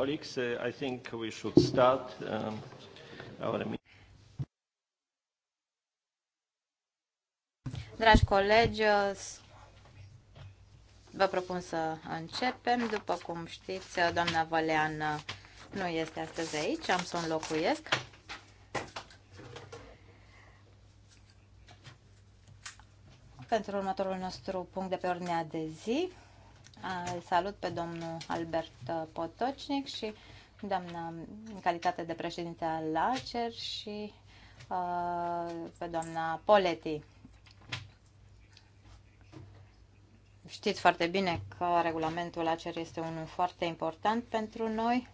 colleagues, uh, I think we should start um, our meeting. Dragi colegi, uh, vă propun să începem. După cum știți, uh, doamna Valean nu este astăzi aici, am să o înlocuiesc. Pentru următorul nostru punct de pe ordinea de zi, îl salut pe domnul Albert uh, Potocnic și doamna în calitate de președinte al LACER și uh, pe doamna Poleti. Știți foarte bine că regulamentul Lacer este unul foarte important pentru noi,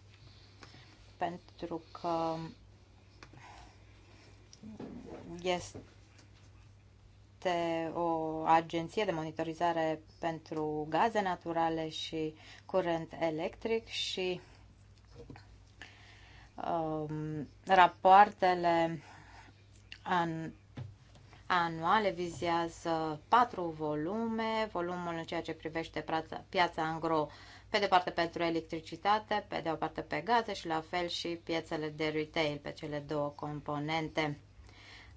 pentru că este este o agenție de monitorizare pentru gaze naturale și curent electric și um, rapoartele an, anuale vizează patru volume, volumul în ceea ce privește piața, piața angro, pe de parte pentru electricitate, pe de o parte pe gaze și la fel și piețele de retail, pe cele două componente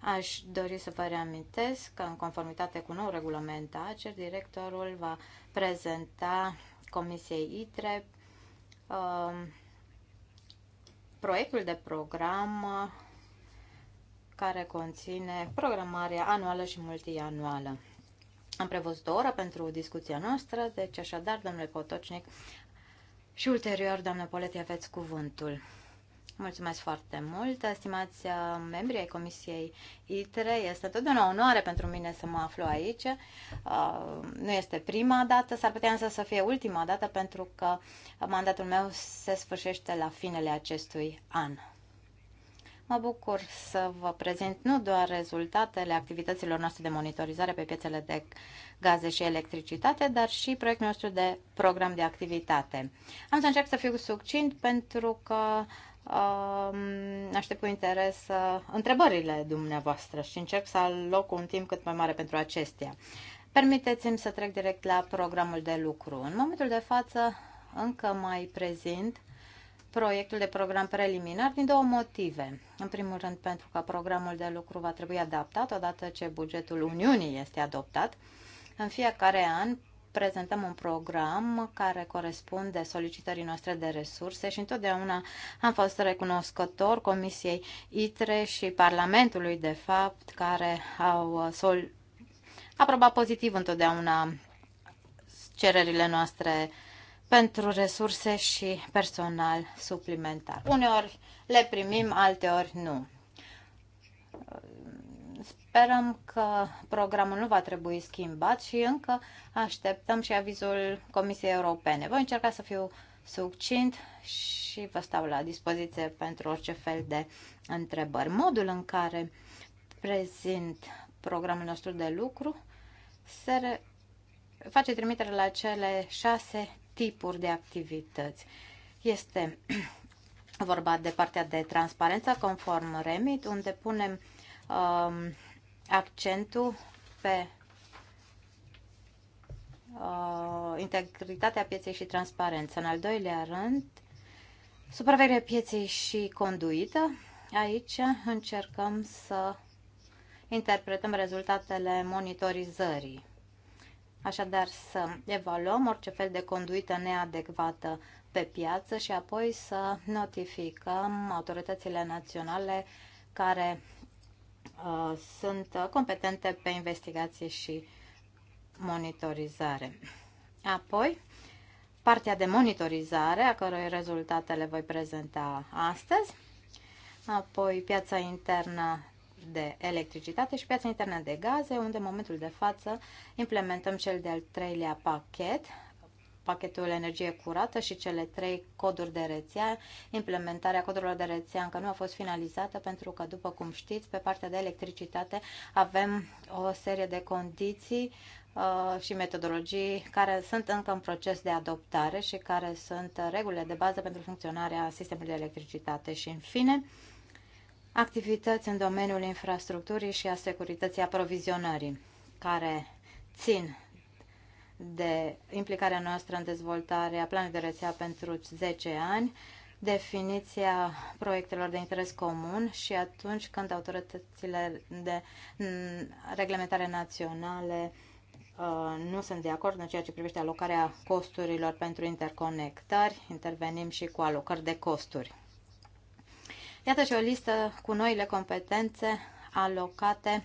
Aș dori să vă reamintesc că, în conformitate cu nou regulament ACER, directorul va prezenta Comisiei ITRE uh, um, proiectul de program uh, care conține programarea anuală și multianuală. Am prevăzut o oră pentru discuția noastră, deci așadar, domnule Potocnic, și ulterior, doamnă Poletie, aveți cuvântul. Mulțumesc foarte mult, stimați uh, membri ai Comisiei ITRE. Este totdeauna o onoare pentru mine să mă aflu aici. Uh, nu este prima dată, s-ar putea însă să fie ultima dată pentru că mandatul meu se sfârșește la finele acestui an. Mă bucur să vă prezint nu doar rezultatele activităților noastre de monitorizare pe piețele de gaze și electricitate, dar și proiectul nostru de program de activitate. Am să încerc să fiu succint pentru că aștept cu interes uh, întrebările dumneavoastră și încerc să aloc un timp cât mai mare pentru acestea. Permiteți-mi să trec direct la programul de lucru. În momentul de față încă mai prezint proiectul de program preliminar din două motive. În primul rând pentru că programul de lucru va trebui adaptat odată ce bugetul Uniunii este adoptat. În fiecare an prezentăm un program care corespunde solicitării noastre de resurse și întotdeauna am fost recunoscător Comisiei ITRE și Parlamentului, de fapt, care au uh, sol- aprobat pozitiv întotdeauna cererile noastre pentru resurse și personal suplimentar. Uneori le primim, alteori nu. Sperăm că programul nu va trebui schimbat și încă așteptăm și avizul Comisiei Europene. Voi încerca să fiu succint și vă stau la dispoziție pentru orice fel de întrebări. Modul în care prezint programul nostru de lucru se face trimitere la cele șase tipuri de activități. Este vorba de partea de transparență conform REMIT, unde punem um, accentul pe uh, integritatea pieței și transparență. În al doilea rând, supravegherea pieței și conduită. Aici încercăm să interpretăm rezultatele monitorizării. Așadar, să evaluăm orice fel de conduită neadecvată pe piață și apoi să notificăm autoritățile naționale care Uh, sunt uh, competente pe investigație și monitorizare. Apoi, partea de monitorizare, a cărui rezultate le voi prezenta astăzi, apoi piața internă de electricitate și piața internă de gaze, unde în momentul de față implementăm cel de-al treilea pachet pachetul energie curată și cele trei coduri de rețea. Implementarea codurilor de rețea încă nu a fost finalizată pentru că, după cum știți, pe partea de electricitate avem o serie de condiții uh, și metodologii care sunt încă în proces de adoptare și care sunt regulile de bază pentru funcționarea sistemului de electricitate și, în fine, activități în domeniul infrastructurii și a securității aprovizionării, care țin de implicarea noastră în dezvoltarea planului de rețea pentru 10 ani, definiția proiectelor de interes comun și atunci când autoritățile de reglementare naționale uh, nu sunt de acord în ceea ce privește alocarea costurilor pentru interconectări, intervenim și cu alocări de costuri. Iată și o listă cu noile competențe alocate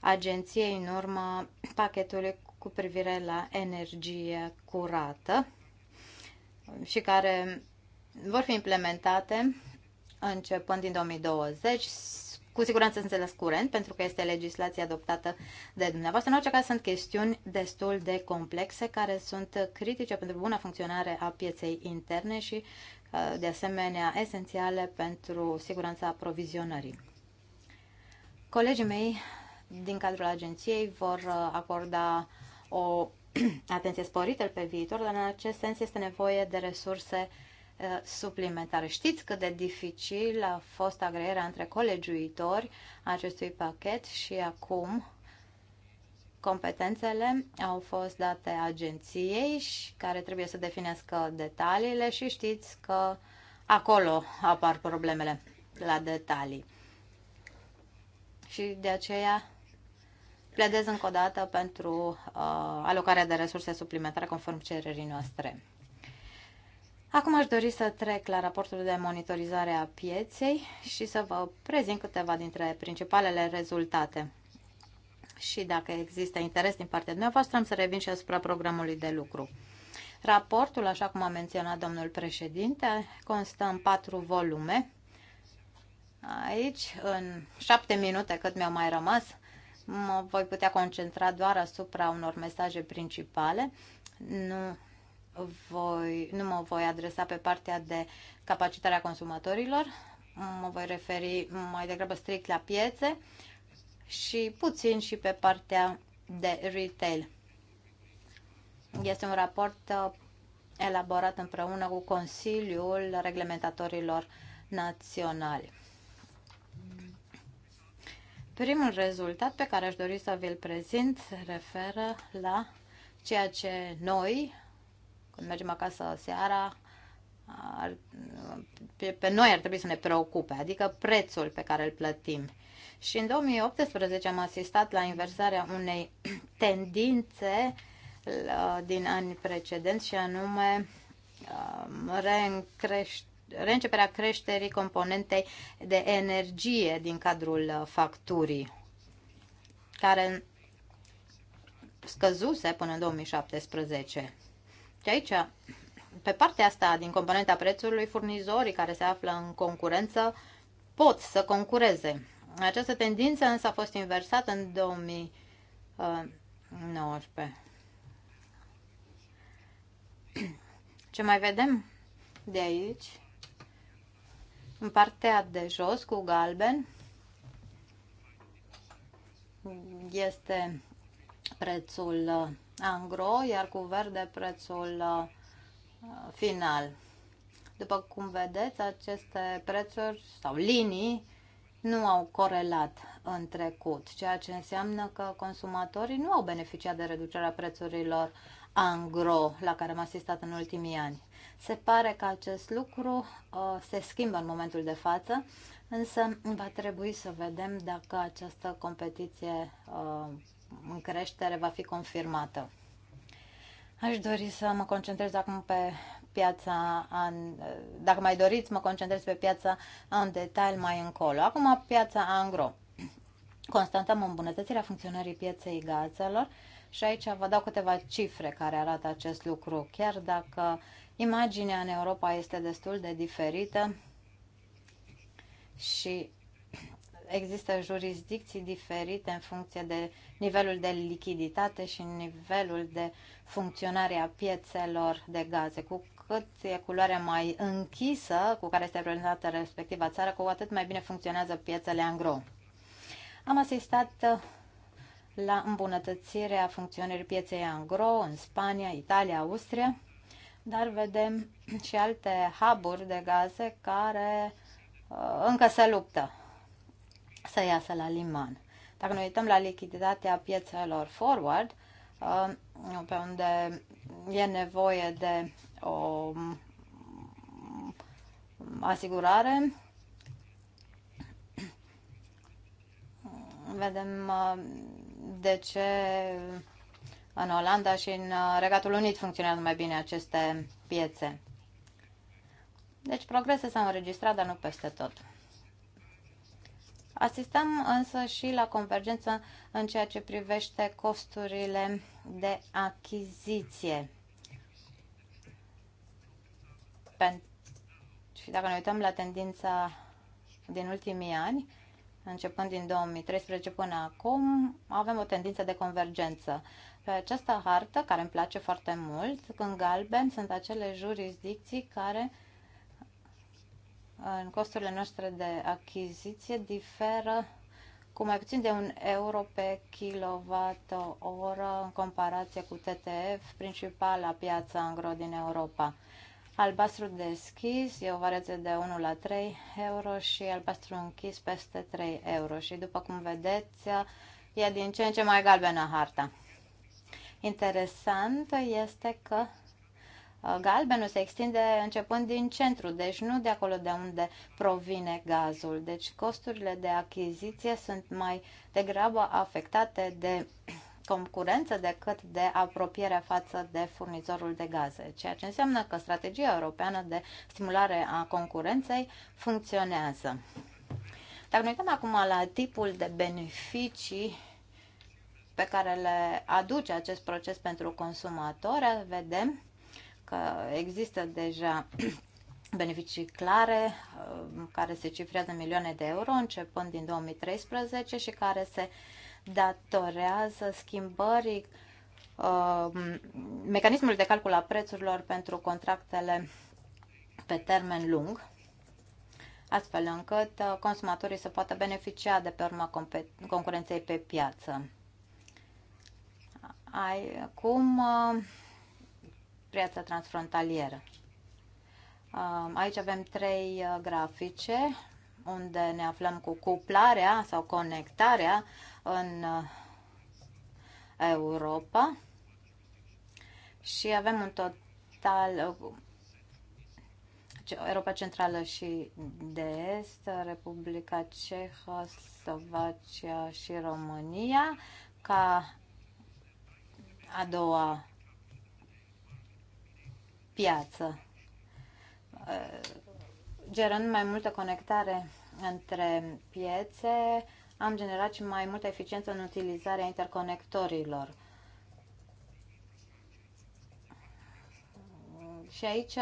agenției în urma pachetului cu privire la energie curată și care vor fi implementate începând din 2020. Cu siguranță înțeles curent, pentru că este legislația adoptată de dumneavoastră. În orice caz, sunt chestiuni destul de complexe care sunt critice pentru buna funcționare a pieței interne și, uh, de asemenea, esențiale pentru siguranța aprovizionării. Colegii mei din cadrul agenției vor uh, acorda uh, o atenție sporită pe viitor, dar în acest sens este nevoie de resurse eh, suplimentare. Știți cât de dificil a fost agreerea între colegiuitori acestui pachet și acum competențele au fost date agenției și care trebuie să definească detaliile și știți că acolo apar problemele la detalii. Și de aceea pledez încă o dată pentru uh, alocarea de resurse suplimentare conform cererii noastre. Acum aș dori să trec la raportul de monitorizare a pieței și să vă prezint câteva dintre principalele rezultate. Și dacă există interes din partea dumneavoastră, am să revin și asupra programului de lucru. Raportul, așa cum a menționat domnul președinte, constă în patru volume. Aici, în șapte minute cât mi-au mai rămas, mă voi putea concentra doar asupra unor mesaje principale. Nu, voi, nu mă voi adresa pe partea de capacitarea consumatorilor, mă voi referi mai degrabă strict la piețe și puțin și pe partea de retail. Este un raport uh, elaborat împreună cu Consiliul Reglementatorilor Naționali. Primul rezultat pe care aș dori să vi-l prezint se referă la ceea ce noi, când mergem acasă seara, ar, pe, pe noi ar trebui să ne preocupe, adică prețul pe care îl plătim. Și în 2018 am asistat la inversarea unei tendințe uh, din anii precedenți și anume uh, reîncrește reînceperea creșterii componentei de energie din cadrul facturii, care scăzuse până în 2017. Și aici, pe partea asta din componenta prețului, furnizorii care se află în concurență pot să concureze. Această tendință însă a fost inversată în 2019. Ce mai vedem de aici în partea de jos, cu galben, este prețul uh, angro, iar cu verde prețul uh, final. După cum vedeți, aceste prețuri sau linii nu au corelat în trecut, ceea ce înseamnă că consumatorii nu au beneficiat de reducerea prețurilor angro la care am asistat în ultimii ani. Se pare că acest lucru uh, se schimbă în momentul de față, însă va trebui să vedem dacă această competiție uh, în creștere va fi confirmată. Aș dori să mă concentrez acum pe piața, dacă mai doriți, mă concentrez pe piața în detaliu mai încolo. Acum piața angro. Constatăm îmbunătățirea funcționării pieței gazelor și aici vă dau câteva cifre care arată acest lucru. Chiar dacă Imaginea în Europa este destul de diferită și există jurisdicții diferite în funcție de nivelul de lichiditate și nivelul de funcționare a piețelor de gaze. Cu cât e culoarea mai închisă cu care este reprezentată respectiva țară, cu atât mai bine funcționează piețele angro. Am asistat la îmbunătățirea funcționării pieței angro în Spania, Italia, Austria dar vedem și alte huburi de gaze care uh, încă se luptă să iasă la liman. Dacă ne uităm la lichiditatea piețelor forward, uh, pe unde e nevoie de o mm, asigurare, vedem uh, de ce în Olanda și în uh, Regatul Unit funcționează mai bine aceste piețe. Deci progrese s-au înregistrat, dar nu peste tot. Asistăm însă și la convergență în ceea ce privește costurile de achiziție. Pen și dacă ne uităm la tendința din ultimii ani, începând din 2013 până acum, avem o tendință de convergență. Pe această hartă, care îmi place foarte mult, când galben sunt acele jurisdicții care în costurile noastre de achiziție diferă cu mai puțin de un euro pe kilowatt-oră în comparație cu TTF, principala piață angro din Europa. Albastru deschis e o variație de 1 la 3 euro și albastru închis peste 3 euro. Și după cum vedeți, e din ce în ce mai galbenă harta interesant este că uh, galbenul se extinde începând din centru, deci nu de acolo de unde provine gazul. Deci costurile de achiziție sunt mai degrabă afectate de concurență decât de apropierea față de furnizorul de gaze, ceea ce înseamnă că strategia europeană de stimulare a concurenței funcționează. Dacă ne uităm acum la tipul de beneficii pe care le aduce acest proces pentru consumator, vedem că există deja beneficii clare uh, care se cifrează milioane de euro începând din 2013 și care se datorează schimbării uh, mecanismului de calcul a prețurilor pentru contractele pe termen lung, astfel încât uh, consumatorii să poată beneficia de pe urma concurenței pe piață. Acum, uh, piața transfrontalieră. Uh, aici avem trei uh, grafice unde ne aflăm cu cuplarea sau conectarea în Europa și avem un total Europa Centrală și de Est, Republica Cehă, Slovacia și România, ca a doua piață, uh, gerând mai multă conectare între piețe, am generat și mai multă eficiență în utilizarea interconectorilor. Și aici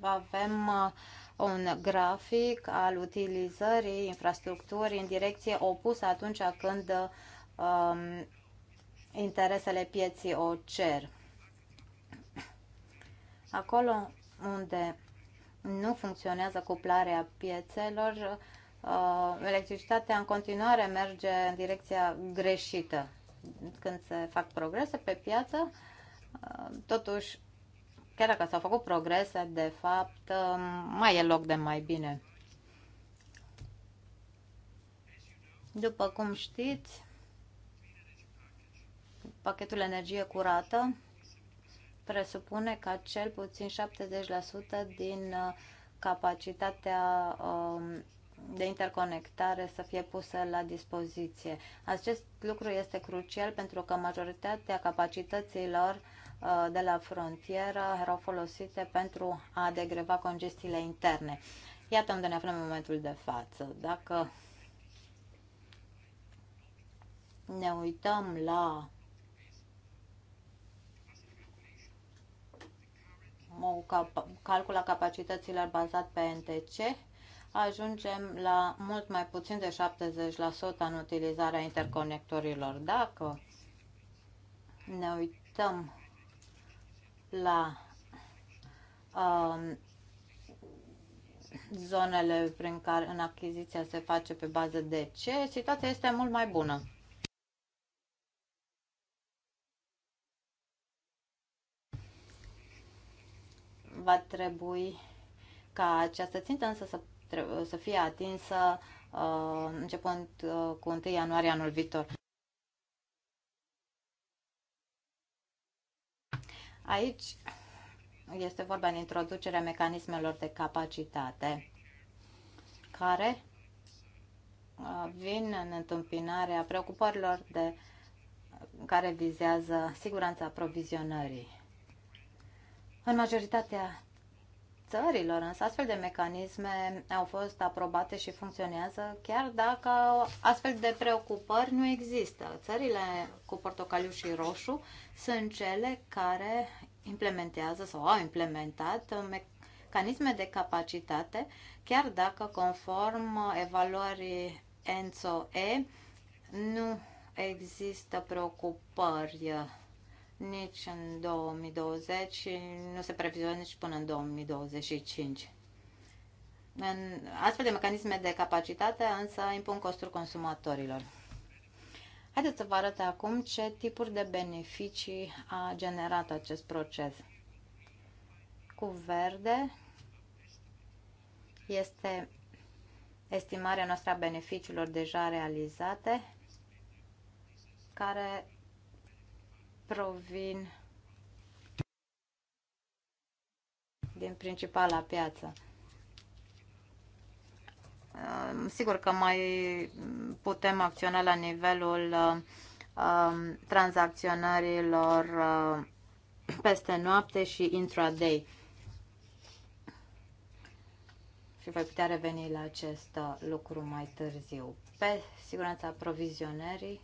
avem uh, un grafic al utilizării infrastructurii în direcție opusă atunci când um, interesele pieții o cer. Acolo unde nu funcționează cuplarea piețelor, uh, electricitatea în continuare merge în direcția greșită. Când se fac progrese pe piață, uh, totuși, chiar dacă s-au făcut progrese, de fapt, uh, mai e loc de mai bine. După cum știți, Pachetul energie curată presupune ca cel puțin 70% din uh, capacitatea um, de interconectare să fie pusă la dispoziție. Acest lucru este crucial pentru că majoritatea capacităților uh, de la frontieră erau folosite pentru a degreva congestiile interne. Iată unde ne aflăm în momentul de față. Dacă ne uităm la calcula capacităților bazat pe NTC, ajungem la mult mai puțin de 70% în utilizarea interconectorilor. Dacă ne uităm la um, zonele prin care în achiziția se face pe bază de ce, situația este mult mai bună. va trebui ca această țintă însă să, să fie atinsă uh, începând uh, cu 1 ianuarie anul viitor. Aici este vorba de introducerea mecanismelor de capacitate care uh, vin în întâmpinarea preocupărilor de, care vizează siguranța aprovizionării. În majoritatea țărilor, însă astfel de mecanisme au fost aprobate și funcționează, chiar dacă astfel de preocupări nu există. Țările cu portocaliu și roșu sunt cele care implementează sau au implementat mecanisme de capacitate, chiar dacă conform evaluării ENSO-E nu există preocupări nici în 2020 și nu se previzionează nici până în 2025. În astfel de mecanisme de capacitate însă impun costuri consumatorilor. Haideți să vă arăt acum ce tipuri de beneficii a generat acest proces. Cu verde este estimarea noastră a beneficiilor deja realizate, care provin din principala piață. Sigur că mai putem acționa la nivelul um, tranzacționărilor uh, peste noapte și intraday. Și voi putea reveni la acest uh, lucru mai târziu. Pe siguranța provizionării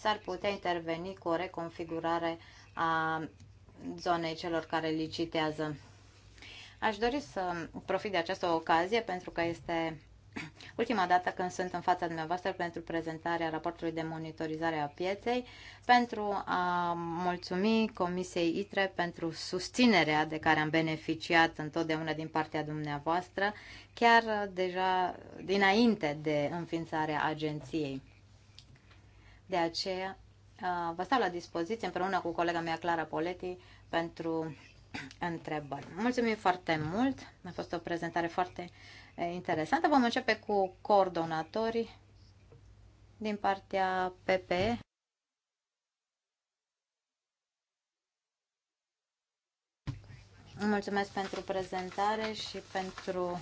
s-ar putea interveni cu o reconfigurare a zonei celor care licitează. Aș dori să profit de această ocazie pentru că este ultima dată când sunt în fața dumneavoastră pentru prezentarea raportului de monitorizare a pieței, pentru a mulțumi Comisiei ITRE pentru susținerea de care am beneficiat întotdeauna din partea dumneavoastră, chiar deja dinainte de înființarea agenției. De aceea vă stau la dispoziție împreună cu colega mea Clara Poleti pentru întrebări. Mulțumim foarte mult, a fost o prezentare foarte interesantă. Vom începe cu coordonatorii din partea PP. Mulțumesc pentru prezentare și pentru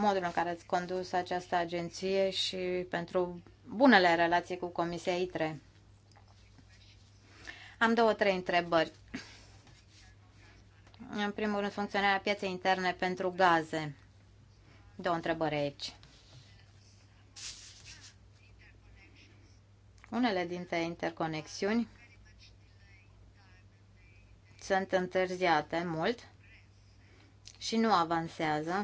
modul în care ați condus această agenție și pentru bunele relații cu Comisia ITRE. Am două, trei întrebări. În primul rând, funcționarea pieței interne pentru gaze. Două întrebări aici. Unele dintre interconexiuni sunt întârziate mult și nu avansează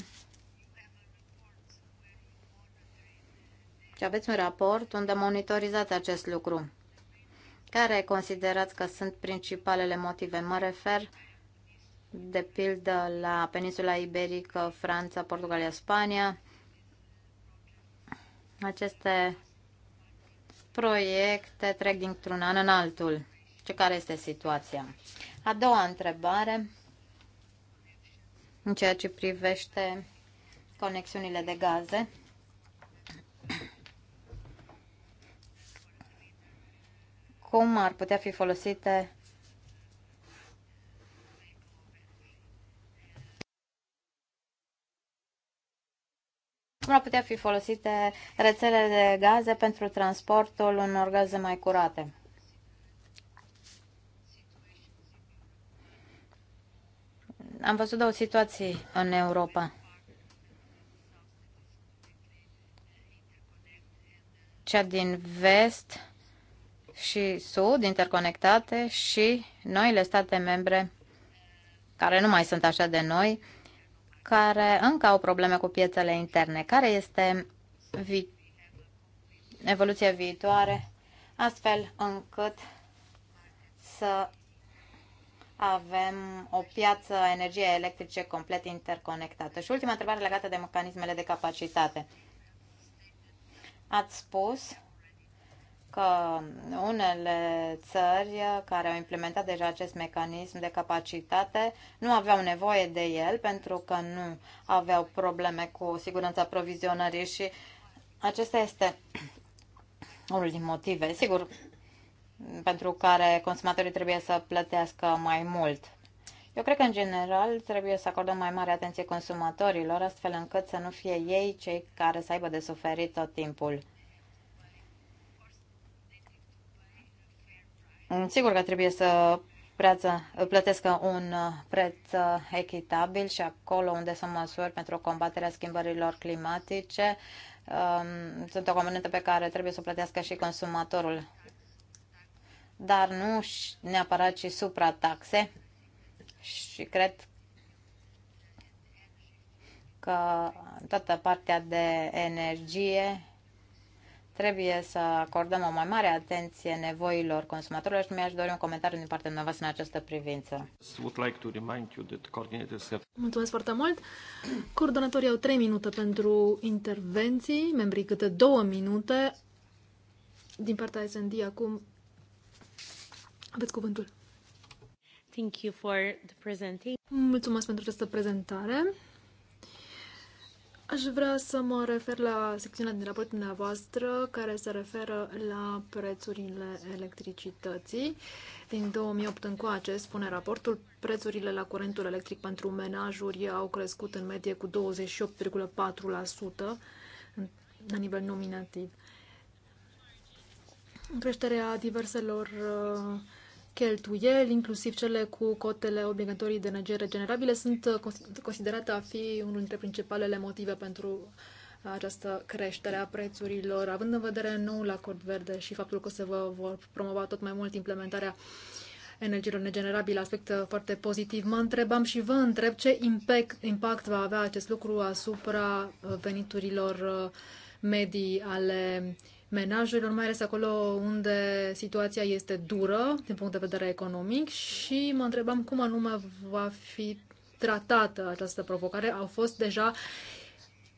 Și aveți un raport unde monitorizați acest lucru. Care considerați că sunt principalele motive? Mă refer de pildă la peninsula iberică, Franța, Portugalia, Spania. Aceste proiecte trec dintr-un an în altul. Ce care este situația? A doua întrebare, în ceea ce privește conexiunile de gaze. cum ar putea fi folosite cum ar putea fi folosite rețelele de gaze pentru transportul unor gaze mai curate. Am văzut două situații în Europa. Cea din vest și Sud interconectate și noile state membre care nu mai sunt așa de noi, care încă au probleme cu piețele interne. Care este vi- evoluția viitoare astfel încât să avem o piață a energiei electrice complet interconectată. Și ultima întrebare legată de mecanismele de capacitate. Ați spus că unele țări care au implementat deja acest mecanism de capacitate nu aveau nevoie de el pentru că nu aveau probleme cu siguranța provizionării și acesta este unul din motive, sigur, pentru care consumatorii trebuie să plătească mai mult. Eu cred că, în general, trebuie să acordăm mai mare atenție consumatorilor, astfel încât să nu fie ei cei care să aibă de suferit tot timpul. Mm, sigur că trebuie să preață, plătesc un uh, preț uh, echitabil și acolo unde sunt măsuri pentru combaterea schimbărilor climatice, um, sunt o componentă pe care trebuie să o plătească și consumatorul, dar nu neapărat și suprataxe și cred că toată partea de energie Trebuie să acordăm o mai mare atenție nevoilor consumatorilor și mi-aș dori un comentariu din partea noastră în această privință. Mulțumesc foarte mult! Coordonatorii au 3 minute pentru intervenții, membrii câte 2 minute. Din partea SND acum aveți cuvântul. Thank you for the presenting. Mulțumesc pentru această prezentare. Aș vrea să mă refer la secțiunea din raportul dumneavoastră care se referă la prețurile electricității. Din 2008 încoace, spune raportul, prețurile la curentul electric pentru menajuri au crescut în medie cu 28,4% la nivel nominativ. Creșterea diverselor uh, cheltuieli, inclusiv cele cu cotele obligatorii de energie regenerabile, sunt uh, considerate a fi unul dintre principalele motive pentru uh, această creștere a prețurilor, având în vedere noul acord verde și faptul că se vă vor promova tot mai mult implementarea energiilor regenerabile, aspect uh, foarte pozitiv. Mă întrebam și vă întreb ce impact, impact va avea acest lucru asupra veniturilor medii ale menajelor, mai ales acolo unde situația este dură din punct de vedere economic și mă întrebam cum anume va fi tratată această provocare. Au fost deja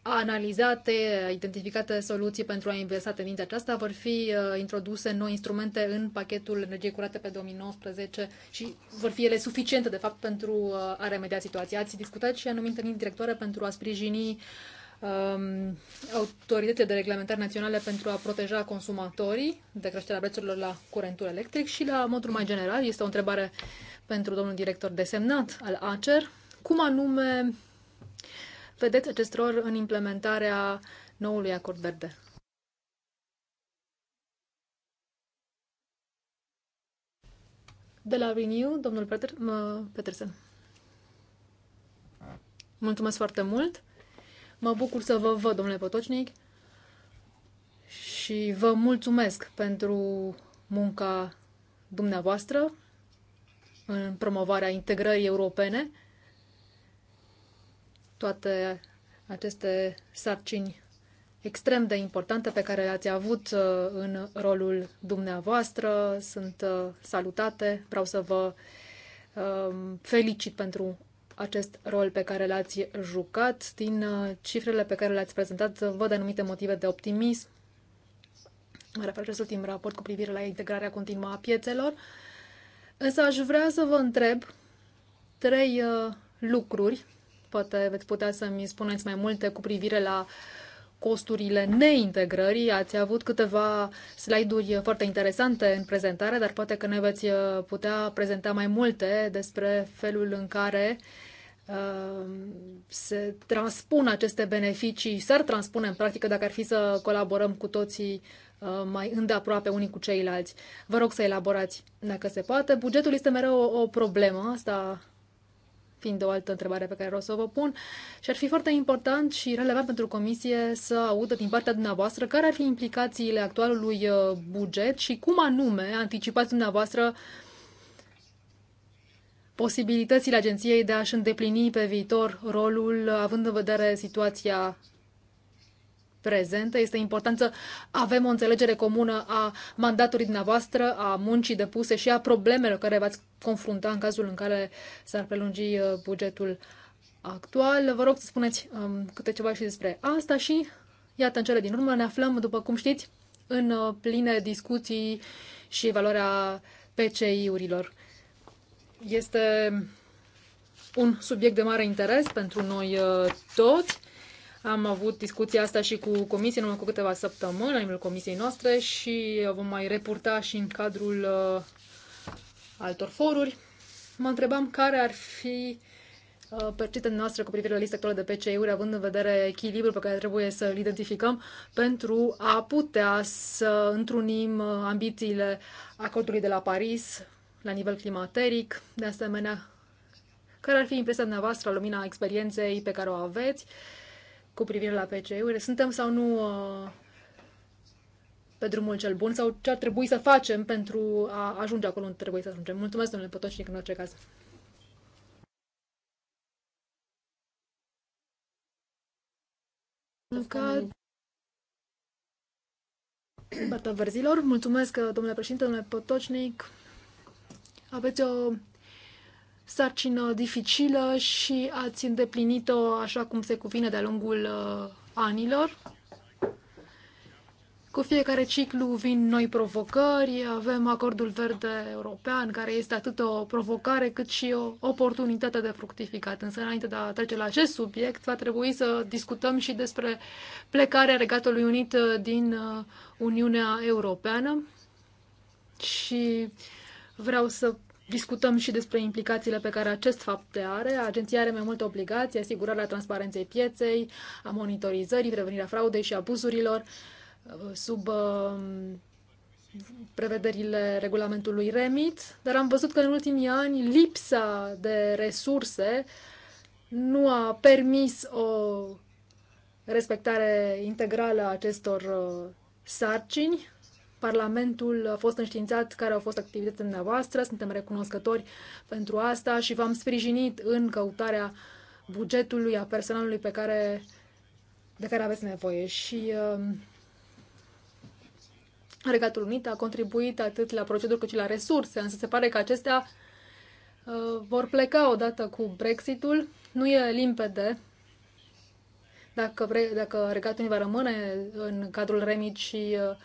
analizate, identificate soluții pentru a inversa tendința aceasta, vor fi uh, introduse noi instrumente în pachetul energiei curate pe 2019 și vor fi ele suficiente, de fapt, pentru uh, a remedia situația. Ați discutat și anumite linii directoare pentru a sprijini uh, Um, autoritățile de reglementare naționale pentru a proteja consumatorii de creșterea prețurilor la curentul electric și la modul mai general este o întrebare pentru domnul director desemnat al ACER. Cum anume vedeți acest rol în implementarea noului acord verde? De la Renew, domnul Peter, Petersen. Mulțumesc foarte mult! Mă bucur să vă văd, domnule Potocnic, și vă mulțumesc pentru munca dumneavoastră în promovarea integrării europene. Toate aceste sarcini extrem de importante pe care le-ați avut uh, în rolul dumneavoastră sunt uh, salutate. Vreau să vă uh, felicit pentru acest rol pe care l-ați jucat. Din uh, cifrele pe care le-ați prezentat, uh, văd anumite motive de optimism. Mă refer acest ultim raport cu privire la integrarea continuă a piețelor. Însă aș vrea să vă întreb trei uh, lucruri. Poate veți putea să-mi spuneți mai multe cu privire la costurile neintegrării. Ați avut câteva slide-uri foarte interesante în prezentare, dar poate că ne veți putea prezenta mai multe despre felul în care uh, Ehm, se transpun aceste beneficii, s-ar transpune în practică dacă ar fi să colaborăm cu toții ehm, mai îndeaproape unii cu ceilalți. Vă rog să elaborați dacă se poate. Bugetul este mereu o, o problemă, asta fiind o altă întrebare pe care o să o vă pun, și ar fi foarte important și relevant pentru comisie să audă din partea dumneavoastră care ar fi implicațiile actualului ehm, buget și cum anume anticipați dumneavoastră uh, posibilitățile agenției de a-și îndeplini pe viitor rolul, având în vedere situația prezentă. Este important să avem o înțelegere comună a mandatului dumneavoastră, a muncii depuse și a problemelor care v-ați confrunta în cazul în care s-ar prelungi uh, bugetul actual. Vă rog să spuneți um, câte ceva și despre asta și, iată, în cele din urmă ne aflăm, după cum știți, în uh, pline discuții și evaluarea PCI-urilor. Este un subiect de mare interes pentru noi uh, toți. Am avut discuția asta și cu comisia numai cu câteva săptămâni, la nivelul comisiei noastre și uh, vom mai repurta și în cadrul uh, altor foruri. Mă întrebam care ar fi percepția noastră cu privire la lista actuală de PCI-uri, având în vedere echilibrul pe care trebuie să-l identificăm pentru a putea să întrunim ambițiile acordului de la Paris la nivel climateric, de asemenea, care ar fi impresia dumneavoastră, lumina experienței pe care o aveți cu privire la pci uri Suntem sau nu uh, pe drumul cel bun sau ce ar trebui să facem pentru a ajunge acolo unde trebuie să ajungem? Mulțumesc, domnule Potocnic, în orice caz. Ca... verzilor. Mulțumesc, domnule președinte, domnule Potocnic aveți o sarcină dificilă și ați îndeplinit-o așa cum se cuvine de-a lungul uh, anilor. Cu fiecare ciclu vin noi provocări, avem acordul verde european, care este atât o provocare cât și o oportunitate de fructificat. Însă, înainte de a trece la acest subiect, va trebui să discutăm și despre plecarea Regatului Unit uh, din uh, Uniunea Europeană și uh, Vreau să discutăm și despre implicațiile pe care acest fapt le are. Agenția are mai multe obligații, asigurarea transparenței pieței, a monitorizării, prevenirea fraudei și abuzurilor uh, sub um, prevederile regulamentului REMIT, dar am văzut că în ultimii ani lipsa de resurse nu a permis o respectare integrală a acestor uh, sarcini Parlamentul a fost înștiințat care au fost activitățile dumneavoastră, suntem recunoscători pentru asta și v-am sprijinit în căutarea bugetului, a personalului pe care, de care aveți nevoie. Și uh, Regatul Unit a contribuit atât la proceduri cât și la resurse, însă se pare că acestea uh, vor pleca odată cu Brexitul. Nu e limpede dacă, dacă Regatul Unit va rămâne în cadrul REMIT și uh,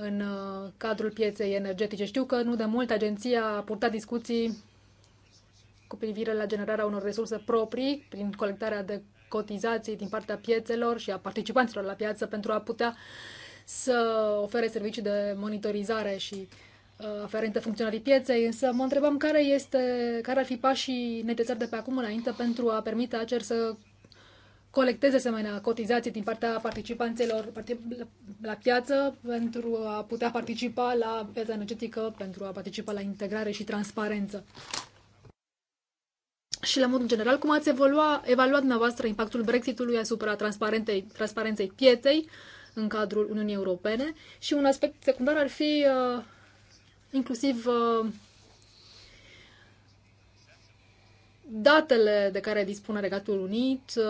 în uh, cadrul pieței energetice. Știu că nu de mult agenția a purtat discuții cu privire la generarea unor resurse proprii prin colectarea de cotizații din partea piețelor și a participanților la piață pentru a putea să ofere servicii de monitorizare și uh, aferente funcționării pieței, însă mă întrebam care, este, care ar fi pașii necesari de pe acum înainte pentru a permite ACER să colecteze asemenea cotizații din partea participanților la piață pentru a putea participa la piața energetică, pentru a participa la integrare și transparență. Și la modul general, cum ați evolua, evaluat dumneavoastră impactul Brexitului asupra transparentei, transparenței pieței în cadrul Uniunii Europene? Și un aspect secundar ar fi uh, inclusiv uh, datele de care dispune Regatul Unit uh,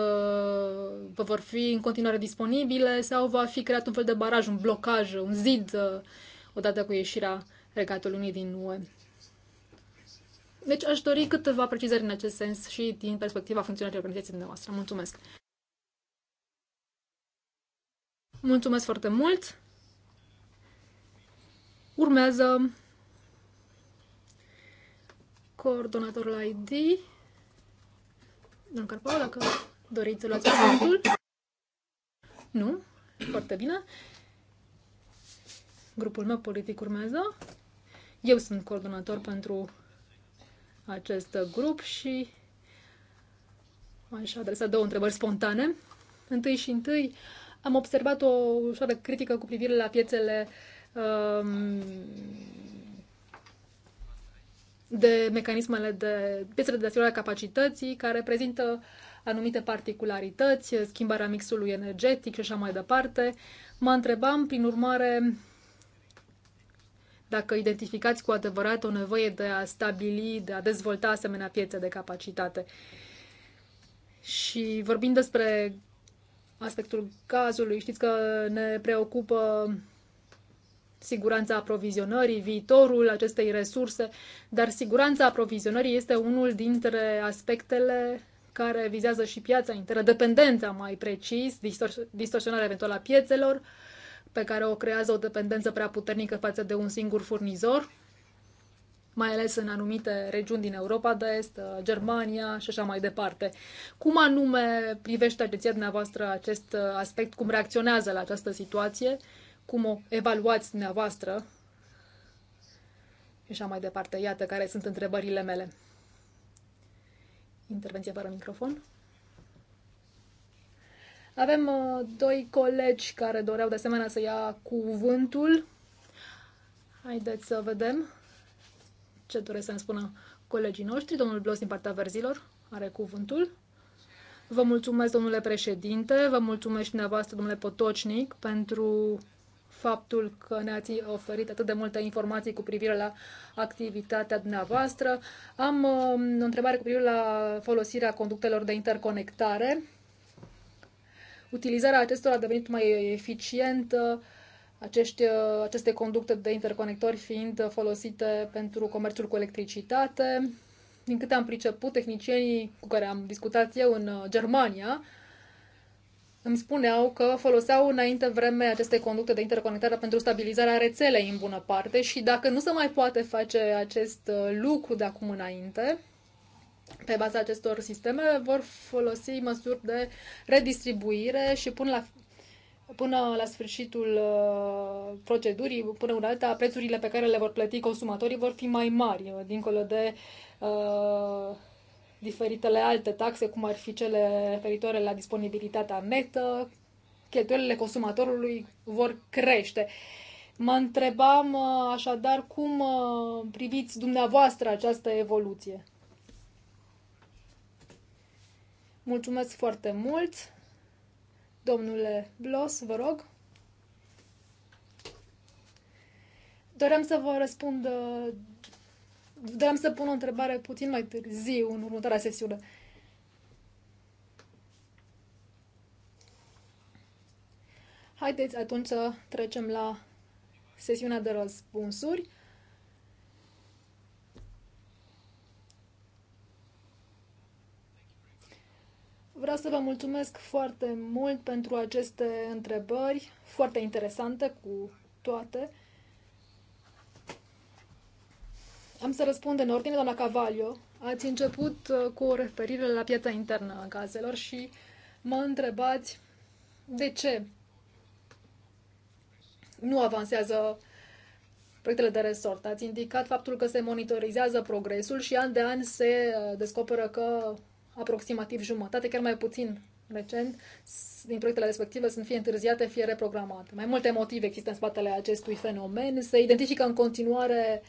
vă vor fi în continuare disponibile sau va fi creat un fel de baraj, un blocaj, un zid uh, odată cu ieșirea Regatului Unit din UE. Deci aș dori câteva precizări în acest sens și din perspectiva funcționării organizației dumneavoastră. Mulțumesc! Mulțumesc foarte mult! Urmează coordonatorul ID Domnul Carpau, dacă doriți să luați cuvântul. Nu? Foarte bine. Grupul meu politic urmează. Eu sunt coordonator pentru acest grup și aș adresa două întrebări spontane. Întâi și întâi am observat o ușoară critică cu privire la piețele um, de mecanismele de piețele de desfășurare a capacității, care prezintă anumite particularități, schimbarea mixului energetic și așa mai departe. Mă întrebam, prin urmare, dacă identificați cu adevărat o nevoie de a stabili, de a dezvolta asemenea piețe de capacitate. Și vorbind despre aspectul cazului, știți că ne preocupă siguranța aprovizionării, viitorul acestei resurse, dar siguranța aprovizionării este unul dintre aspectele care vizează și piața interă, dependența mai precis, distor- distorsionarea eventuală a piețelor, pe care o creează o dependență prea puternică față de un singur furnizor, mai ales în anumite regiuni din Europa de Est, Germania și așa mai departe. Cum anume privește agenția dumneavoastră acest aspect, cum reacționează la această situație cum o evaluați dumneavoastră și așa mai departe. Iată care sunt întrebările mele. Intervenție fără microfon. Avem uh, doi colegi care doreau de asemenea să ia cuvântul. Haideți să vedem ce doresc să ne spună colegii noștri. Domnul Blos din partea verzilor are cuvântul. Vă mulțumesc, domnule președinte, vă mulțumesc și dumneavoastră, domnule Potocnic, pentru faptul că ne-ați oferit atât de multe informații cu privire la activitatea dumneavoastră. Am um, o întrebare cu privire la folosirea conductelor de interconectare. Utilizarea acestora a devenit mai eficientă, acești, uh, aceste conducte de interconectori fiind folosite pentru comerțul cu electricitate. Din câte am priceput, tehnicienii cu care am discutat eu în uh, Germania, îmi spuneau că foloseau înainte vreme aceste conducte de interconectare pentru stabilizarea rețelei în bună parte și dacă nu se mai poate face acest uh, lucru de acum înainte, pe baza acestor sisteme, vor folosi măsuri de redistribuire și până la, până la sfârșitul uh, procedurii, până una alta, prețurile pe care le vor plăti consumatorii vor fi mai mari, uh, dincolo de uh, diferitele alte taxe, cum ar fi cele referitoare la disponibilitatea netă, cheltuielile consumatorului vor crește. Mă întrebam uh, așadar cum uh, priviți dumneavoastră această evoluție. Mulțumesc foarte mult. Domnule Blos, vă rog. Doream să vă răspund uh, vreau să pun o întrebare puțin mai târziu în următoarea sesiune. Haideți atunci să trecem la sesiunea de răspunsuri. Vreau să vă mulțumesc foarte mult pentru aceste întrebări, foarte interesante cu toate. Am să răspund în ordine, doamna Cavalio. Ați început uh, cu o referire la piața internă a gazelor și mă întrebați de ce nu avansează proiectele de resort. Ați indicat faptul că se monitorizează progresul și an de an se uh, descoperă că aproximativ jumătate, chiar mai puțin recent, din proiectele respective sunt fie întârziate, fie reprogramate. Mai multe motive există în spatele acestui fenomen. Se identifică în continuare uh,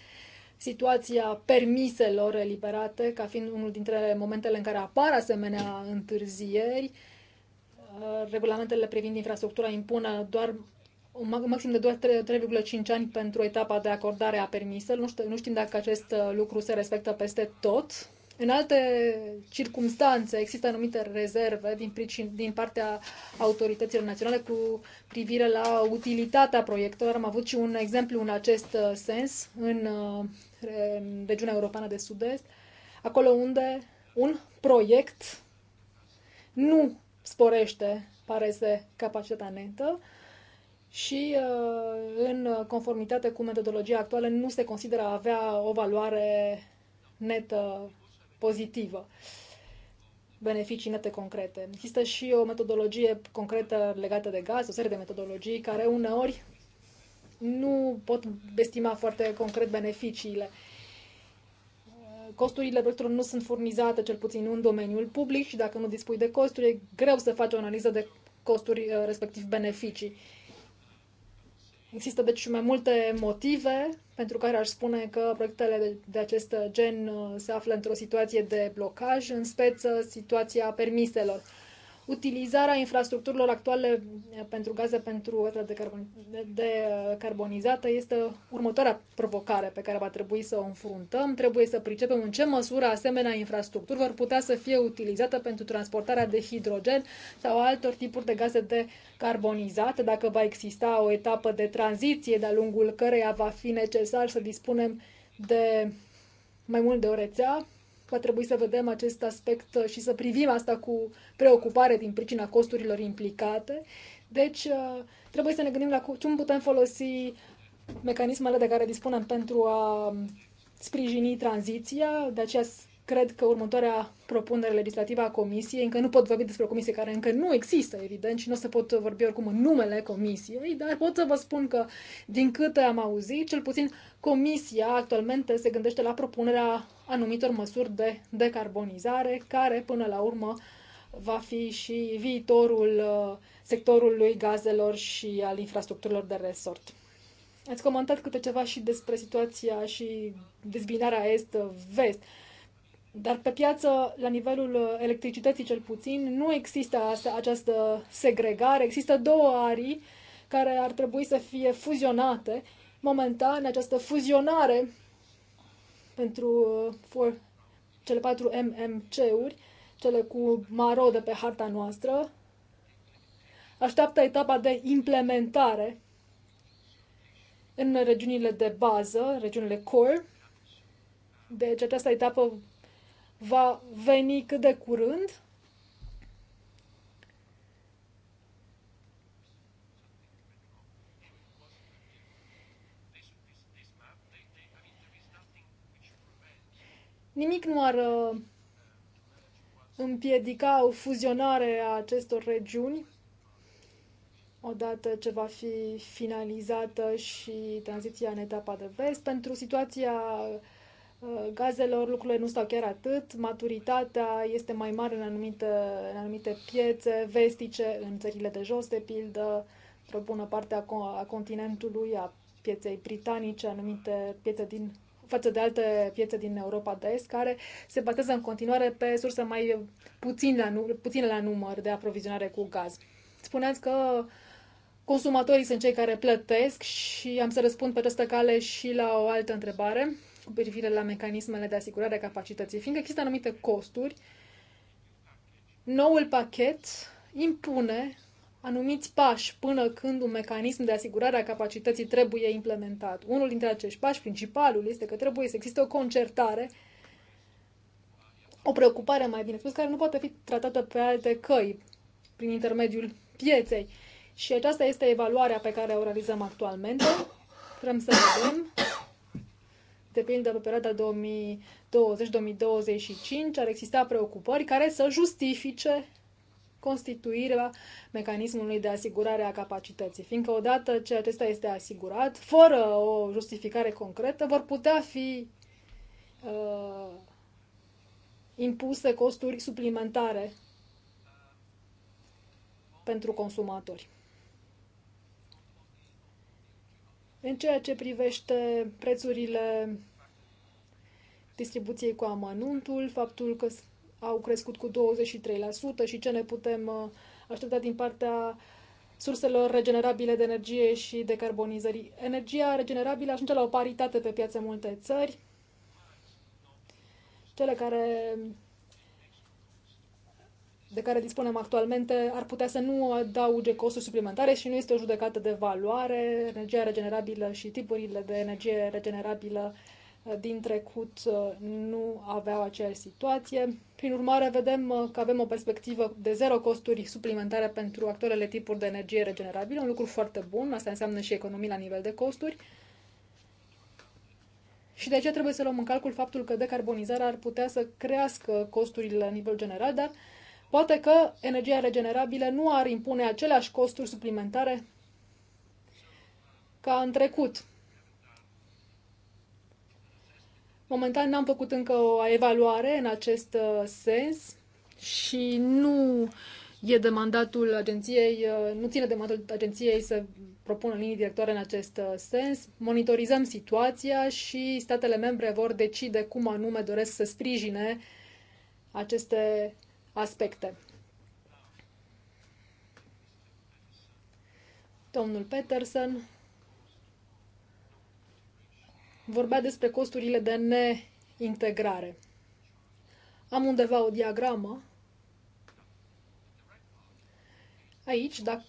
situația permiselor eliberate ca fiind unul dintre momentele în care apar asemenea întârzieri. Uh, regulamentele privind infrastructura impun doar un maxim de doar 3,5 ani pentru etapa de acordare a permiselor. Nu știm, nu știm dacă acest uh, lucru se respectă peste tot. În alte circunstanțe există anumite rezerve din, pricin, din partea autorităților naționale cu privire la utilitatea proiectelor. Am avut și un exemplu în acest uh, sens în regiunea europeană de sud-est, acolo unde un proiect nu sporește, pare să, capacitatea netă și uh, în conformitate cu metodologia actuală nu se consideră a avea o valoare netă pozitivă beneficii nete concrete. Există și o metodologie concretă legată de gaz, o serie de metodologii care uneori nu pot estima foarte concret beneficiile. Costurile proiectelor nu sunt furnizate, cel puțin în domeniul public, și dacă nu dispui de costuri, e greu să faci o analiză de costuri, uh, respectiv beneficii. Există deci mai multe motive pentru care aș spune că proiectele de, de acest gen uh, se află într-o situație de blocaj, în speță situația permiselor utilizarea infrastructurilor actuale eh, pentru gaze pentru de eh, carbonizată este următoarea provocare pe care va trebui să o înfruntăm. Trebuie să pricepem în ce măsură asemenea infrastructuri vor putea să fie utilizată pentru transportarea de hidrogen sau altor tipuri de gaze de carbonizate, dacă va exista o etapă de tranziție de-a lungul căreia va fi necesar să dispunem de mai mult de o rețea va trebui să vedem acest aspect și să privim asta cu preocupare din pricina costurilor implicate. Deci, uh, trebuie să ne gândim la cum putem folosi mecanismele de care dispunem pentru a sprijini tranziția. De aceea, cred că următoarea propunere legislativă a Comisiei, încă nu pot vorbi despre o comisie care încă nu există, evident, și nu o să pot vorbi oricum în numele Comisiei, dar pot să vă spun că, din câte am auzit, cel puțin Comisia actualmente se gândește la propunerea anumitor măsuri de decarbonizare, care până la urmă va fi și viitorul uh, sectorului gazelor și al infrastructurilor de resort. Ați comentat câte ceva și despre situația și dezbinarea est-vest. Dar pe piață, la nivelul electricității cel puțin, nu există această segregare. Există două arii care ar trebui să fie fuzionate. Momentan, această fuzionare pentru uh, for, cele patru MMC-uri, cele cu maro de pe harta noastră, așteaptă etapa de implementare în regiunile de bază, regiunile core. Deci această etapă va veni cât de curând Nimic nu ar uh, împiedica o fuzionare a acestor regiuni odată ce va fi finalizată și tranziția în etapa de vest. Pentru situația uh, gazelor lucrurile nu stau chiar atât, maturitatea este mai mare în anumite, în anumite piețe vestice, în țările de jos, de pildă, într-o bună parte a, a continentului, a pieței britanice, anumite piețe din față de alte piețe din Europa de Est, care se bazează în continuare pe surse mai puține la, num- la număr de aprovizionare cu gaz. Spuneați că consumatorii sunt cei care plătesc și am să răspund pe această cale și la o altă întrebare cu privire la mecanismele de asigurare a capacității, fiindcă există anumite costuri. Noul pachet impune anumiți pași până când un mecanism de asigurare a capacității trebuie implementat. Unul dintre acești pași, principalul, este că trebuie să existe o concertare, o preocupare mai bine spus, care nu poate fi tratată pe alte căi, prin intermediul pieței. Și aceasta este evaluarea pe care o realizăm actualmente. Vrem să vedem, de pildă pe perioada 2020-2025, ar exista preocupări care să justifice constituirea mecanismului de asigurare a capacității, fiindcă odată ce acesta este asigurat, fără o justificare concretă, vor putea fi uh, impuse costuri suplimentare pentru consumatori. În ceea ce privește prețurile distribuției cu amănuntul, faptul că au crescut cu 23% și ce ne putem uh, aștepta din partea surselor regenerabile de energie și decarbonizării. Energia regenerabilă ajunge la o paritate pe piață în multe țări. Cele care de care dispunem actualmente ar putea să nu adauge costuri suplimentare și nu este o judecată de valoare. Energia regenerabilă și tipurile de energie regenerabilă din trecut uh, nu aveau aceeași situație. Prin urmare, vedem uh, că avem o perspectivă de zero costuri suplimentare pentru actualele tipuri de energie regenerabilă, un lucru foarte bun, asta înseamnă și economii la nivel de costuri. Și de aceea trebuie să luăm în calcul faptul că decarbonizarea ar putea să crească costurile la nivel general, dar poate că energia regenerabilă nu ar impune aceleași costuri suplimentare ca în trecut. Momentan n-am făcut încă o evaluare în acest uh, sens și nu e de mandatul agenției, uh, nu ține de mandatul agenției să propună linii directoare în acest uh, sens. Monitorizăm situația și statele membre vor decide cum anume doresc să sprijine aceste aspecte. Domnul Peterson vorbea despre costurile de neintegrare. Am undeva o diagramă. Aici, dacă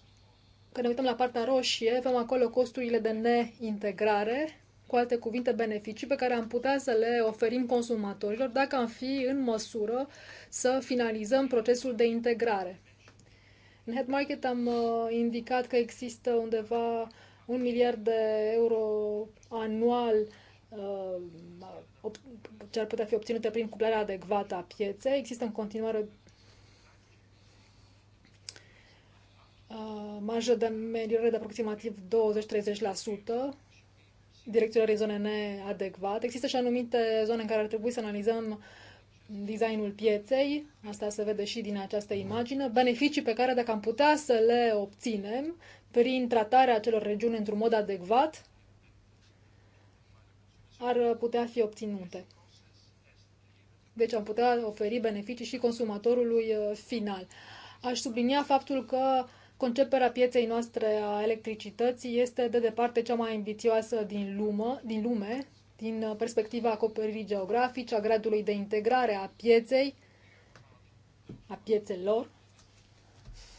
ne uităm la partea roșie, avem acolo costurile de neintegrare, cu alte cuvinte, beneficii pe care am putea să le oferim consumatorilor dacă am fi în măsură să finalizăm procesul de integrare. În head market am uh, indicat că există undeva un miliard de euro anual Um, ce ar putea fi obținute prin cuplarea adecvată a pieței. Există în continuare uh, marjă de ameliorare de aproximativ 20-30%, direcționare zone neadecvate. Există și anumite zone în care ar trebui să analizăm designul pieței, asta se vede și din această imagine, beneficii pe care dacă am putea să le obținem prin tratarea acelor regiuni într-un mod adecvat, ar uh, putea fi obținute. Deci am putea oferi beneficii și consumatorului uh, final. Aș sublinia faptul că conceperea pieței noastre a electricității este de departe cea mai ambițioasă din, lumă, din lume, din uh, perspectiva acoperirii geografice, a gradului de integrare a pieței, a piețelor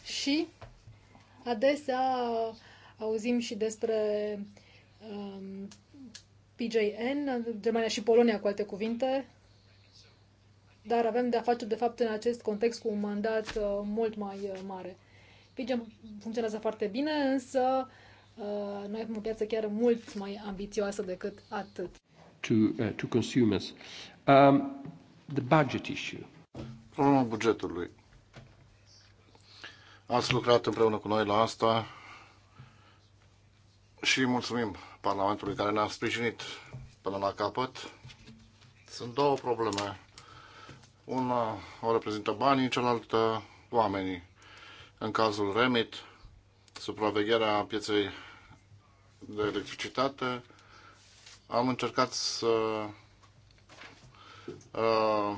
și adesea auzim și despre um, PJN, Germania și Polonia, cu alte cuvinte, dar avem de-a face, de fapt, în acest context cu un mandat uh, mult mai uh, mare. PJN funcționează foarte bine, însă uh, noi avem o piață chiar mult mai ambițioasă decât atât. To, uh, to consumers. Um, the budget issue. Problema bugetului. Ați lucrat împreună cu noi la asta și mulțumim Parlamentului care ne-a sprijinit până la capăt. Sunt două probleme. Una o reprezintă banii, cealaltă oamenii. În cazul REMIT, supravegherea pieței de electricitate, am încercat să uh,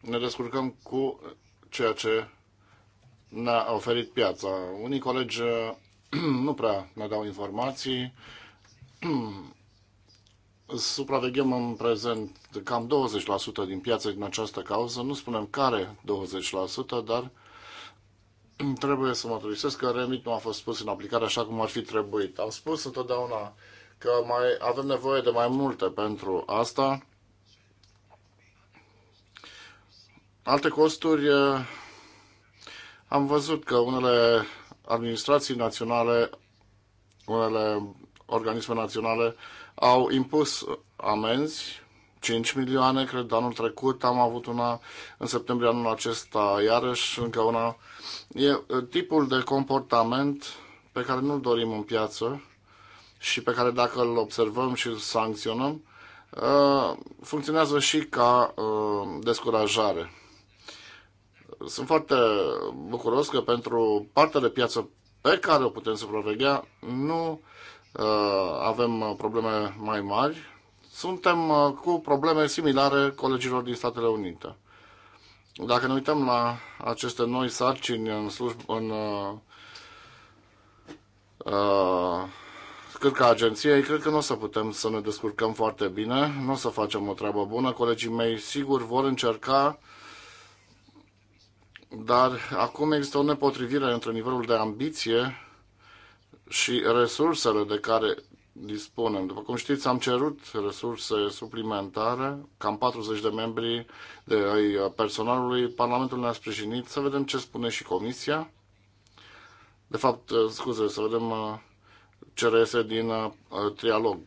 ne descurcăm cu ceea ce ne-a oferit piața. Unii colegi uh, nu prea ne dau informații. Supraveghem în prezent cam 20% din piață din această cauză. Nu spunem care 20%, dar trebuie să mărturisesc că remit nu a fost pus în aplicare așa cum ar fi trebuit. Am spus întotdeauna că mai avem nevoie de mai multe pentru asta. Alte costuri, eh, am văzut că unele administrații naționale, unele organisme naționale au impus amenzi 5 milioane, cred, anul trecut am avut una în septembrie anul acesta, iarăși încă una. E tipul de comportament pe care nu-l dorim în piață și pe care dacă îl observăm și îl sancționăm, ă, funcționează și ca ă, descurajare. Sunt foarte bucuros că pentru partea de piață pe care o putem supraveghea nu uh, avem probleme mai mari. Suntem uh, cu probleme similare colegilor din Statele Unite. Dacă ne uităm la aceste noi sarcini în, slujb, în uh, uh, că agenției, cred că nu o să putem să ne descurcăm foarte bine, nu o să facem o treabă bună. Colegii mei sigur vor încerca uh, dar acum există o nepotrivire între nivelul de ambiție și resursele de care dispunem. După cum știți, am cerut resurse suplimentare, cam 40 de membri de ai personalului. Parlamentul ne-a sprijinit să vedem ce spune și Comisia. De fapt, uh, scuze, să vedem uh, ce reiese din uh, trialog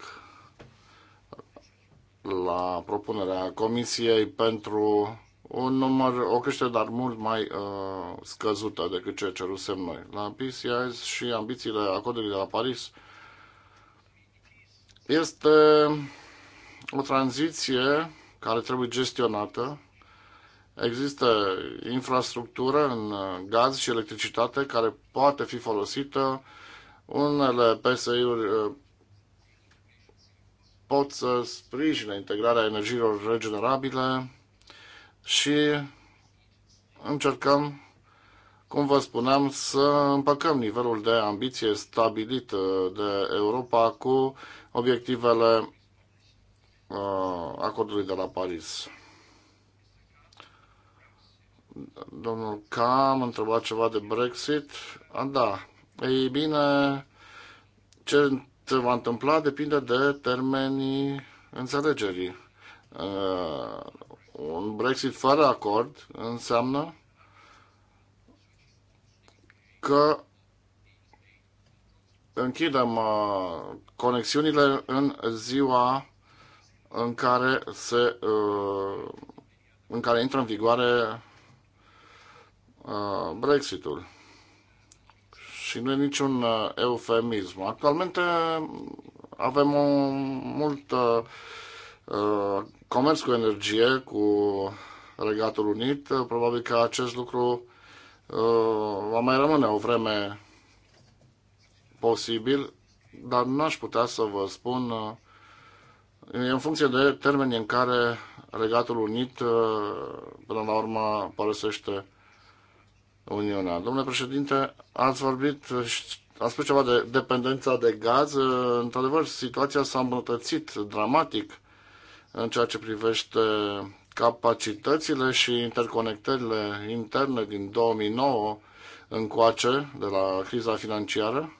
la propunerea Comisiei pentru un număr, o creștere, dar mult mai uh, scăzută decât ce cerusem noi. La PCIs și ambițiile acordului de la Paris este o tranziție care trebuie gestionată. Există infrastructură în uh, gaz și electricitate care poate fi folosită. Unele PSI-uri uh, pot să sprijine integrarea energiilor regenerabile, și încercăm, cum vă spuneam, să împăcăm nivelul de ambiție stabilit uh, de Europa cu obiectivele uh, acordului de la Paris. Domnul Cam întreba ceva de Brexit. A, da. Ei bine, ce se va întâmpla depinde de termenii înțelegerii. Uh, un Brexit fără acord înseamnă că închidem uh, conexiunile în ziua în care se uh, în care intră în vigoare uh, Brexitul. Și nu e niciun eufemism. Actualmente avem o multă comerț cu energie cu Regatul Unit, probabil că acest lucru uh, va mai rămâne o vreme posibil, dar n-aș putea să vă spun uh, e în funcție de termenii în care Regatul Unit uh, până la urmă părăsește Uniunea. Domnule președinte, ați vorbit, ați spus ceva de dependența de gaz. Într-adevăr, situația s-a îmbunătățit dramatic în ceea ce privește capacitățile și interconectările interne din 2009 încoace, de la criza financiară.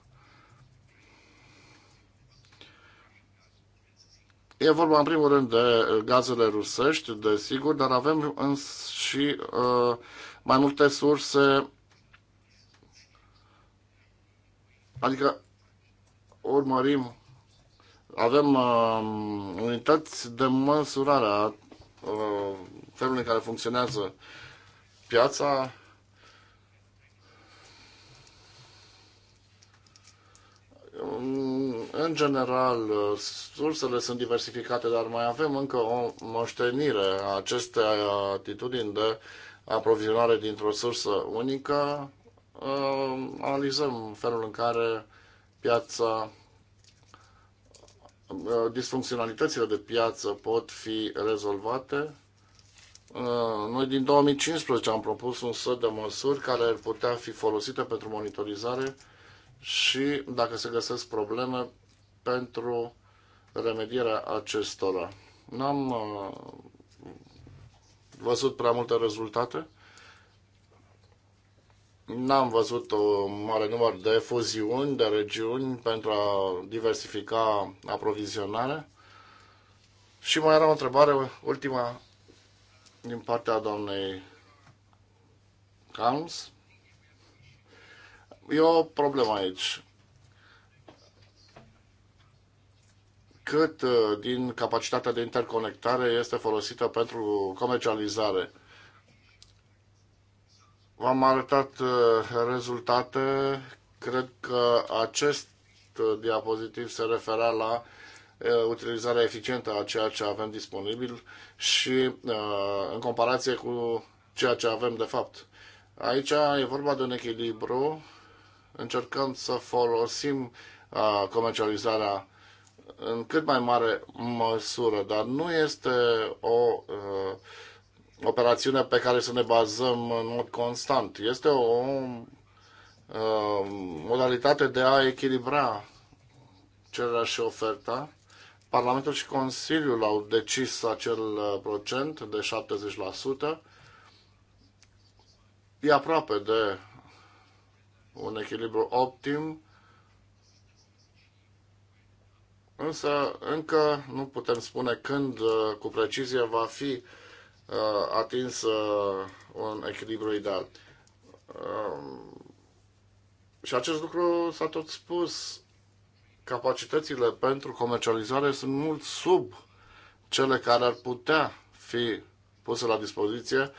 E vorba în primul rând de uh, gazele rusești, desigur, dar avem și uh, mai multe surse, adică urmărim avem uh, unități de măsurare a uh, felului în care funcționează piața. Um, în general, uh, sursele sunt diversificate, dar mai avem încă o moștenire a acestei atitudini de aprovizionare dintr-o sursă unică. Uh, analizăm felul în care piața disfuncționalitățile de piață pot fi rezolvate. Uh, noi din 2015 am propus un set de măsuri care ar putea fi folosite pentru monitorizare și, dacă se găsesc probleme, pentru remedierea acestora. N-am uh, văzut prea multe rezultate. N-am văzut o mare număr de fuziuni, de regiuni pentru a diversifica aprovizionarea. Și mai era o întrebare, ultima din partea doamnei Calms. E o problemă aici. Cât uh, din capacitatea de interconectare este folosită pentru comercializare? V-am arătat uh, rezultate. Cred că acest uh, diapozitiv se refera la uh, utilizarea eficientă a ceea ce avem disponibil și în comparație cu ceea ce avem de fapt. Aici e vorba de un echilibru. Încercăm să folosim comercializarea în cât mai mare măsură, dar nu este o uh, operațiune pe care să ne bazăm în mod constant. Este o uh, modalitate de a echilibra cererea și oferta. Parlamentul și Consiliul au decis acel uh, procent de 70%. E aproape de un echilibru optim, însă încă nu putem spune când uh, cu precizie va fi Uh, atins uh, un echilibru ideal. Um, și acest lucru s-a tot spus. Capacitățile pentru comercializare sunt mult sub cele care ar putea fi puse la dispoziție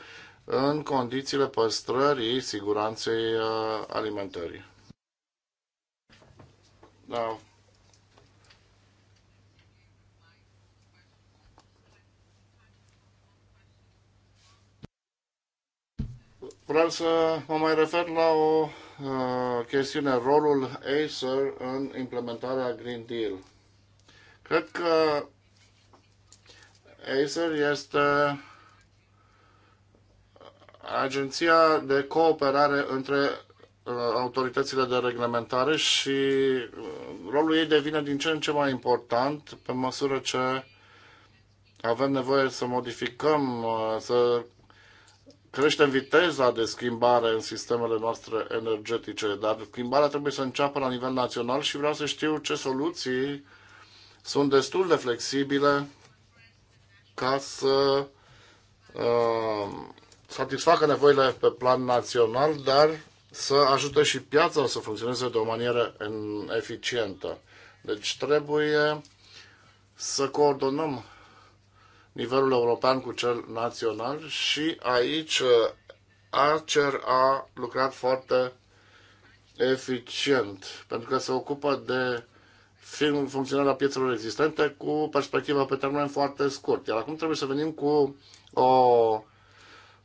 în condițiile păstrării siguranței uh, alimentării. Da, Vreau să mă mai refer la o uh, chestiune, rolul Acer în implementarea Green Deal. Cred că Acer este agenția de cooperare între uh, autoritățile de reglementare și uh, rolul ei devine din ce în ce mai important pe măsură ce avem nevoie să modificăm, uh, să creștem viteza de schimbare în sistemele noastre energetice, dar schimbarea trebuie să înceapă la nivel național și vreau să știu ce soluții sunt destul de flexibile ca să uh, satisfacă nevoile pe plan național, dar să ajute și piața să funcționeze de o manieră eficientă. Deci trebuie să coordonăm nivelul european cu cel național și aici uh, Acer a lucrat foarte eficient pentru că se ocupă de funcționarea piețelor existente cu perspectivă pe termen foarte scurt. Iar acum trebuie să venim cu o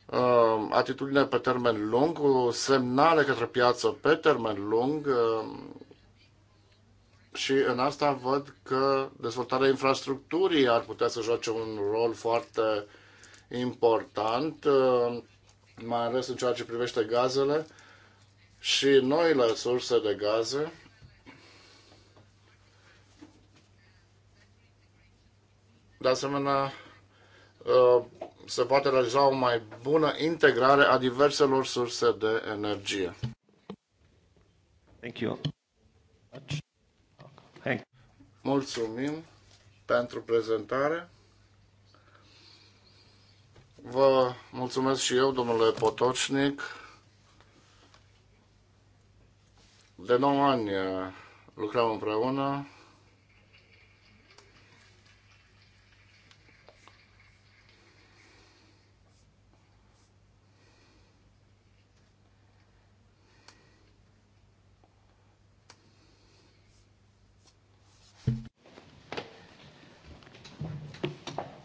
uh, atitudine pe termen lung, cu semnale către piață pe termen lung uh, și în asta văd că dezvoltarea infrastructurii ar putea să joace un rol foarte important, uh, mai ales în ceea ce privește gazele și noile surse de gaze. De asemenea, uh, se poate realiza o mai bună integrare a diverselor surse de energie. Thank you. Mulțumim pentru prezentare. Vă mulțumesc și eu, domnule Potocnic. De 9 ani eh, lucrăm împreună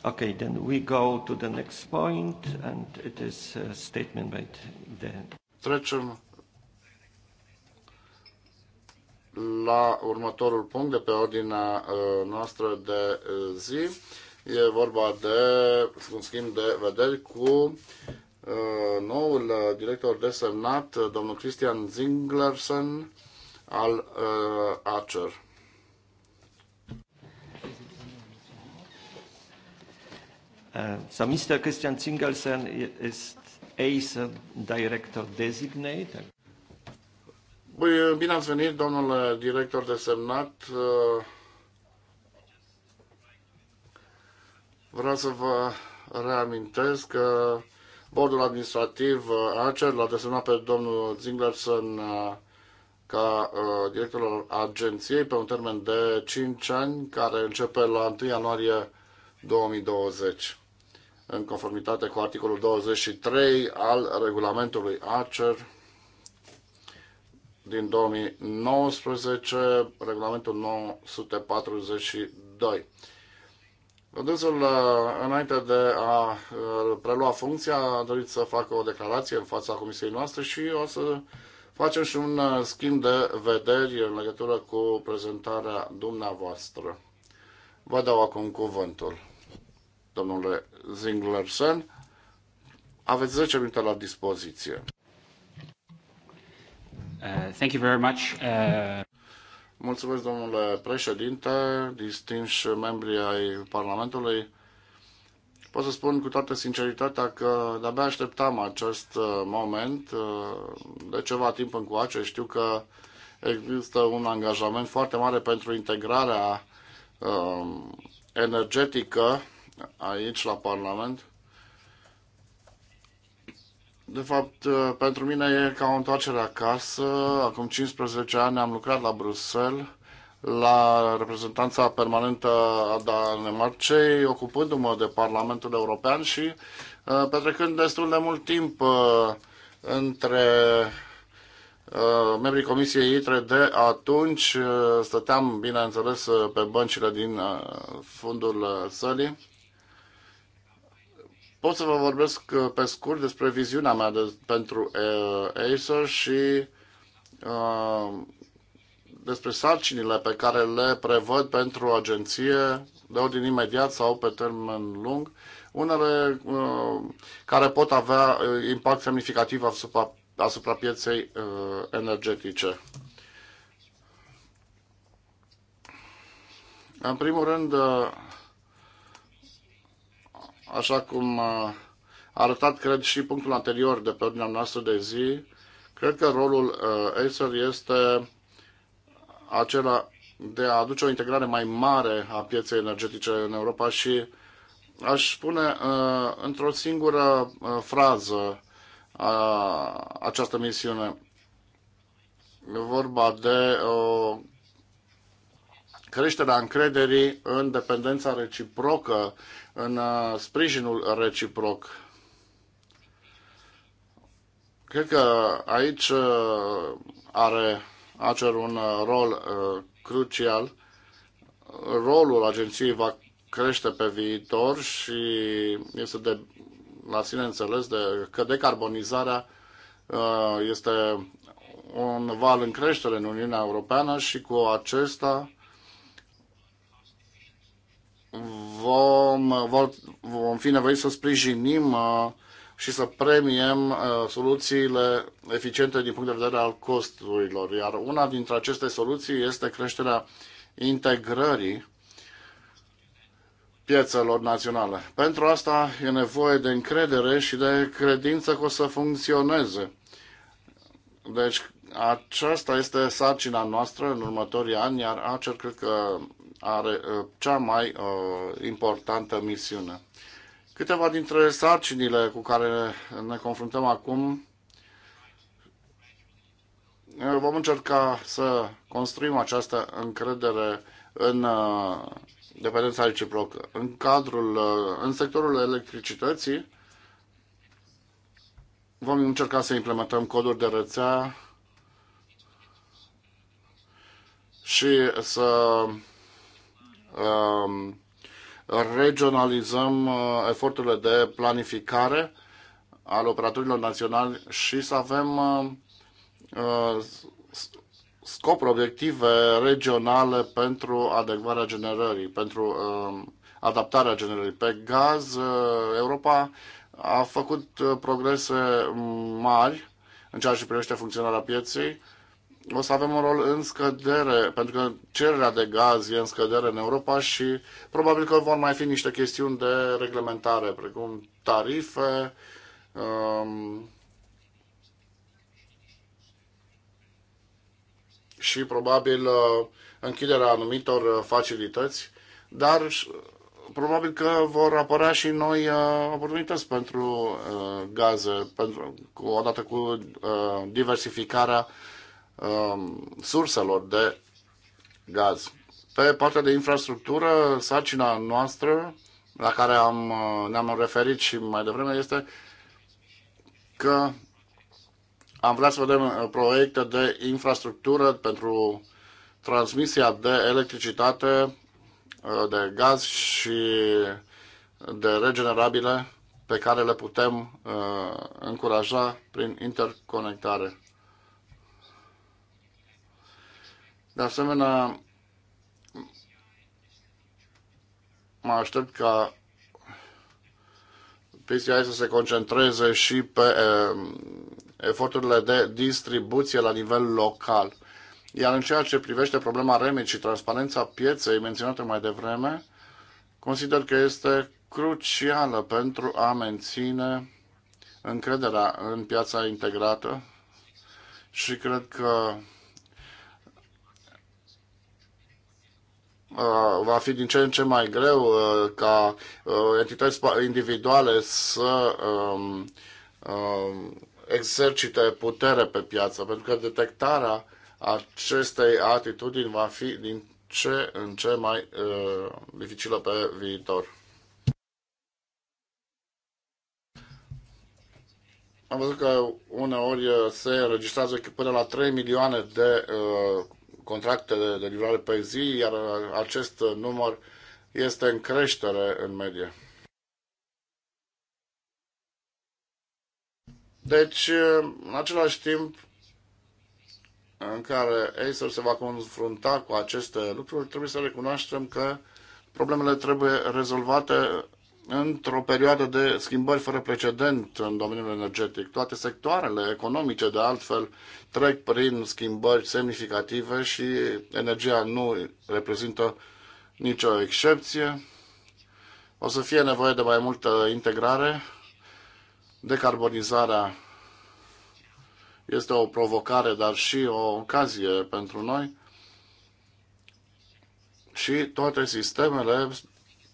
Okay, then we go to the next point, and it is a statement by the... Trecem la următorul punct de pe ordinea uh, noastră de uh, zi. E vorba de un schimb de vederi cu uh, noul director desemnat, domnul Christian Zinglersen al ACER. Uh, so Mr. Christian Zingelsen is ACE Director Designate. Uh, bine ați venit, domnule director desemnat. Uh, vreau să vă reamintesc că bordul administrativ ACER l-a desemnat pe domnul Zinglerson ca director al agenției pe un termen de 5 ani care începe la 1 ianuarie 2020 în conformitate cu articolul 23 al regulamentului ACER din 2019, regulamentul 942. Dânsul, uh, înainte de a uh, prelua funcția, a dorit să facă o declarație în fața comisiei noastre și o să facem și un uh, schimb de vederi în legătură cu prezentarea dumneavoastră. Vă dau acum cuvântul, domnule Zinglersen. Aveți 10 minute la dispoziție. Uh, thank you very much. Uh... Mulțumesc, domnule președinte, distinși membri ai Parlamentului. Pot să spun cu toată sinceritatea că de-abia așteptam acest uh, moment. Uh, de ceva timp încoace știu că există un angajament foarte mare pentru integrarea uh, energetică aici la Parlament. De fapt, uh, pentru mine e ca o întoarcere acasă. Acum 15 ani am lucrat la Bruxelles, la reprezentanța permanentă a Danemarcei, ocupându-mă de Parlamentul European și uh, petrecând destul de mult timp uh, între membrii Comisiei ITRE de atunci. Stăteam, bineînțeles, pe băncile din fundul sălii Pot să vă vorbesc uh, pe scurt despre viziunea mea de, pentru uh, Acer și uh, despre sarcinile pe care le prevăd pentru agenție de ordin imediat sau pe termen lung, unele uh, care pot avea uh, impact semnificativ asupra, asupra pieței uh, energetice. În primul rând, așa cum a arătat, cred, și punctul anterior de pe ordinea noastră de zi, cred că rolul uh, Acer este acela de a aduce o integrare mai mare a pieței energetice în Europa și aș spune uh, într-o singură uh, frază această misiune. E vorba de o creșterea încrederii în dependența reciprocă în uh, sprijinul reciproc. Cred că aici uh, are Acer un uh, rol crucial. Rolul agenției va crește pe viitor și este de la sine înțeles de, că decarbonizarea este un val în creștere în Uniunea Europeană și cu acesta vom, vom fi nevoiți să sprijinim uh, și să premiem uh, soluțiile eficiente din punct de vedere al costurilor. Iar una dintre aceste soluții este creșterea integrării piețelor naționale. Pentru asta e nevoie de încredere și de credință că o să funcționeze. Deci aceasta este sarcina noastră în următorii ani, iar Acer cred că are uh, cea mai uh, importantă misiune. Câteva dintre sarcinile cu care ne confruntăm acum uh, vom încerca să construim această încredere în dependența reciprocă. În cadrul, în sectorul electricității vom încerca să implementăm coduri de rețea și să Um, regionalizăm uh, eforturile de planificare al operatorilor naționali și să avem uh, uh, scopuri, obiective regionale pentru adecvarea generării, pentru um, adaptarea generării. Pe gaz, Europa a făcut progrese mari în ceea ce privește funcționarea pieței o să avem un rol în scădere, pentru că cererea de gaz e în scădere în Europa și probabil că vor mai fi niște chestiuni de reglementare, precum tarife, um, și probabil uh, închiderea anumitor uh, facilități, dar probabil că vor apărea și noi uh, oportunități pentru gaze, pentru, odată cu diversificarea Um, surselor de gaz. Pe partea de infrastructură, sarcina noastră, la care am, uh, ne-am referit și mai devreme, este că am vrea să vedem uh, proiecte de infrastructură pentru transmisia de electricitate, uh, de gaz și de regenerabile pe care le putem încuraja prin interconectare. De asemenea, mă aștept ca PCI să se concentreze și pe eforturile de distribuție la nivel local. Iar în ceea ce privește problema REMIT și transparența pieței menționată mai devreme, consider că este crucială pentru a menține încrederea în piața integrată și cred că va fi din ce în ce mai greu ca entități individuale să exercite putere pe piață, pentru că detectarea acestei atitudini va fi din ce în ce mai dificilă pe viitor. Am văzut că uneori se înregistrează până la 3 milioane de uh, contracte de, de livrare pe zi, iar acest număr este în creștere în medie. Deci, în același timp în care Acer se va confrunta cu aceste lucruri, trebuie să recunoaștem că problemele trebuie rezolvate într-o perioadă de schimbări fără precedent în domeniul energetic. Toate sectoarele economice, de altfel, trec prin schimbări semnificative și energia nu reprezintă nicio excepție. O să fie nevoie de mai multă integrare. Decarbonizarea este o provocare, dar și o ocazie pentru noi și toate sistemele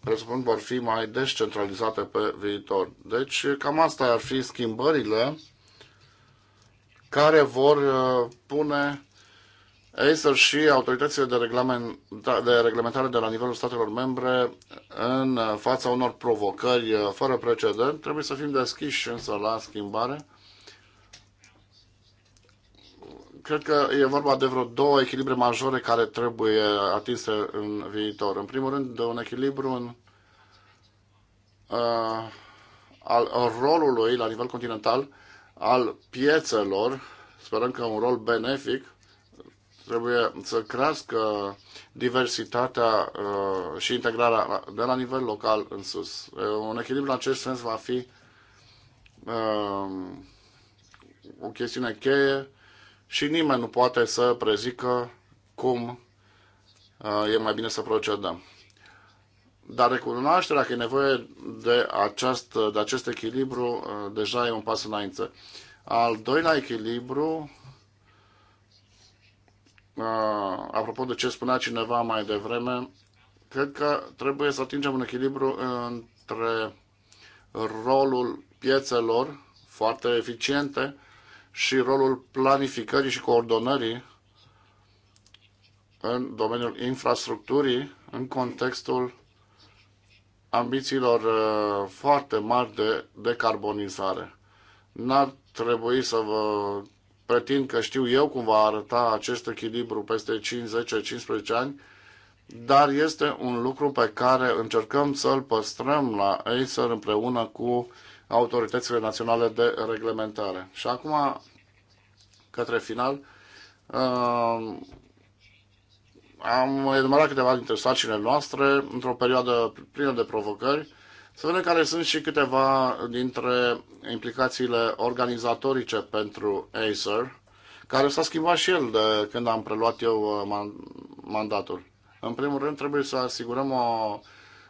presupun, vor fi mai descentralizate pe viitor. Deci, cam asta ar fi schimbările care vor uh, pune Acer și autoritățile de, reglament, da, de reglementare de la nivelul statelor membre în uh, fața unor provocări uh, fără precedent. Trebuie să fim deschiși însă la schimbare cred că e vorba de vreo două echilibre majore care trebuie atinse în viitor. În primul rând, de un echilibru în, uh, al rolului la nivel continental al piețelor, sperăm că un rol benefic, trebuie să crească diversitatea uh, și integrarea de la nivel local în sus. Uh, un echilibru în acest sens va fi uh, o chestiune cheie și nimeni nu poate să prezică cum uh, e mai bine să procedăm. Dar recunoașterea că e nevoie de, aceast, de acest echilibru uh, deja e un pas înainte. Al doilea echilibru, uh, apropo de ce spunea cineva mai devreme, cred că trebuie să atingem un echilibru între rolul piețelor foarte eficiente și rolul planificării și coordonării în domeniul infrastructurii în contextul ambițiilor uh, foarte mari de decarbonizare. N-ar trebui să vă pretind că știu eu cum va arăta acest echilibru peste 5, 10, 15 ani, dar este un lucru pe care încercăm să-l păstrăm la Acer împreună cu autoritățile naționale de reglementare. Și acum, către final, uh, am enumerat câteva dintre sarcinile noastre într-o perioadă plină de provocări. Să vedem care sunt și câteva dintre implicațiile organizatorice pentru Acer, care s-a schimbat și el de când am preluat eu uh, mandatul. În primul rând, trebuie să asigurăm o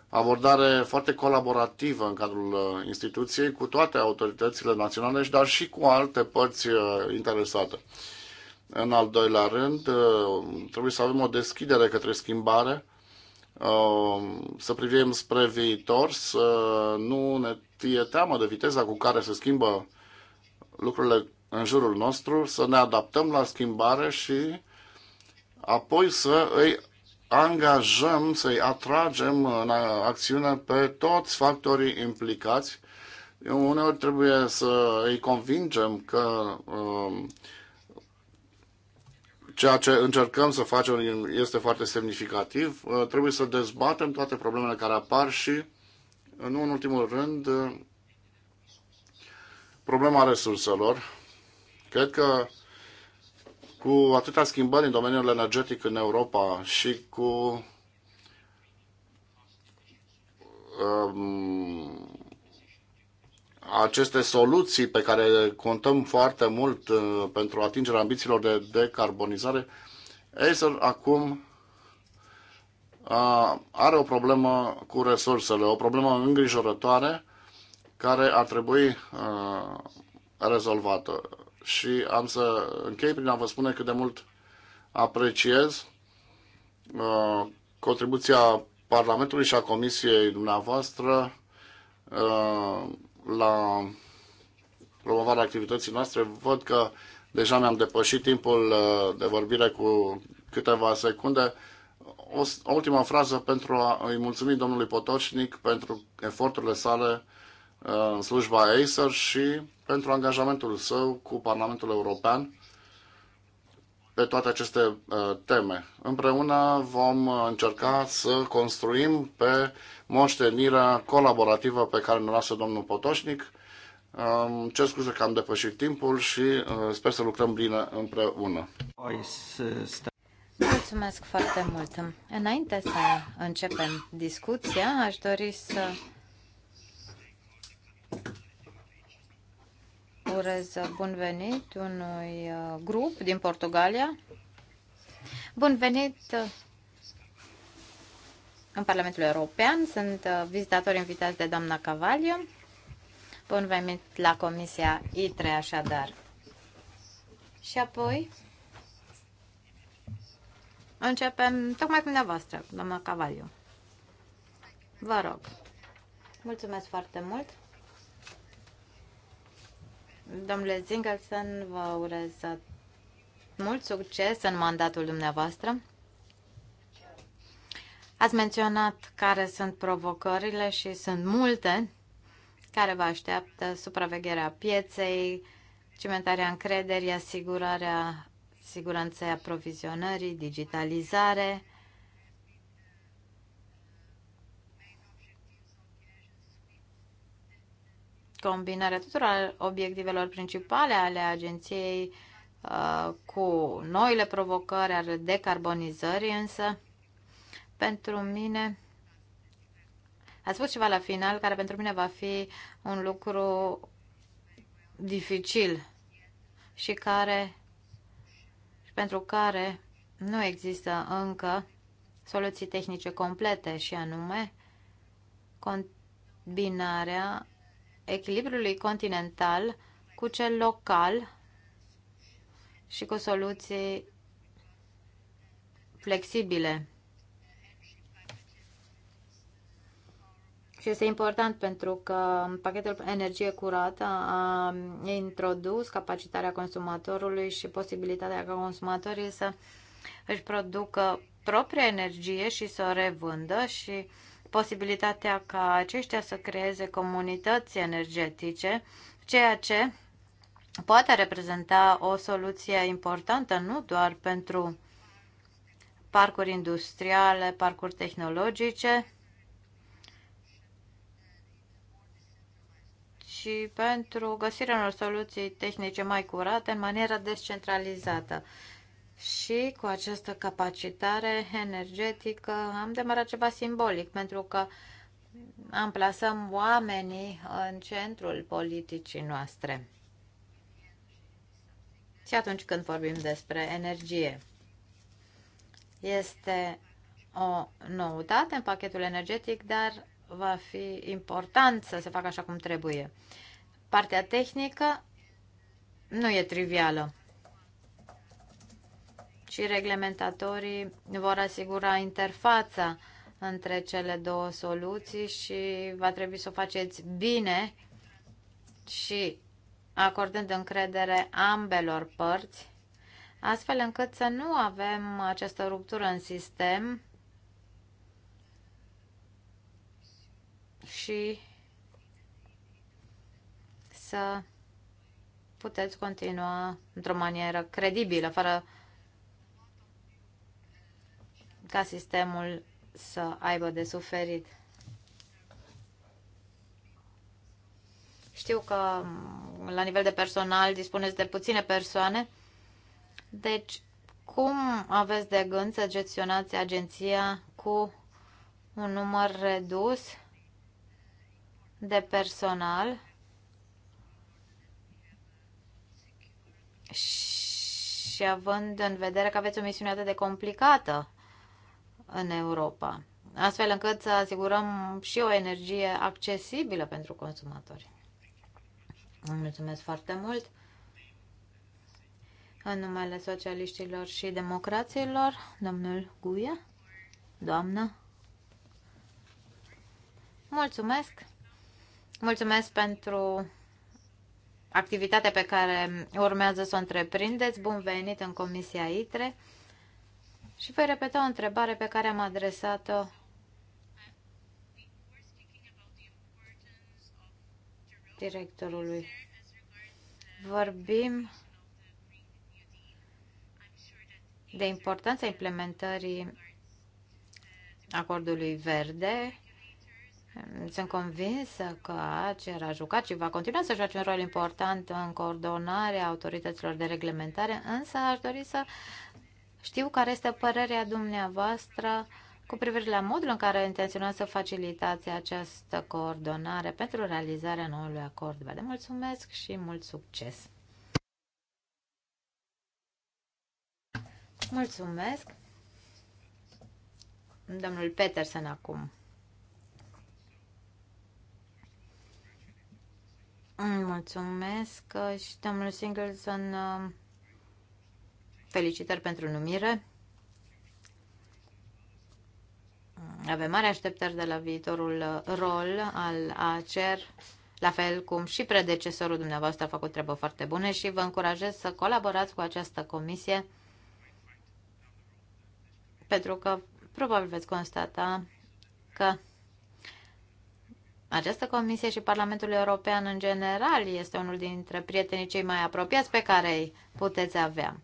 abordare foarte colaborativă în cadrul uh, instituției cu toate autoritățile naționale, dar și cu alte părți uh, interesate. În al doilea rând, uh, trebuie să avem o deschidere către schimbare, să privim spre viitor, să nu ne fie teamă de viteza cu care se schimbă lucrurile în jurul nostru, să ne adaptăm la schimbare și apoi să îi angajăm, să-i atragem în acțiune pe toți factorii implicați. Uneori trebuie să îi convingem că um, ceea ce încercăm să facem este foarte semnificativ. Uh, trebuie să dezbatem toate problemele care apar și, nu în ultimul rând, uh, problema resurselor. Cred că cu atâtea schimbări în domeniul energetic în Europa și cu um, aceste soluții pe care contăm foarte mult uh, pentru atingerea ambițiilor de decarbonizare, Acer acum uh, are o problemă cu resursele, o problemă îngrijorătoare care ar trebui uh, rezolvată și am să închei prin a vă spune cât de mult apreciez uh, contribuția Parlamentului și a Comisiei dumneavoastră uh, la promovarea activității noastre. Văd că deja mi-am depășit timpul uh, de vorbire cu câteva secunde. O, ultima frază pentru a îi mulțumi domnului Potoșnic pentru eforturile sale Uh, în slujba Acer și pentru angajamentul său cu Parlamentul European pe toate aceste uh, teme. Împreună vom uh, încerca să construim pe moștenirea colaborativă pe care ne lasă domnul Potoșnic. Um, Ce scuze că am depășit timpul și sper să lucrăm bine împreună. Mulțumesc foarte mult. Înainte să începem discuția, aș dori să Urez bun venit unui uh, grup din Portugalia. Bun venit uh, în Parlamentul European. Sunt uh, vizitator invitat de doamna Cavaliu. Bun venit la Comisia I3, așadar. Și apoi începem tocmai cu dumneavoastră, doamna Cavaliu. Vă rog. Mulțumesc foarte mult. Domnule Zingelson, vă urez mult succes în mandatul dumneavoastră. Ați menționat care sunt provocările și sunt multe care vă așteaptă supravegherea pieței, cimentarea încrederii, asigurarea siguranței aprovizionării, digitalizare, combinarea tuturor obiectivelor principale ale agenției uh, cu noile provocări ale decarbonizării, însă pentru mine a spus ceva la final care pentru mine va fi un lucru dificil și care și pentru care nu există încă soluții tehnice complete și anume combinarea echilibrului continental cu cel local și cu soluții flexibile. Și este important pentru că pachetul energie curată a introdus capacitatea consumatorului și posibilitatea ca consumatorii să își producă propria energie și să o revândă și posibilitatea ca aceștia să creeze comunități energetice, ceea ce poate reprezenta o soluție importantă nu doar pentru parcuri industriale, parcuri tehnologice, ci pentru găsirea unor soluții tehnice mai curate în manieră descentralizată și cu această capacitare energetică am demarat ceva simbolic, pentru că amplasăm oamenii în centrul politicii noastre. Și atunci când vorbim despre energie, este o noutate în pachetul energetic, dar va fi important să se facă așa cum trebuie. Partea tehnică nu e trivială și reglementatorii vor asigura interfața între cele două soluții și va trebui să o faceți bine și acordând încredere ambelor părți, astfel încât să nu avem această ruptură în sistem și să puteți continua într-o manieră credibilă, fără ca sistemul să aibă de suferit. Știu că la nivel de personal dispuneți de puține persoane, deci cum aveți de gând să gestionați agenția cu un număr redus de personal și având în vedere că aveți o misiune atât de complicată în Europa, astfel încât să asigurăm și o energie accesibilă pentru consumatori. mulțumesc foarte mult în numele socialiștilor și democraților, domnul Guia, doamnă. Mulțumesc! Mulțumesc pentru activitatea pe care urmează să o întreprindeți. Bun venit în Comisia ITRE. Și voi repeta o întrebare pe care am adresat-o directorului. Vorbim de importanța implementării acordului verde. Sunt convinsă că ACER a jucat și va continua să joace un rol important în coordonarea autorităților de reglementare, însă aș dori să știu care este părerea dumneavoastră cu privire la modul în care intenționați să facilitați această coordonare pentru realizarea noului acord. Vă mulțumesc și mult succes! Mulțumesc! Domnul Petersen acum. Mulțumesc și domnul Singleton Felicitări pentru numire. Avem mari așteptări de la viitorul rol al ACER, la fel cum și predecesorul dumneavoastră a făcut treabă foarte bune și vă încurajez să colaborați cu această comisie pentru că probabil veți constata că această comisie și Parlamentul European în general este unul dintre prietenii cei mai apropiați pe care îi puteți avea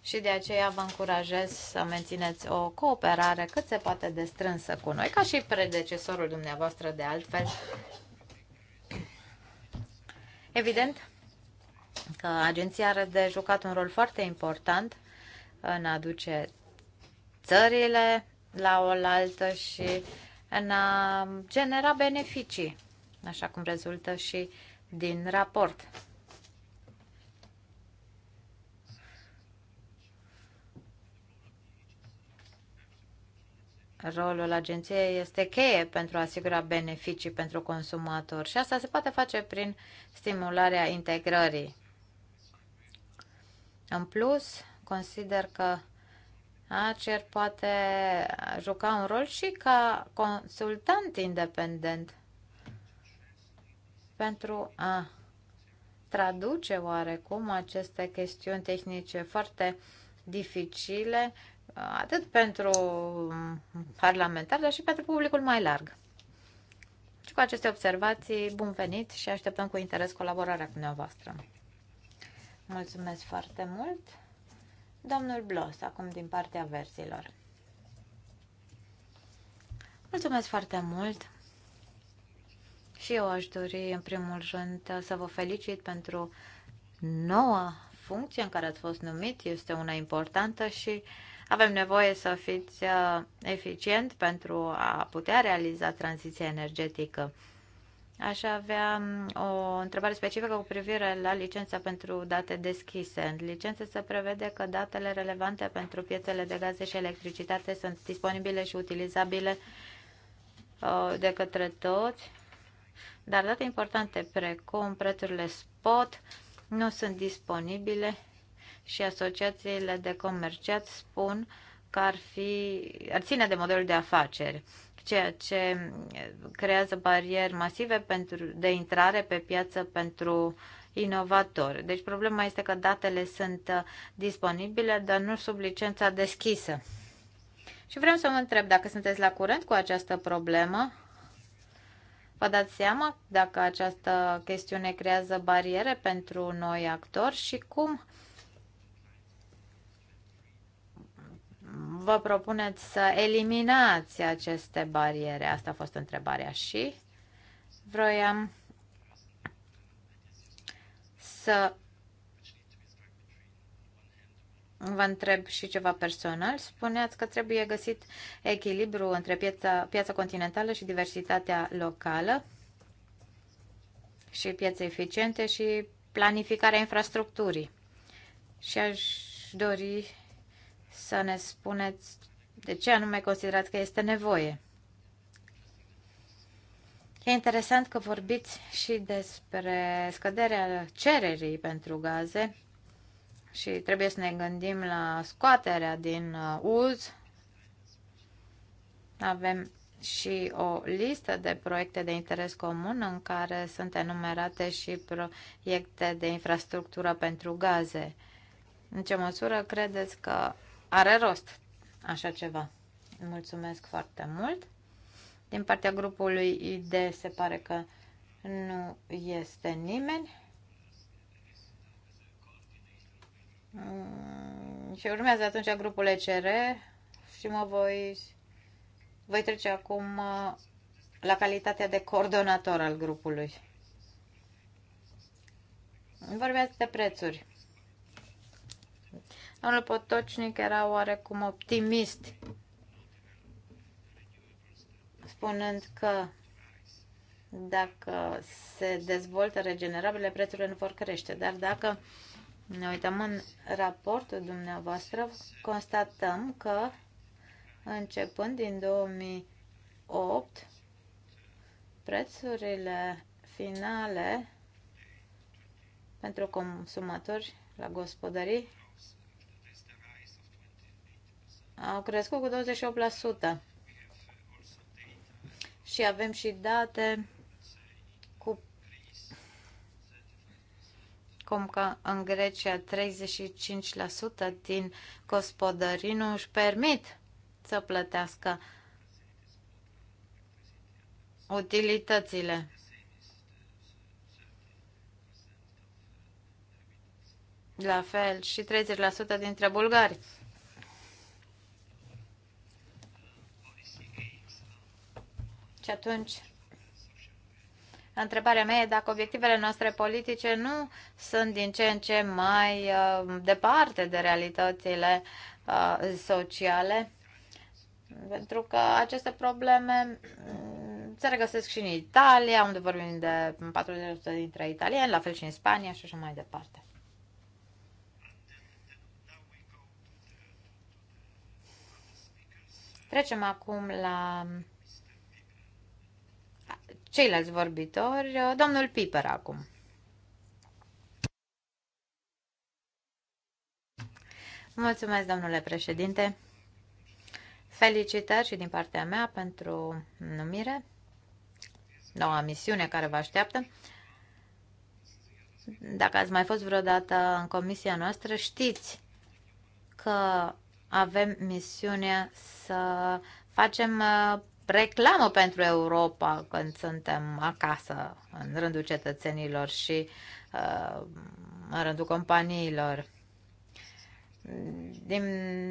și de aceea vă încurajez să mențineți o cooperare cât se poate de strânsă cu noi, ca și predecesorul dumneavoastră de altfel. Evident că agenția are de jucat un rol foarte important în a duce țările la oaltă și în a genera beneficii, așa cum rezultă și din raport. Rolul agenției este cheie pentru a asigura beneficii pentru consumatori și asta se poate face prin stimularea integrării. În plus, consider că ACER poate juca un rol și ca consultant independent pentru a traduce oarecum aceste chestiuni tehnice foarte dificile atât pentru parlamentar, dar și pentru publicul mai larg. Și cu aceste observații, bun venit și așteptăm cu interes colaborarea cu dumneavoastră. Mulțumesc foarte mult. Domnul Blos, acum din partea versiilor Mulțumesc foarte mult. Și eu aș dori, în primul rând, să vă felicit pentru noua funcție în care ați fost numit. Este una importantă și uh, avem nevoie să fiți uh, eficient pentru a putea realiza tranziția energetică. Aș avea um, o întrebare specifică cu privire la licența pentru date deschise. În licență se prevede că datele relevante pentru piețele de gaze și electricitate sunt disponibile și utilizabile uh, de către toți, dar date importante precum prețurile spot nu sunt disponibile și asociațiile de comerciat spun că ar, fi, ar ține de modelul de afaceri, ceea ce creează bariere masive pentru, de intrare pe piață pentru inovatori. Deci problema este că datele sunt disponibile, dar nu sub licența deschisă. Și vreau să vă întreb dacă sunteți la curent cu această problemă. Vă dați seama dacă această chestiune creează bariere pentru noi actori și cum vă propuneți să eliminați aceste bariere? Asta a fost întrebarea și vroiam să vă întreb și ceva personal. Spuneați că trebuie găsit echilibru între piața, piața continentală și diversitatea locală și piețe eficiente și planificarea infrastructurii. Și aș dori să ne spuneți de ce anume considerați că este nevoie. E interesant că vorbiți și despre scăderea cererii pentru gaze și trebuie să ne gândim la scoaterea din uh, uz. Avem și o listă de proiecte de interes comun în care sunt enumerate și proiecte de infrastructură pentru gaze. În ce măsură credeți că are rost așa ceva. Mulțumesc foarte mult. Din partea grupului ID se pare că nu este nimeni. Mm, și urmează atunci grupul ECR și mă voi, voi trece acum uh, la calitatea de coordonator al grupului. Vorbeați de prețuri. Domnul Potocnic era oarecum optimist, spunând că dacă se dezvoltă regenerabile, prețurile nu vor crește. Dar dacă ne uităm în raportul dumneavoastră, constatăm că începând din 2008, prețurile finale pentru consumatori la gospodării au crescut cu 28%. Și avem și date cu cum că în Grecia 35% din gospodării nu își permit să plătească utilitățile. La fel și 30% dintre bulgari. Și atunci, întrebarea mea e dacă obiectivele noastre politice nu sunt din ce în ce mai uh, departe de realitățile uh, sociale, pentru că aceste probleme mm, se regăsesc și în Italia, unde vorbim de 40% dintre italieni, la fel și în Spania și așa mai departe. Trecem acum la ceilalți vorbitori. Uh, domnul Piper acum. Mulțumesc, domnule președinte. Felicitări și din partea mea pentru numire, noua misiune care vă așteaptă. Dacă ați mai fost vreodată în comisia noastră, știți că avem misiunea să facem uh, reclamă pentru Europa când suntem acasă, în rândul cetățenilor și uh, în rândul companiilor. Din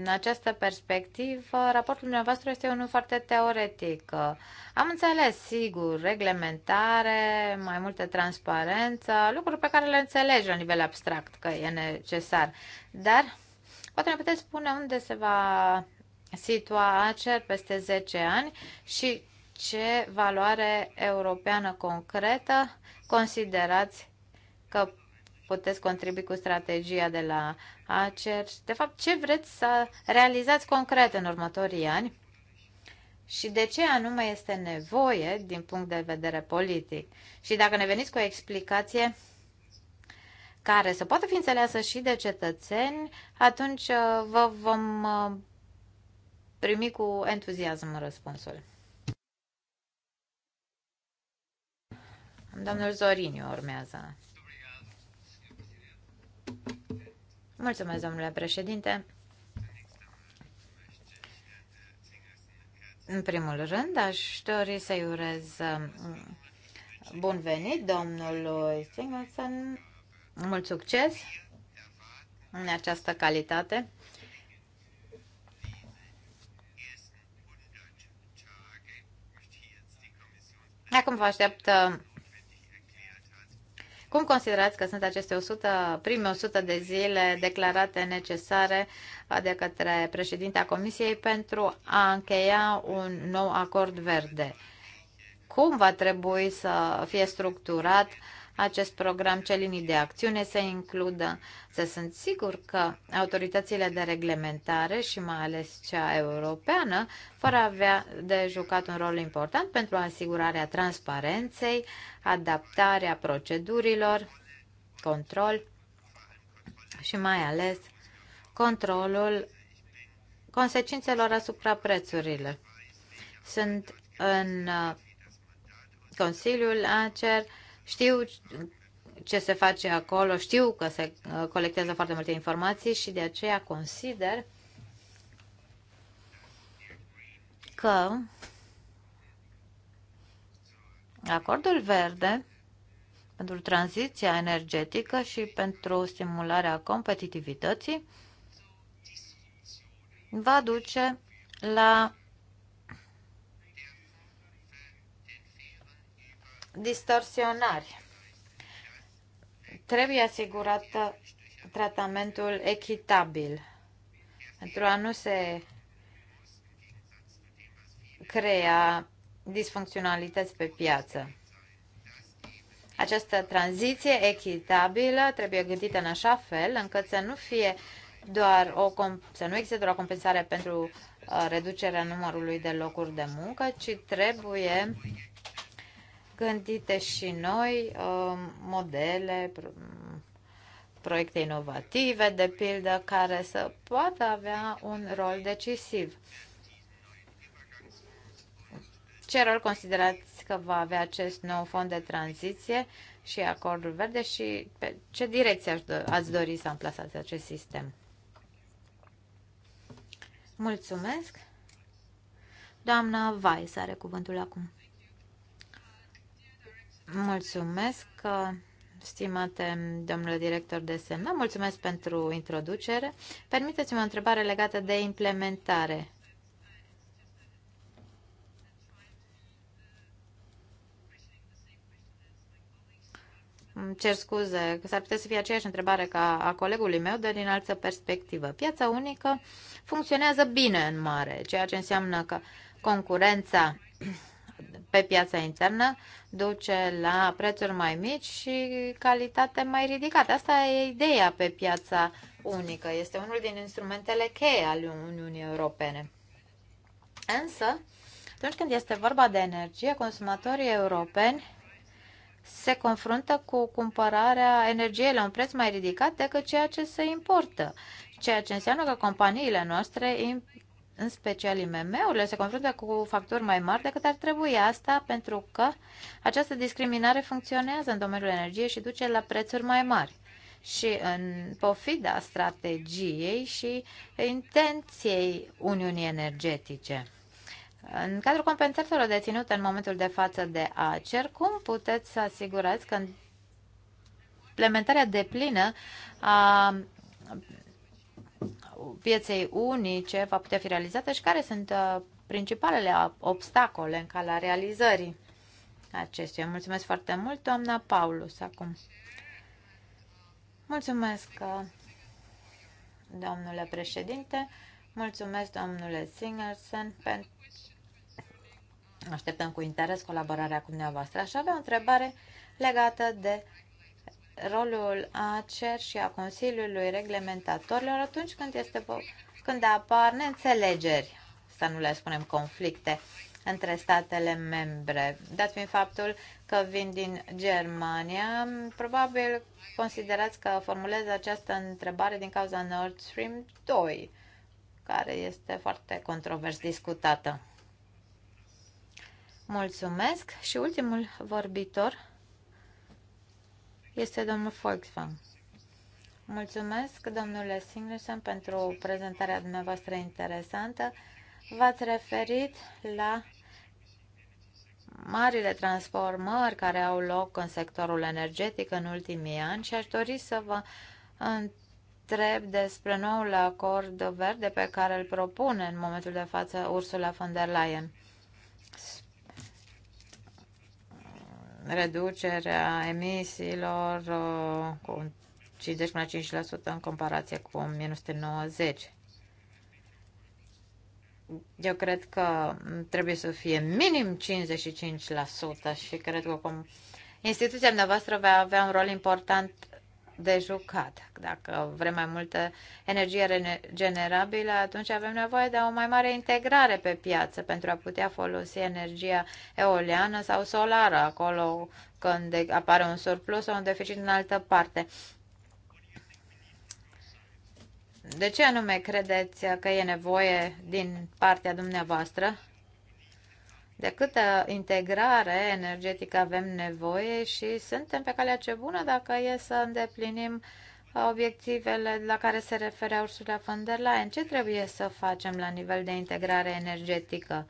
această perspectivă, raportul dumneavoastră este unul foarte teoretic. Am înțeles, sigur, reglementare, mai multă transparență, lucruri pe care le înțelegi la nivel abstract că e necesar. Dar poate ne puteți spune unde se va Acer peste 10 ani și ce valoare europeană concretă considerați că puteți contribui cu strategia de la ACER? De fapt, ce vreți să realizați concret în următorii ani? Și de ce anume este nevoie din punct de vedere politic? Și dacă ne veniți cu o explicație care să poată fi înțeleasă și de cetățeni, atunci uh, vă vom uh, primi cu entuziasm răspunsul. Domnul Zoriniu urmează. Mulțumesc, domnule președinte. În primul rând, aș dori să-i urez um, bun venit domnului Singleton. Mult succes în această calitate. Acum vă aștept uh, cum considerați că sunt aceste 100, prime 100 de zile declarate necesare de către președintea Comisiei pentru a încheia un nou acord verde? Cum va trebui să fie structurat uh, acest program, ce linii de acțiune să includă, să sunt sigur că autoritățile de reglementare și mai ales cea europeană vor avea de jucat un rol important pentru asigurarea transparenței, adaptarea procedurilor, control și mai ales controlul consecințelor asupra prețurilor. Sunt în uh, Consiliul ACER știu ce se face acolo, știu că se uh, colectează foarte multe informații și de aceea consider că acordul verde pentru tranziția energetică și pentru stimularea competitivității va duce la distorsionari. Trebuie asigurat tratamentul echitabil pentru a nu se crea disfuncționalități pe piață. Această tranziție echitabilă trebuie gândită în așa fel încât să nu fie doar o să nu existe doar o compensare pentru uh, reducerea numărului de locuri de muncă, ci trebuie gândite și noi uh, modele, proiecte inovative, de pildă, care să poată avea un rol decisiv. Ce rol considerați că va avea acest nou fond de tranziție și acordul verde și pe ce direcție ați dori să amplasați acest sistem? Mulțumesc! Doamna Vai, să are cuvântul acum. Mulțumesc, stimate domnule director de semnă. Mulțumesc pentru introducere. Permiteți-mi o întrebare legată de implementare. cer scuze, că s-ar putea să fie aceeași întrebare ca a colegului meu, dar din altă perspectivă. Piața unică funcționează bine în mare, ceea ce înseamnă că concurența pe piața internă duce la prețuri mai mici și calitate mai ridicată. Asta e ideea pe piața unică. Este unul din instrumentele cheie ale Uniunii Europene. Însă, atunci când este vorba de energie, consumatorii europeni se confruntă cu cumpărarea energiei la un preț mai ridicat decât ceea ce se importă, ceea ce înseamnă că companiile noastre în special IMM-urile, se confruntă cu facturi mai mari decât ar trebui asta pentru că această discriminare funcționează în domeniul energiei și duce la prețuri mai mari. Și în pofida strategiei și intenției Uniunii Energetice. În cadrul compensărilor deținute în momentul de față de ACER, cum puteți să asigurați că implementarea deplină a pieței unice va putea fi realizată și care sunt uh, principalele obstacole în calea realizării acestuia. Mulțumesc foarte mult, doamna Paulus, acum. Mulțumesc, uh, domnule președinte. Mulțumesc, domnule Singerson, pentru Așteptăm cu interes colaborarea cu dumneavoastră. Aș avea o întrebare legată de rolul CER și a Consiliului Reglementatorilor atunci când, este, când apar neînțelegeri, să nu le spunem conflicte, între statele membre. Dat fiind faptul că vin din Germania, probabil considerați că formulez această întrebare din cauza Nord Stream 2, care este foarte controvers discutată. Mulțumesc și ultimul vorbitor este domnul Volkswagen. Mulțumesc, domnule Singleson, pentru prezentarea dumneavoastră interesantă. V-ați referit la marile transformări care au loc în sectorul energetic în ultimii ani și aș dori să vă întreb despre noul acord verde pe care îl propune în momentul de față Ursula von der Leyen. reducerea emisiilor uh, cu 50 la în comparație cu 1990. Eu cred că trebuie să fie minim 55% și cred că cum instituția noastră va avea un rol important de jucat. Dacă vrem mai multă energie regenerabilă, atunci avem nevoie de o mai mare integrare pe piață pentru a putea folosi energia eoliană sau solară acolo când apare un surplus sau un deficit în altă parte. De ce anume credeți că e nevoie din partea dumneavoastră de câtă integrare energetică avem nevoie și suntem pe calea ce bună dacă e să îndeplinim uh, obiectivele la care se referea Ursula von der Leyen. Ce trebuie să facem la nivel de integrare energetică?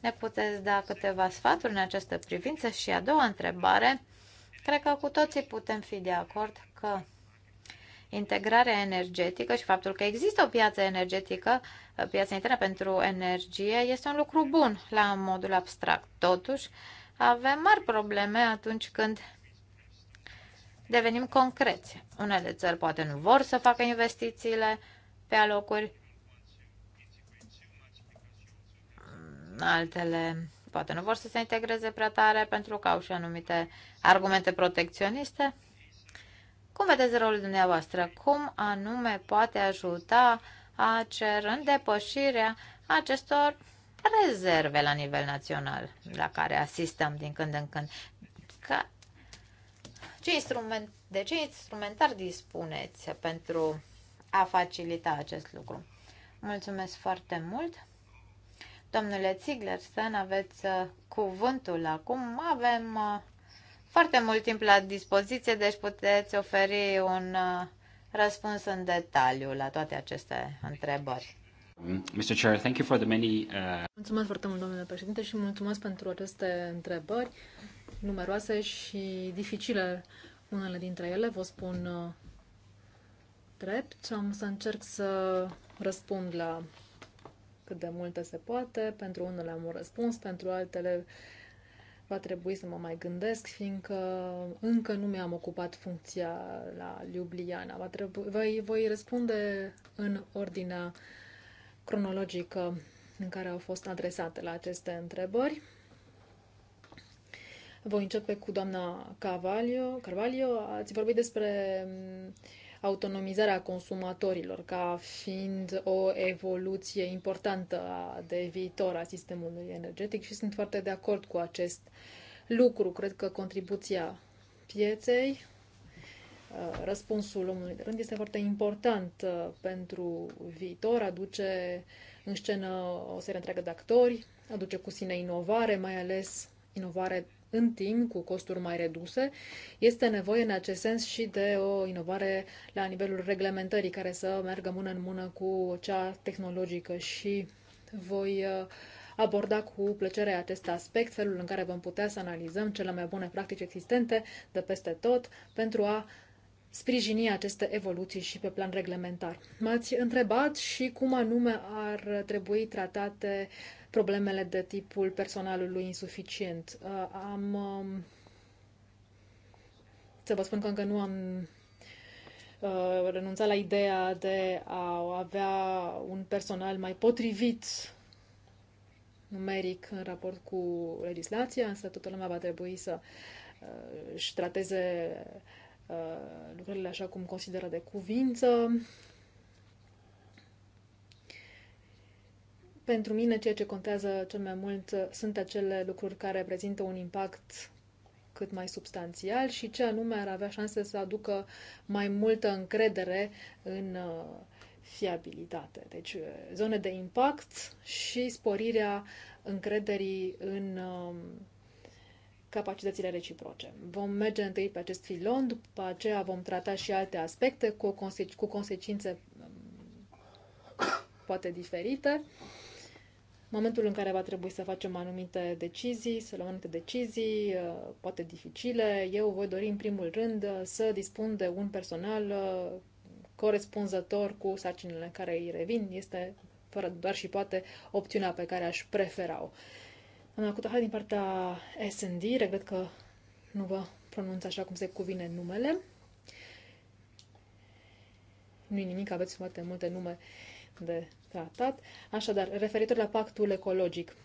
Ne puteți da câteva sfaturi în această privință? Și a doua întrebare, cred că cu toții putem fi de acord că integrarea energetică și faptul că există o piață energetică, piața internă pentru energie, este un lucru bun la modul abstract. Totuși, avem mari probleme atunci când devenim concreți. Unele țări poate nu vor să facă investițiile pe alocuri, altele poate nu vor să se integreze prea tare pentru că au și anumite argumente protecționiste. Cum vedeți rolul dumneavoastră? Cum anume poate ajuta ACER în depășirea acestor rezerve la nivel național la care asistăm din când în când? Ca ce instrument, de ce instrumentar dispuneți pentru a facilita acest lucru? Mulțumesc foarte mult! Domnule Ziegler, să aveți uh, cuvântul acum. Avem uh, foarte mult timp la dispoziție, deci puteți oferi un uh, răspuns în detaliu la toate aceste întrebări. Mr. Chair, thank you for the many, uh... Mulțumesc foarte mult, domnule președinte, și mulțumesc pentru aceste întrebări numeroase și dificile unele dintre ele, vă spun uh, drept. Am să încerc să răspund la cât de multe se poate. Pentru unele am un răspuns, pentru altele va trebui să mă mai gândesc, fiindcă încă nu mi-am ocupat funcția la Ljubljana. Va trebui, voi, voi răspunde în ordinea cronologică în care au fost adresate la aceste întrebări. Voi începe cu doamna Carvalho. Carvalho, ați vorbit despre autonomizarea consumatorilor ca fiind o evoluție importantă de viitor a sistemului energetic și sunt foarte de acord cu acest lucru. Cred că contribuția pieței, uh, răspunsul omului de rând este foarte important uh, pentru viitor, aduce în scenă o serie întreagă de actori, aduce cu sine inovare, mai ales inovare în timp, cu costuri mai reduse. Este nevoie în acest sens și de o inovare la nivelul reglementării care să meargă mână în mână cu cea tehnologică și voi uh, aborda cu plăcere acest aspect, felul în care vom putea să analizăm cele mai bune practici existente de peste tot pentru a sprijini aceste evoluții și pe plan reglementar. M-ați întrebat și cum anume ar trebui tratate problemele de tipul personalului insuficient. Uh, am. Um, să vă spun că încă nu am uh, renunțat la ideea de a avea un personal mai potrivit numeric în raport cu legislația, însă toată lumea va trebui să uh, își trateze lucrurile așa cum consideră de cuvință Pentru mine, ceea ce contează cel mai mult uh, sunt acele lucruri care prezintă un impact cât mai substanțial și ce anume ar avea șanse să aducă mai multă încredere în uh, fiabilitate. Deci, uh, zone de impact și sporirea încrederii în um, capacitățile reciproce. Vom merge întâi pe acest filon, după aceea vom trata și alte aspecte cu, conse- cu consecințe um, poate diferite momentul în care va trebui să facem anumite decizii, să luăm anumite decizii, uh, poate dificile, eu voi dori în primul rând uh, să dispun de un personal uh, corespunzător cu sarcinile care îi revin. Este fără doar și poate opțiunea pe care aș prefera-o. Doamna Cutaha, din partea S&D, regret că nu vă pronunț așa cum se cuvine numele. Nu-i nimic, aveți foarte multe nume uh, de tratat. Așadar, referitor la pactul ecologic.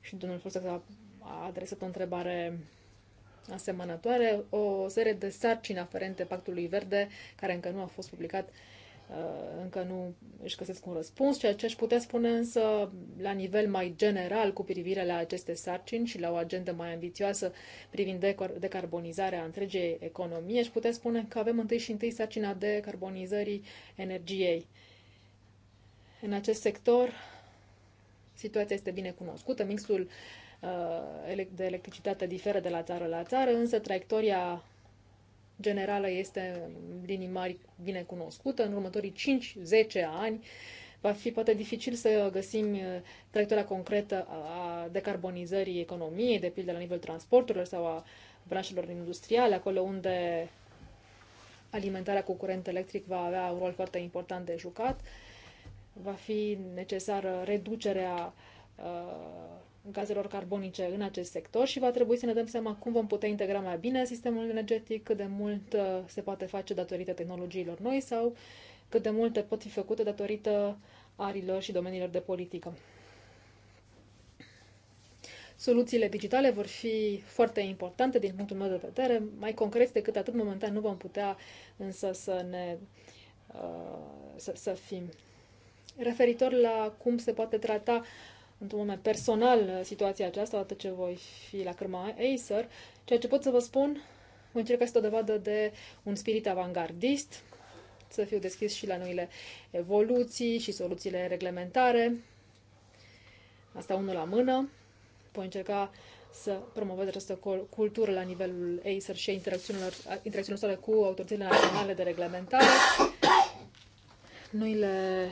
Și domnul Fursac a adresat o întrebare asemănătoare, o serie de sarcini aferente pactului verde care încă nu a fost publicat Uh, încă nu își găsesc un răspuns. Ceea ce aș putea spune însă la nivel mai general cu privire la aceste sarcini și la o agendă mai ambițioasă privind decarbonizarea întregii economii, Aș putea spune că avem întâi și întâi sarcina decarbonizării energiei. În acest sector, situația este bine cunoscută. Mixul uh, de electricitate diferă de la țară la țară, însă traiectoria generală este în linii mari bine cunoscută. În următorii 5-10 ani va fi poate dificil să găsim uh, traiectoria concretă a decarbonizării economiei, de pildă la nivel transporturilor sau a branșelor industriale, acolo unde alimentarea cu curent electric va avea un rol foarte important de jucat. Va fi necesară reducerea uh, gazelor carbonice în acest sector și va trebui să ne dăm seama cum vom putea integra mai bine sistemul energetic, cât de mult uh, se poate face datorită tehnologiilor noi sau cât de multe pot fi făcute datorită arilor și domeniilor de politică. Soluțiile digitale vor fi foarte importante din punctul meu de vedere, mai concret decât atât momentan nu vom putea însă să ne uh, să, să fim. Referitor la cum se poate trata uh, într-un moment personal uh, situația aceasta, odată ce voi fi la cârma Acer. Ceea ce pot să vă spun, voi încerca să o dovadă de un spirit avangardist, să fiu deschis și la noile evoluții și soluțiile reglementare. Asta unul la mână. Voi încerca să promovez această cultură la nivelul Acer și interacțiunilor, interacțiunilor sale cu autoritățile naționale de reglementare. Noile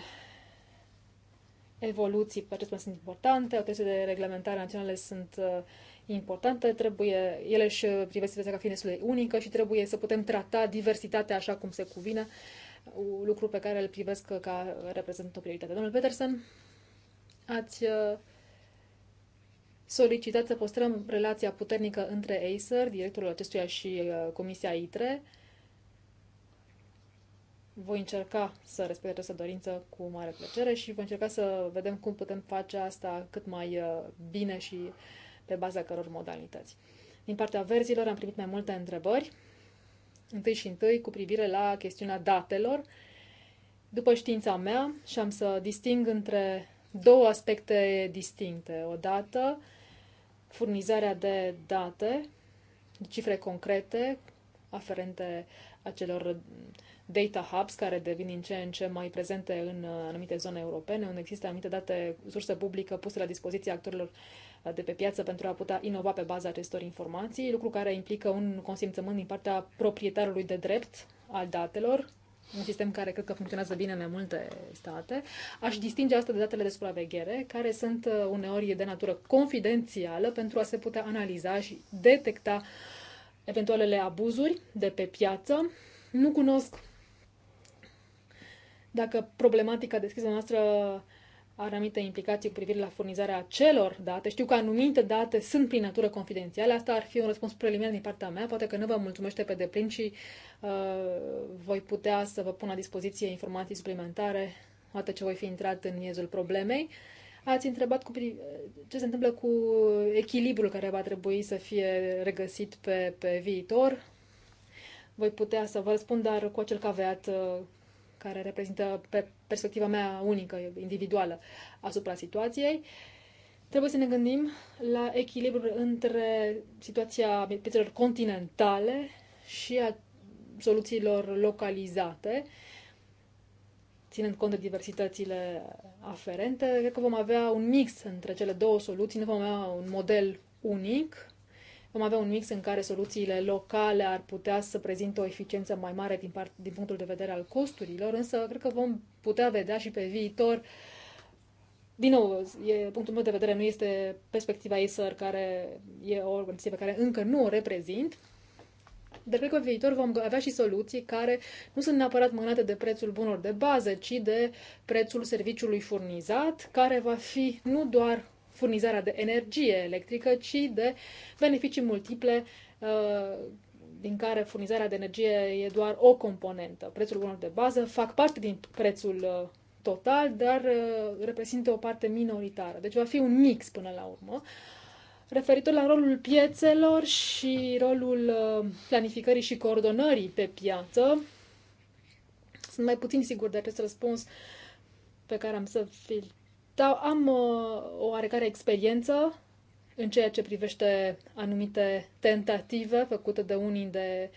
evoluții pe acest plan sunt importante, autoritățile de reglementare naționale sunt uh, importante, trebuie, ele își privesc situația ca fiind destul de unică și trebuie să putem trata diversitatea așa cum se cuvine, uh, lucru pe care îl privesc ca reprezentant o prioritate. Domnul Peterson, ați uh, solicitat să păstrăm relația puternică între Acer, directorul acestuia și uh, Comisia ITRE, uh, voi încerca să respect această dorință cu mare plăcere și voi încerca să vedem cum putem face asta cât mai uh, bine și pe baza căror modalități. Din partea verzilor am primit mai multe întrebări, întâi și întâi cu privire la chestiunea datelor. După știința mea, și am să disting între două aspecte distincte. o dată furnizarea de date, cifre concrete aferente acelor data hubs care devin din ce în ce mai prezente în uh, anumite zone europene, unde există anumite date, surse publică puse la dispoziția actorilor uh, de pe piață pentru a putea inova pe baza acestor informații, lucru care implică un consimțământ din partea proprietarului de drept al datelor, un sistem care cred că funcționează bine în mai multe state. Aș distinge asta de datele de supraveghere, care sunt uh, uneori de natură confidențială pentru a se putea analiza și detecta eventualele abuzuri de pe piață. Nu cunosc dacă problematica deschisă noastră are anumite implicații cu privire la furnizarea celor date, știu că anumite date sunt prin natură confidențiale, asta ar fi un răspuns preliminar din partea mea, poate că nu vă mulțumește pe deplin și uh, voi putea să vă pun la dispoziție informații suplimentare odată ce voi fi intrat în miezul problemei. Ați întrebat cu ce se întâmplă cu echilibrul care va trebui să fie regăsit pe, pe viitor. Voi putea să vă răspund, dar cu acel caveat uh, care reprezintă pe perspectiva mea unică, individuală, asupra situației, trebuie să ne gândim la echilibrul între situația piețelor continentale și a soluțiilor localizate, ținând cont de diversitățile aferente, cred că vom avea un mix între cele două soluții, nu vom avea un model unic, vom avea un mix în care soluțiile locale ar putea să prezinte o eficiență mai mare din, part, din punctul de vedere al costurilor, însă cred că vom putea vedea și pe viitor din nou, e, punctul meu de vedere nu este perspectiva ISER, care e o organizație pe care încă nu o reprezint, dar cred că pe viitor vom avea și soluții care nu sunt neapărat mânate de prețul bunor de bază, ci de prețul serviciului furnizat, care va fi nu doar furnizarea de energie electrică, ci de beneficii multiple uh, din care furnizarea de energie e doar o componentă. Prețul bunului de bază fac parte din prețul uh, total, dar uh, reprezintă o parte minoritară. Deci va fi un mix până la urmă. Referitor la rolul piețelor și rolul planificării și coordonării pe piață, sunt mai puțin sigur de acest răspuns pe care am să vi dar am uh, o oarecare experiență în ceea ce privește anumite tentative făcute de unii de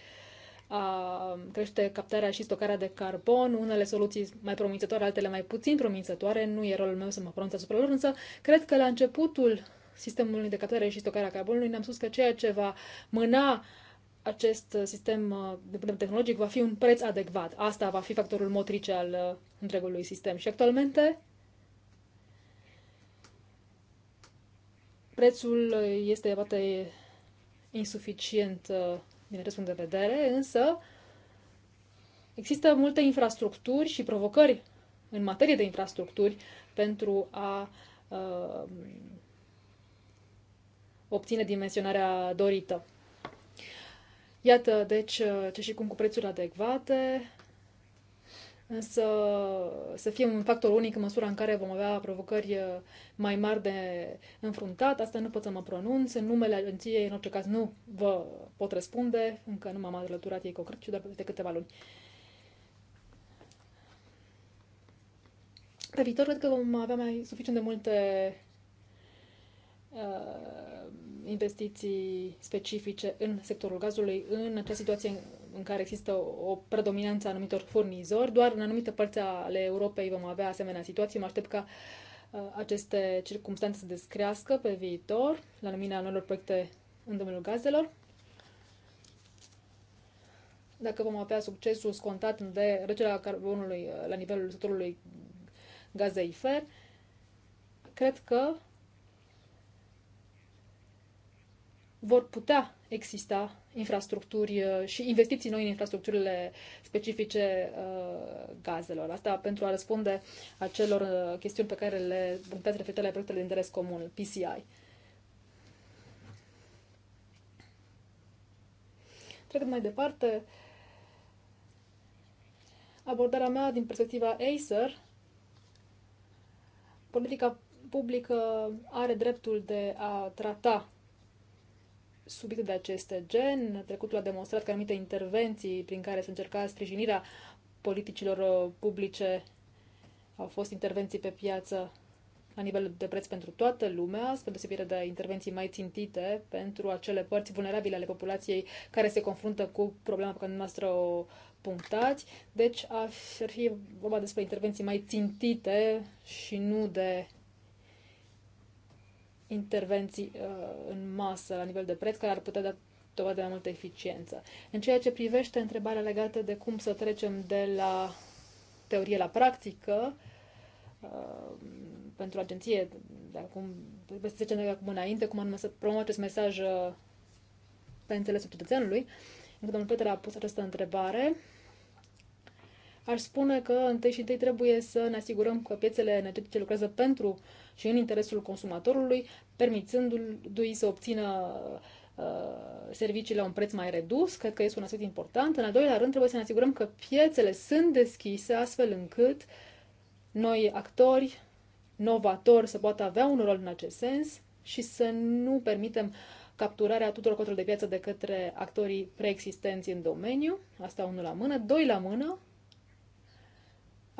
a crește captarea și stocarea de carbon, unele soluții mai promițătoare, altele mai puțin promițătoare, nu e rolul meu să mă pronunț asupra lor, însă cred că la începutul sistemului de captare și stocare a carbonului ne-am spus că ceea ce va mâna acest sistem uh, de punere tehnologic va fi un preț adecvat. Asta va fi factorul motrice al uh, întregului sistem. Și actualmente Prețul uh, este poate insuficient uh, din acest punct de vedere, însă există multe infrastructuri și provocări în materie de infrastructuri pentru a uh, obține dimensionarea dorită. Iată, deci, uh, ce și cum cu prețuri adecvate, însă să fie un factor unic în măsura în care vom avea provocări uh, mai mari de înfruntat. Asta nu pot să mă pronunț. În numele agenției, în orice caz, nu vă pot răspunde. Încă nu m-am alăturat ei concret, ci doar de câteva luni. Pe viitor, cred că vom avea mai suficient de multe uh, investiții specifice în sectorul gazului, în această situație în care există o predominanță a anumitor furnizori. Doar în anumite părți ale Europei vom avea asemenea situații. Mă aștept ca uh, aceste circumstanțe să descrească pe viitor la lumina noilor proiecte în domeniul gazelor. Dacă vom avea succesul scontat de reducerea carbonului uh, la nivelul sectorului gazeifer, cred că vor putea exista infrastructuri uh, și investiții noi în infrastructurile specifice uh, gazelor. Asta pentru a răspunde acelor uh, chestiuni pe care le punctați referite la proiectele de interes comun, PCI. Trecând mai departe, abordarea mea din perspectiva Acer, politica publică are dreptul de a trata subiecte de acest gen. Trecutul a demonstrat că anumite intervenții prin care se încerca sprijinirea politicilor uh, publice au fost intervenții pe piață la nivel de preț pentru toată lumea, spre deosebire de intervenții mai țintite pentru acele părți vulnerabile ale populației care se confruntă cu problema pe care noastră o punctați. Deci ar fi vorba despre intervenții mai țintite și nu de intervenții uh, în masă la nivel de preț care ar putea da dovadă mai multă eficiență. În ceea ce privește întrebarea legată de cum să trecem de la teorie la practică, uh, pentru agenție, de acum, trebuie să zicem de acum înainte, cum anume să promovăm acest mesaj uh, pe înțelesul cetățeanului, încă domnul Peter a pus această întrebare, Aș spune că întâi și întâi trebuie să ne asigurăm că piețele energetice lucrează pentru și în interesul consumatorului, permițându-i să obțină uh, serviciile la un preț mai redus, cred că este un aspect important. În al doilea rând, trebuie să ne asigurăm că piețele sunt deschise astfel încât noi actori, novatori, să poată avea un rol în acest sens și să nu permitem capturarea tuturor cotelor de piață de către actorii preexistenți în domeniu, asta unul la mână, doi la mână,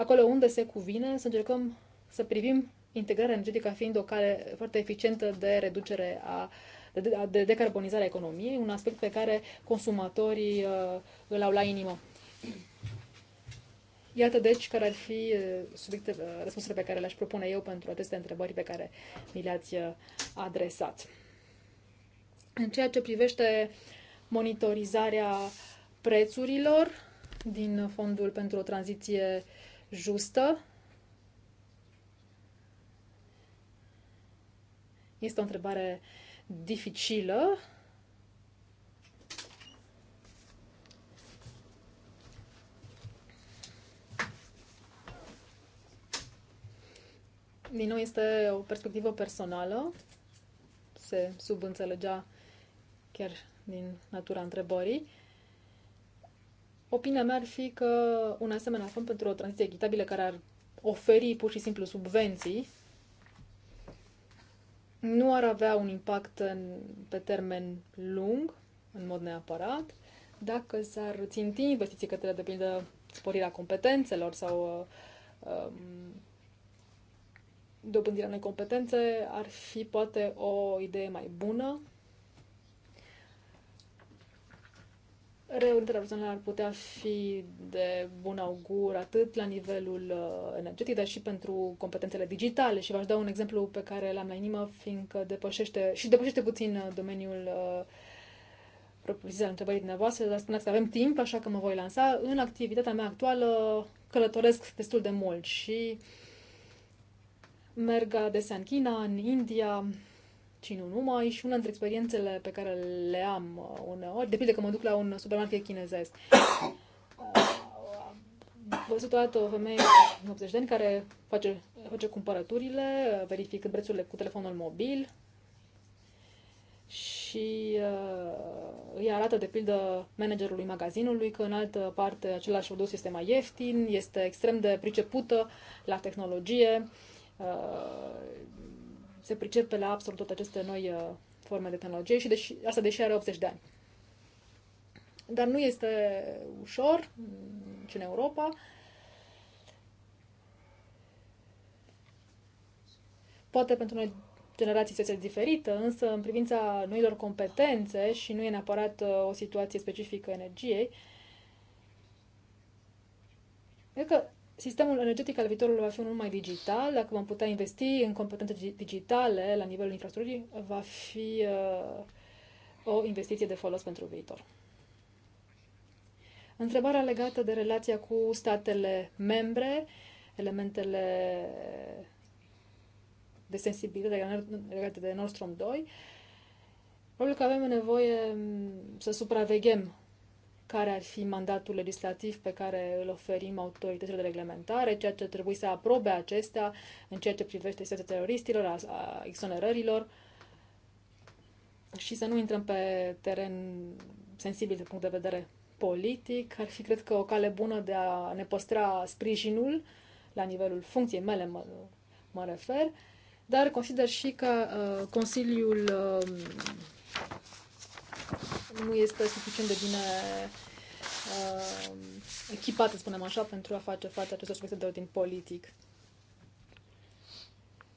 acolo unde se cuvine, să încercăm să privim integrarea energetică ca fiind o cale foarte eficientă de reducere a de, decarbonizarea decarbonizare economiei, un aspect pe care consumatorii uh, îl au la inimă. Iată deci care ar fi uh, subiecte, uh, răspunsurile pe care le-aș propune eu pentru aceste întrebări pe care mi le-ați uh, adresat. În ceea ce privește monitorizarea prețurilor din Fondul pentru o tranziție uh, justă? Este o întrebare dificilă. Din nou, este o perspectivă personală. Se subînțelegea chiar din natura întrebării. Opinia mea ar fi că un asemenea fond pentru o tranziție echitabilă care ar oferi pur și simplu subvenții nu ar avea un impact în, pe termen lung, în mod neapărat, dacă s-ar ținti investiții către, de pildă, sporirea competențelor sau uh, um, dobândirea unei competențe, ar fi poate o idee mai bună reorientarea zonelor ar putea fi de bun augur atât la nivelul uh, energetic, dar și pentru competențele digitale. Și v-aș da un exemplu pe care l-am la inimă, fiindcă depășește și depășește puțin uh, domeniul uh, propriu-zis al întrebării dumneavoastră, dar spuneați că avem timp, așa că mă voi lansa. În activitatea mea actuală călătoresc destul de mult și merg adesea în China, în India, ci nu numai, și una dintre experiențele pe care le am uh, uneori, depinde că mă duc la un supermarket chinezesc. Uh, am văzut o dată o femeie de 80 de ani care face, face cumpărăturile, uh, verifică prețurile cu telefonul mobil și uh, îi arată, de pildă, managerului magazinului că în altă parte același produs este mai ieftin, este extrem de pricepută la tehnologie, uh, se pricepe la absolut toate aceste noi uh, forme de tehnologie și deși, asta deși are 80 de ani. Dar nu este ușor, nici mm, în Europa. Poate pentru noi generații este diferită, însă în privința noilor competențe și nu e neapărat uh, o situație specifică energiei, cred că Sistemul energetic al viitorului va fi unul mai digital. Dacă vom putea investi în competențe digitale la nivelul infrastructurii, va fi uh, o investiție de folos pentru viitor. Întrebarea legată de relația cu statele membre, elementele de sensibilitate legate de Nord Stream 2, probabil că avem nevoie să supraveghem care ar fi mandatul legislativ pe care îl oferim autorităților de reglementare, ceea ce trebuie să aprobe acestea în ceea ce privește situația teroristilor, a, a exonerărilor și să nu intrăm pe teren sensibil din punct de vedere politic. Ar fi, cred că, o cale bună de a ne păstra sprijinul la nivelul funcției mele, mă, mă refer, dar consider și că uh, Consiliul uh, nu este suficient de bine uh, echipată, spunem așa, pentru a face față acestor subiecte de ordin politic.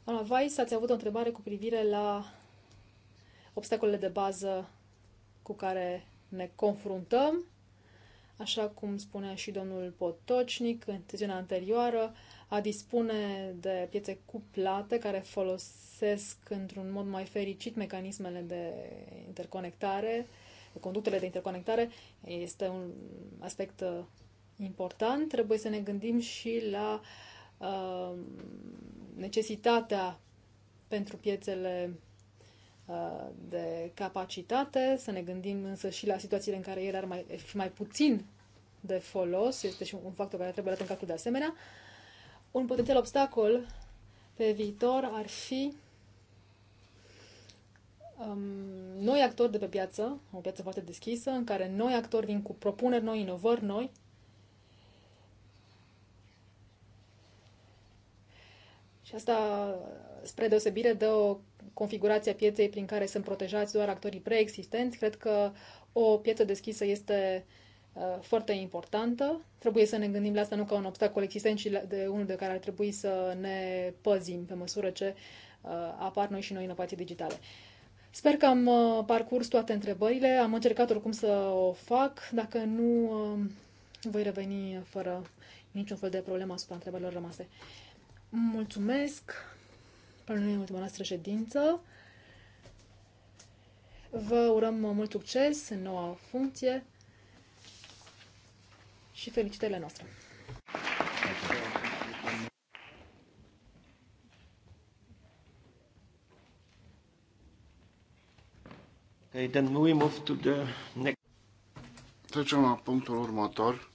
Doamna Weiss, ați avut o întrebare cu privire la obstacolele de bază cu care ne confruntăm. Așa cum spunea și domnul Potocnic în sesiunea anterioară, a dispune de piețe cuplate care folosesc într-un mod mai fericit mecanismele de interconectare conductele de interconectare este un aspect uh, important. Trebuie să ne gândim și la uh, necesitatea pentru piețele uh, de capacitate, să ne gândim însă și la situațiile în care ele ar mai, fi mai puțin de folos, este și un factor care trebuie luat în calcul de asemenea. Un potențial obstacol pe viitor ar fi um, noi actori de pe piață, o piață foarte deschisă, în care noi actori vin cu propuneri noi, inovări noi. Și asta spre deosebire de o configurație a pieței prin care sunt protejați doar actorii preexistenți. Cred că o piață deschisă este uh, foarte importantă. Trebuie să ne gândim la asta nu ca un obstacol existent, ci de unul de care ar trebui să ne păzim pe măsură ce uh, apar noi și noi inovații digitale. Sper că am uh, parcurs toate întrebările, am încercat oricum să o fac, dacă nu uh, voi reveni fără niciun fel de problemă asupra întrebărilor rămase. Mulțumesc! pentru ultima noastră ședință. Vă urăm mult succes în noua funcție și felicitările noastre! Trecem la punctul următor.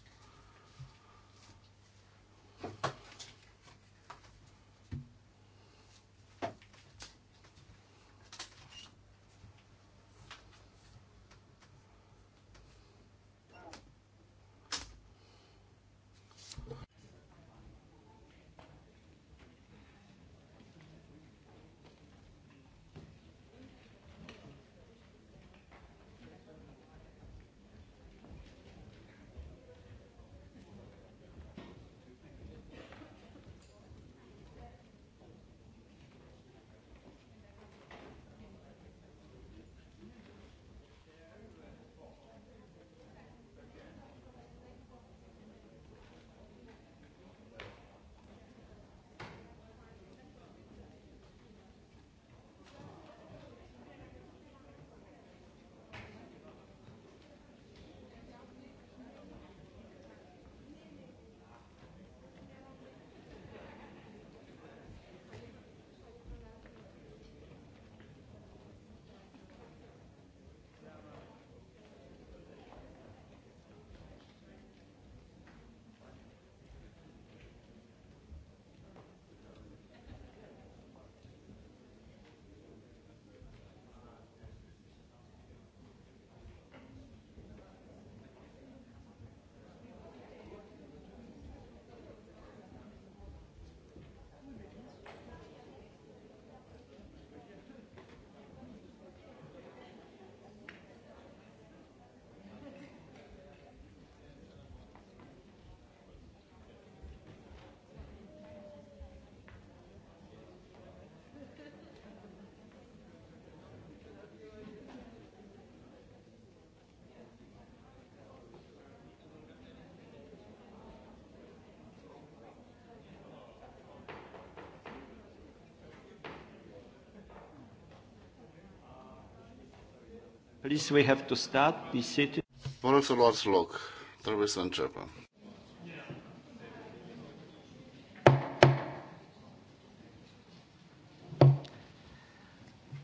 Please, we have to start. Be seated. Vă rog să luați loc. Trebuie să începem.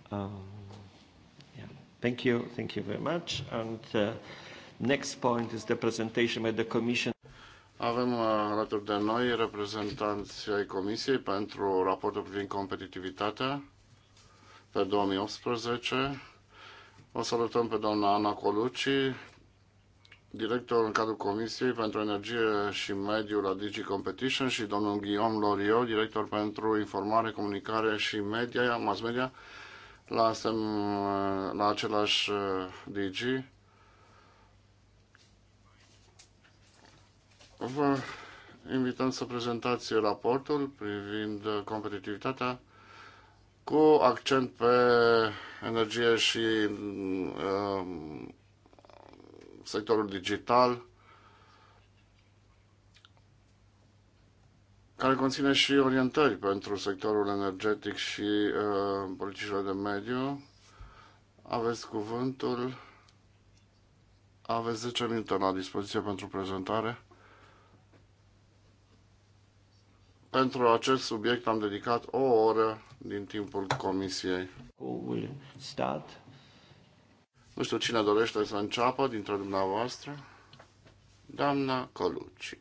Um, yeah. Thank you, thank you very much. And uh, next point is the presentation by the Commission. Avem uh, alături de noi reprezentanți ai Comisiei pentru raportul privind competitivitatea pe 2018 o salutăm pe doamna Ana Colucci, director în cadrul Comisiei pentru Energie și Mediu la Digi Competition și domnul Guillaume Lorio, director pentru Informare, Comunicare și Media, Mass Media, la, sem, la același uh, Digi. Vă invităm să prezentați raportul privind competitivitatea cu accent pe energie și um, sectorul digital, care conține și orientări pentru sectorul energetic și uh, politicile de mediu. Aveți cuvântul. Aveți 10 minute la dispoziție pentru prezentare. Pentru acest subiect am dedicat o oră din timpul comisiei. Start. Nu știu cine dorește să înceapă dintre dumneavoastră. Doamna Colucci.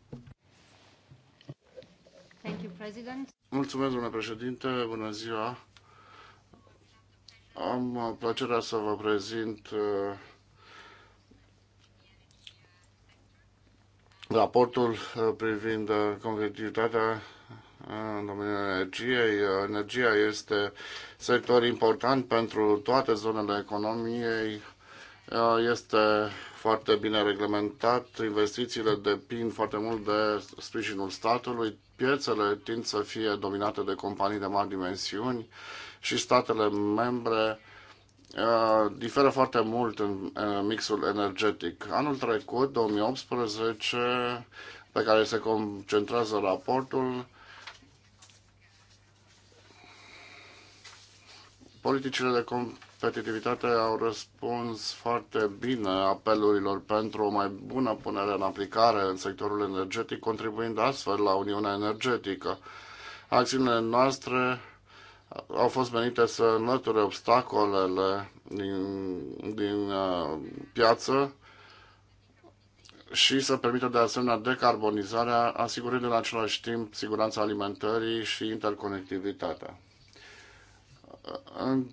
Thank you, President. Mulțumesc, domnule președinte. Bună ziua. Am plăcerea să vă prezint uh, raportul uh, privind uh, competitivitatea în domeniul energiei. Energia este sector important pentru toate zonele economiei. Este foarte bine reglementat, investițiile depind foarte mult de sprijinul statului, piețele tind să fie dominate de companii de mari dimensiuni și statele membre uh, diferă foarte mult în uh, mixul energetic. Anul trecut, 2018, pe care se concentrează raportul, Politicile de competitivitate au răspuns foarte bine apelurilor pentru o mai bună punere în aplicare în sectorul energetic, contribuind astfel la Uniunea Energetică. Acțiunile noastre au fost venite să înlăture obstacolele din, din uh, piață și să permită de asemenea decarbonizarea, asigurând în același timp siguranța alimentării și interconectivitatea în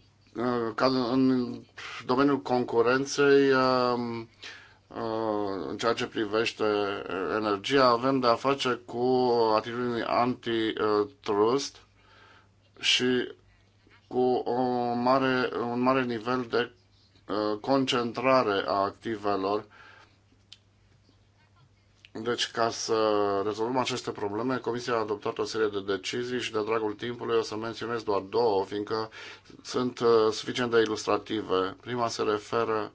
domeniul concurenței, um, uh, în ceea ce privește energia, avem de-a face cu atitudini antitrust și cu o mare, un mare nivel de uh, concentrare a activelor deci, ca să rezolvăm aceste probleme, Comisia a adoptat o serie de decizii și, de dragul timpului, o să menționez doar două, fiindcă sunt uh, suficient de ilustrative. Prima se referă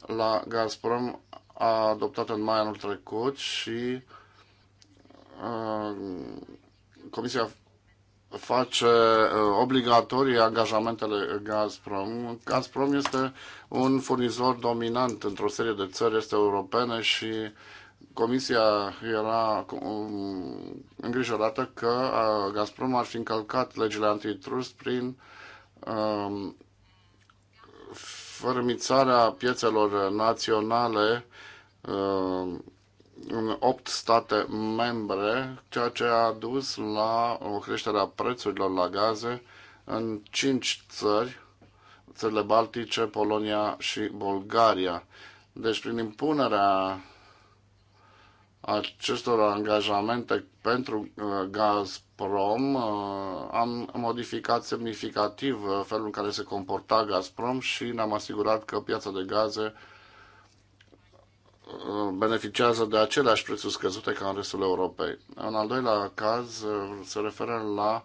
la Gazprom, a adoptat în mai anul trecut și uh, Comisia face uh, obligatorii angajamentele Gazprom. Gazprom este un furnizor dominant într-o serie de țări este europene și Comisia era uh, îngrijorată că uh, Gazprom ar fi încălcat legile antitrust prin um, fărâmițarea piețelor naționale um, în opt state membre, ceea ce a dus la o creștere a prețurilor la gaze în cinci țări, țările Baltice, Polonia și Bulgaria. Deci, prin impunerea acestor angajamente pentru uh, Gazprom, uh, am modificat semnificativ uh, felul în care se comporta Gazprom și ne-am asigurat că piața de gaze beneficiază de aceleași prețuri scăzute ca în restul Europei. În al doilea caz se referă la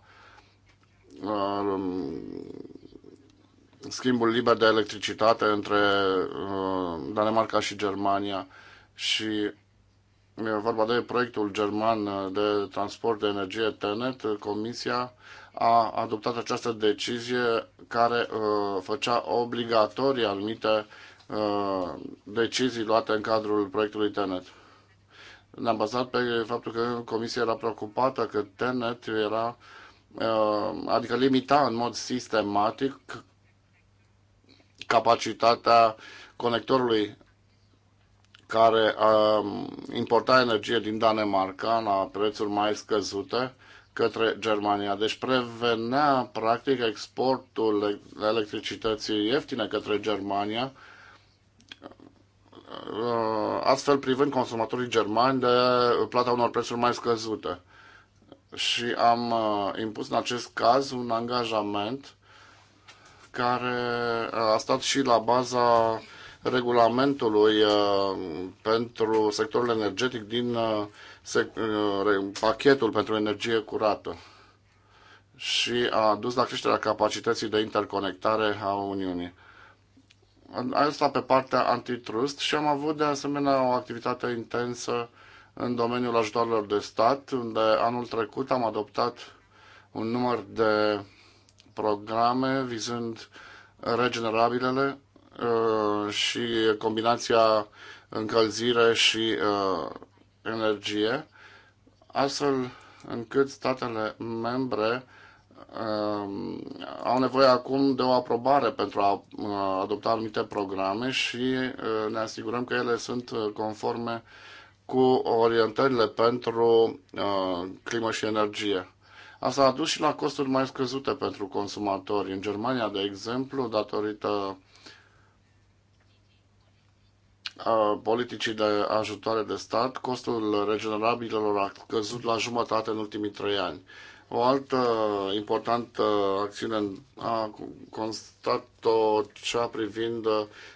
schimbul liber de electricitate între Danemarca și Germania și E vorba de proiectul german de transport de energie TENET. Comisia a adoptat această decizie care uh, făcea obligatorii anumite uh, decizii luate în cadrul proiectului TENET. Ne-am bazat pe faptul că Comisia era preocupată că TENET era, uh, adică limita în mod sistematic capacitatea conectorului care uh, importa energie din Danemarca la prețuri mai scăzute către Germania. Deci prevenea practic exportul electricității ieftine către Germania, uh, astfel privând consumatorii germani de plata unor prețuri mai scăzute. Și am uh, impus în acest caz un angajament care uh, a stat și la baza regulamentului uh, pentru sectorul energetic din uh, uh, pachetul pentru energie curată și a dus la creșterea capacității de interconectare a Uniunii. Asta pe partea antitrust și am avut de asemenea o activitate intensă în domeniul ajutorilor de stat, unde anul trecut am adoptat un număr de programe vizând regenerabilele, Uh, și combinația încălzire și uh, energie, astfel încât statele membre uh, au nevoie acum de o aprobare pentru a adopta anumite programe și ne asigurăm că ele sunt conforme cu orientările pentru climă și energie. Asta a dus și la costuri mai scăzute pentru consumatori. În Germania, de exemplu, datorită politicii de ajutoare de stat, costul regenerabilelor a căzut la jumătate în ultimii trei ani. O altă importantă acțiune a constat-o cea privind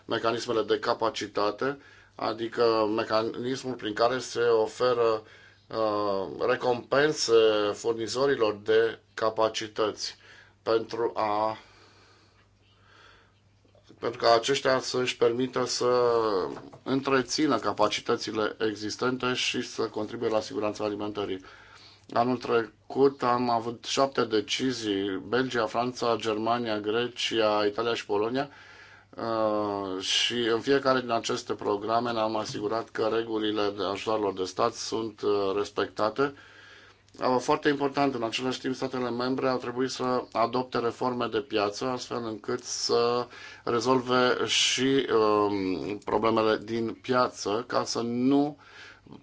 mecanismele de capacitate, adică mecanismul prin care se oferă recompense furnizorilor de capacități pentru a pentru ca aceștia să își permită să întrețină capacitățile existente și să contribuie la siguranța alimentării. Anul trecut am avut șapte decizii, Belgia, Franța, Germania, Grecia, Italia și Polonia, uh, și în fiecare din aceste programe ne-am asigurat că regulile de ajutorilor de stat sunt uh, respectate foarte important, în același timp, statele membre au trebuit să adopte reforme de piață, astfel încât să rezolve și um, problemele din piață, ca să nu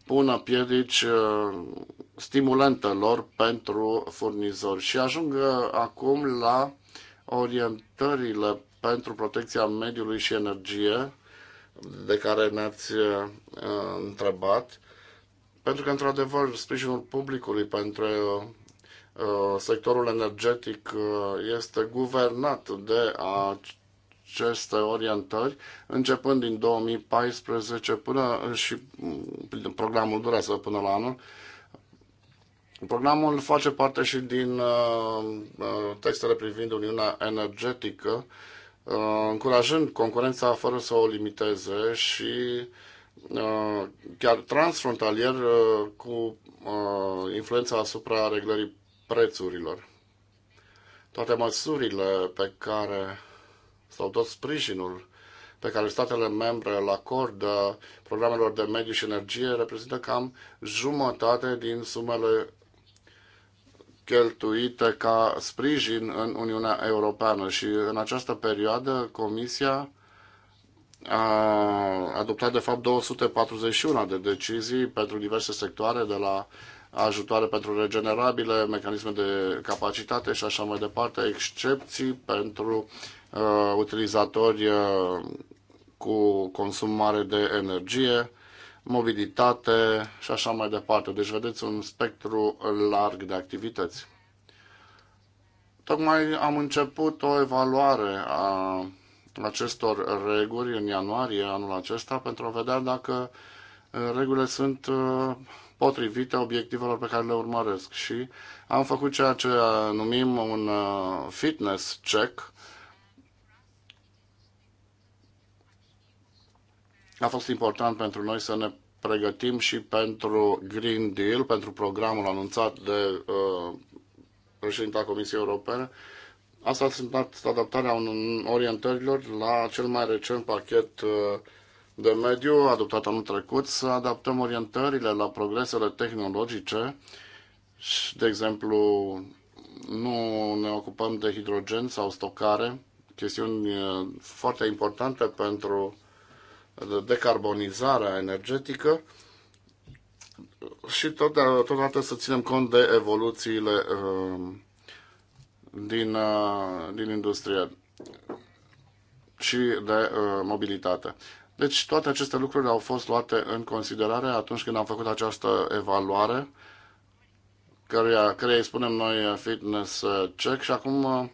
pună piedici uh, stimulentelor pentru furnizori. Și ajung uh, acum la orientările pentru protecția mediului și energie, de care ne-ați uh, întrebat pentru că, într-adevăr, sprijinul publicului pentru uh, uh, sectorul energetic uh, este guvernat de aceste orientări, începând din 2014 până și mm, programul durează până la anul. Programul face parte și din textele privind Uniunea Energetică, încurajând concurența fără să o limiteze și uh, Uh, chiar transfrontalier uh, cu uh, influența asupra reglării prețurilor. Toate măsurile pe care sau tot sprijinul pe care statele membre îl acordă programelor de mediu și energie reprezintă cam jumătate din sumele cheltuite ca sprijin în Uniunea Europeană și în această perioadă Comisia a adoptat de fapt 241 de decizii pentru diverse sectoare, de la ajutoare pentru regenerabile, mecanisme de capacitate și așa mai departe, excepții pentru uh, utilizatori uh, cu consum mare de energie, mobilitate și așa mai departe. Deci vedeți un spectru larg de activități. Tocmai am început o evaluare a acestor reguli în ianuarie anul acesta pentru a vedea dacă uh, regulile sunt uh, potrivite obiectivelor pe care le urmăresc și am făcut ceea ce uh, numim un fitness check. A fost important pentru noi să ne pregătim și pentru Green Deal, pentru programul anunțat de uh, președinta Comisiei Europene Asta a însemnat adaptarea unor orientărilor la cel mai recent pachet uh, de mediu adoptat anul trecut, să adaptăm orientările la progresele tehnologice și, de exemplu, nu ne ocupăm de hidrogen sau stocare, chestiuni uh, foarte importante pentru uh, decarbonizarea energetică și tot, totodată să ținem cont de evoluțiile uh, din, uh, din industrie și de uh, mobilitate. Deci toate aceste lucruri au fost luate în considerare atunci când am făcut această evaluare, care îi spunem noi uh, fitness uh, check și acum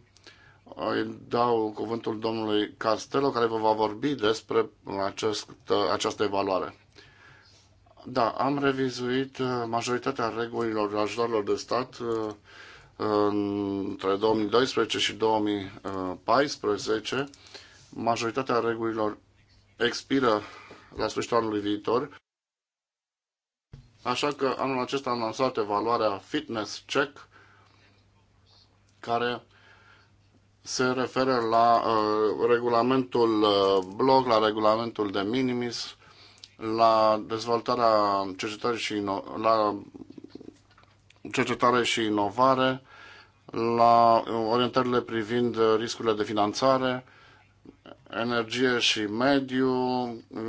îi dau cuvântul domnului Castelo care vă va vorbi despre acest, această evaluare. Da, am revizuit majoritatea regulilor ajutorilor de stat între 2012 și 2014, majoritatea regulilor expiră la sfârșitul anului viitor, așa că anul acesta am lansat evaluarea Fitness Check, care se referă la uh, regulamentul uh, blog, la regulamentul de minimis, la dezvoltarea cercetării și ino- la cercetare și inovare, la orientările privind riscurile de finanțare, energie și mediu,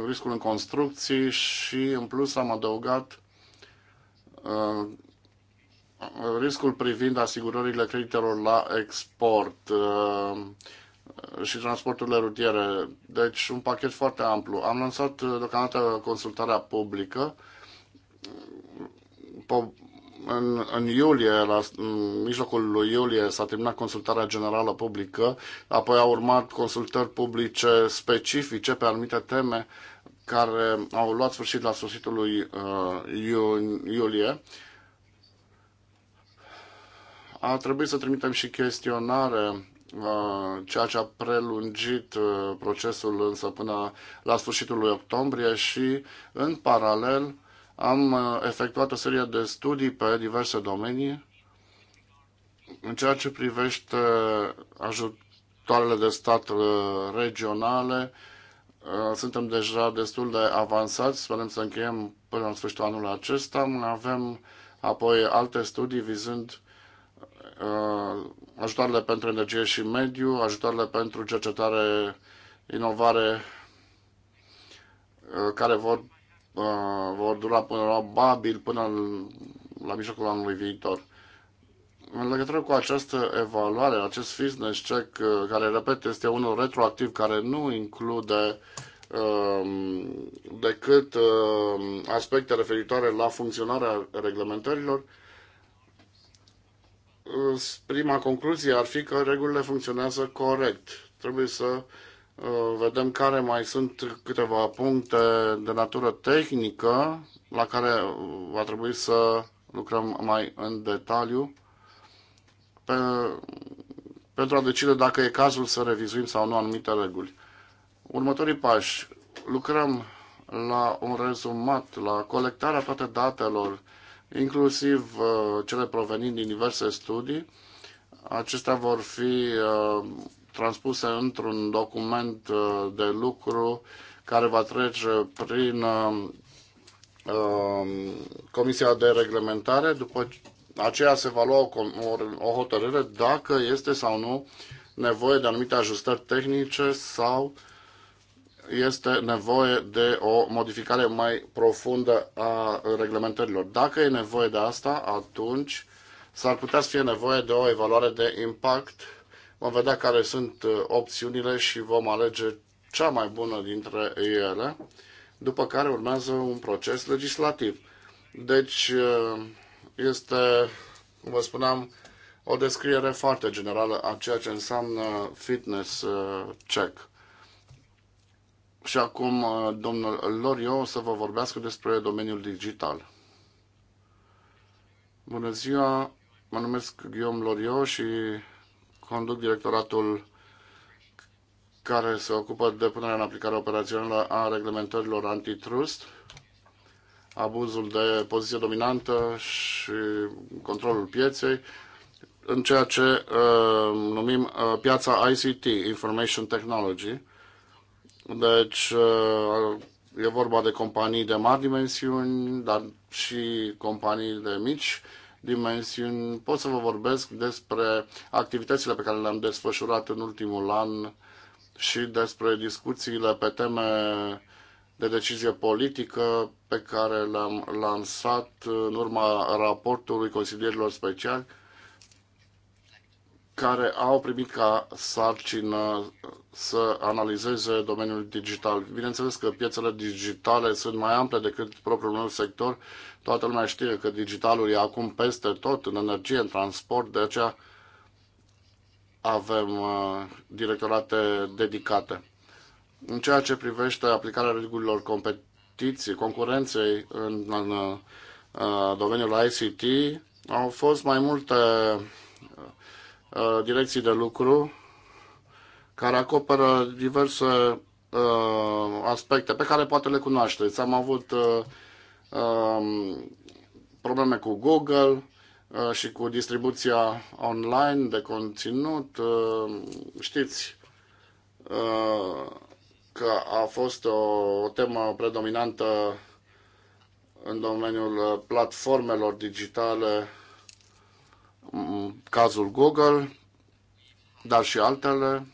riscul în construcții și în plus am adăugat uh, riscul privind asigurările creditelor la export uh, și transporturile rutiere. Deci un pachet foarte amplu. Am lansat deocamdată consultarea publică în, în iulie, la în mijlocul lui iulie, s-a terminat consultarea generală publică, apoi au urmat consultări publice specifice pe anumite teme care au luat sfârșit la sfârșitul lui uh, iulie. A trebuit să trimitem și chestionare uh, ceea ce a prelungit uh, procesul însă până la sfârșitul lui octombrie și în paralel am uh, efectuat o serie de studii pe diverse domenii în ceea ce privește ajutoarele de stat uh, regionale. Uh, suntem deja destul de avansați, sperăm să încheiem până în sfârșitul anul acesta. Avem apoi alte studii vizând ajutoarele pentru energie și mediu, ajutoarele pentru cercetare, inovare, care vor Uh, vor dura probabil până la mijlocul anului viitor. În legătură cu această evaluare, acest fitness check, uh, care, repet, este unul retroactiv, care nu include um, decât um, aspecte referitoare la funcționarea reglementărilor, uh, prima concluzie ar fi că regulile funcționează corect. Trebuie să Uh, vedem care mai sunt câteva puncte de natură tehnică la care uh, va trebui să lucrăm mai în detaliu pe, pentru a decide dacă e cazul să revizuim sau nu anumite reguli. Următorii pași. Lucrăm la un rezumat, la colectarea toate datelor, inclusiv uh, cele provenind din diverse studii. Acestea vor fi uh, transpuse într-un document uh, de lucru care va trece prin uh, um, Comisia de Reglementare. După aceea se va lua o, hotărâre dacă este sau nu nevoie de anumite ajustări tehnice sau este nevoie de o modificare mai profundă a reglementărilor. Dacă e nevoie de asta, atunci s-ar putea să fie nevoie de o evaluare de impact Vom vedea care sunt uh, opțiunile și vom alege cea mai bună dintre ele, după care urmează un proces legislativ. Deci uh, este, cum vă spuneam, o descriere foarte generală a ceea ce înseamnă fitness uh, check. Și acum domnul Lorio o să vă vorbească despre domeniul digital. Bună ziua, mă numesc Guillaume Lorio și conduc directoratul care se ocupă de punerea în aplicare operațiunilor a reglementărilor antitrust, abuzul de poziție dominantă și controlul pieței, în ceea ce uh, numim uh, piața ICT, Information Technology. Deci uh, e vorba de companii de mari dimensiuni, dar și companii de mici dimensiuni, pot să vă vorbesc despre activitățile pe care le-am desfășurat în ultimul an și despre discuțiile pe teme de decizie politică pe care le-am lansat în urma raportului consilierilor speciali care au primit ca sarcină să analizeze domeniul digital. Bineînțeles că piețele digitale sunt mai ample decât propriul meu sector. Toată lumea știe că digitalul e acum peste tot, în energie, în transport, de aceea avem uh, directorate dedicate. În ceea ce privește aplicarea regulilor competiției, concurenței în, în, în uh, domeniul ICT, au fost mai multe uh, Uh, direcții de lucru care acoperă diverse uh, aspecte pe care poate le cunoașteți. Am avut uh, um, probleme cu Google uh, și cu distribuția online de conținut. Uh, știți uh, că a fost o, o temă predominantă în domeniul uh, platformelor digitale cazul Google, dar și altele.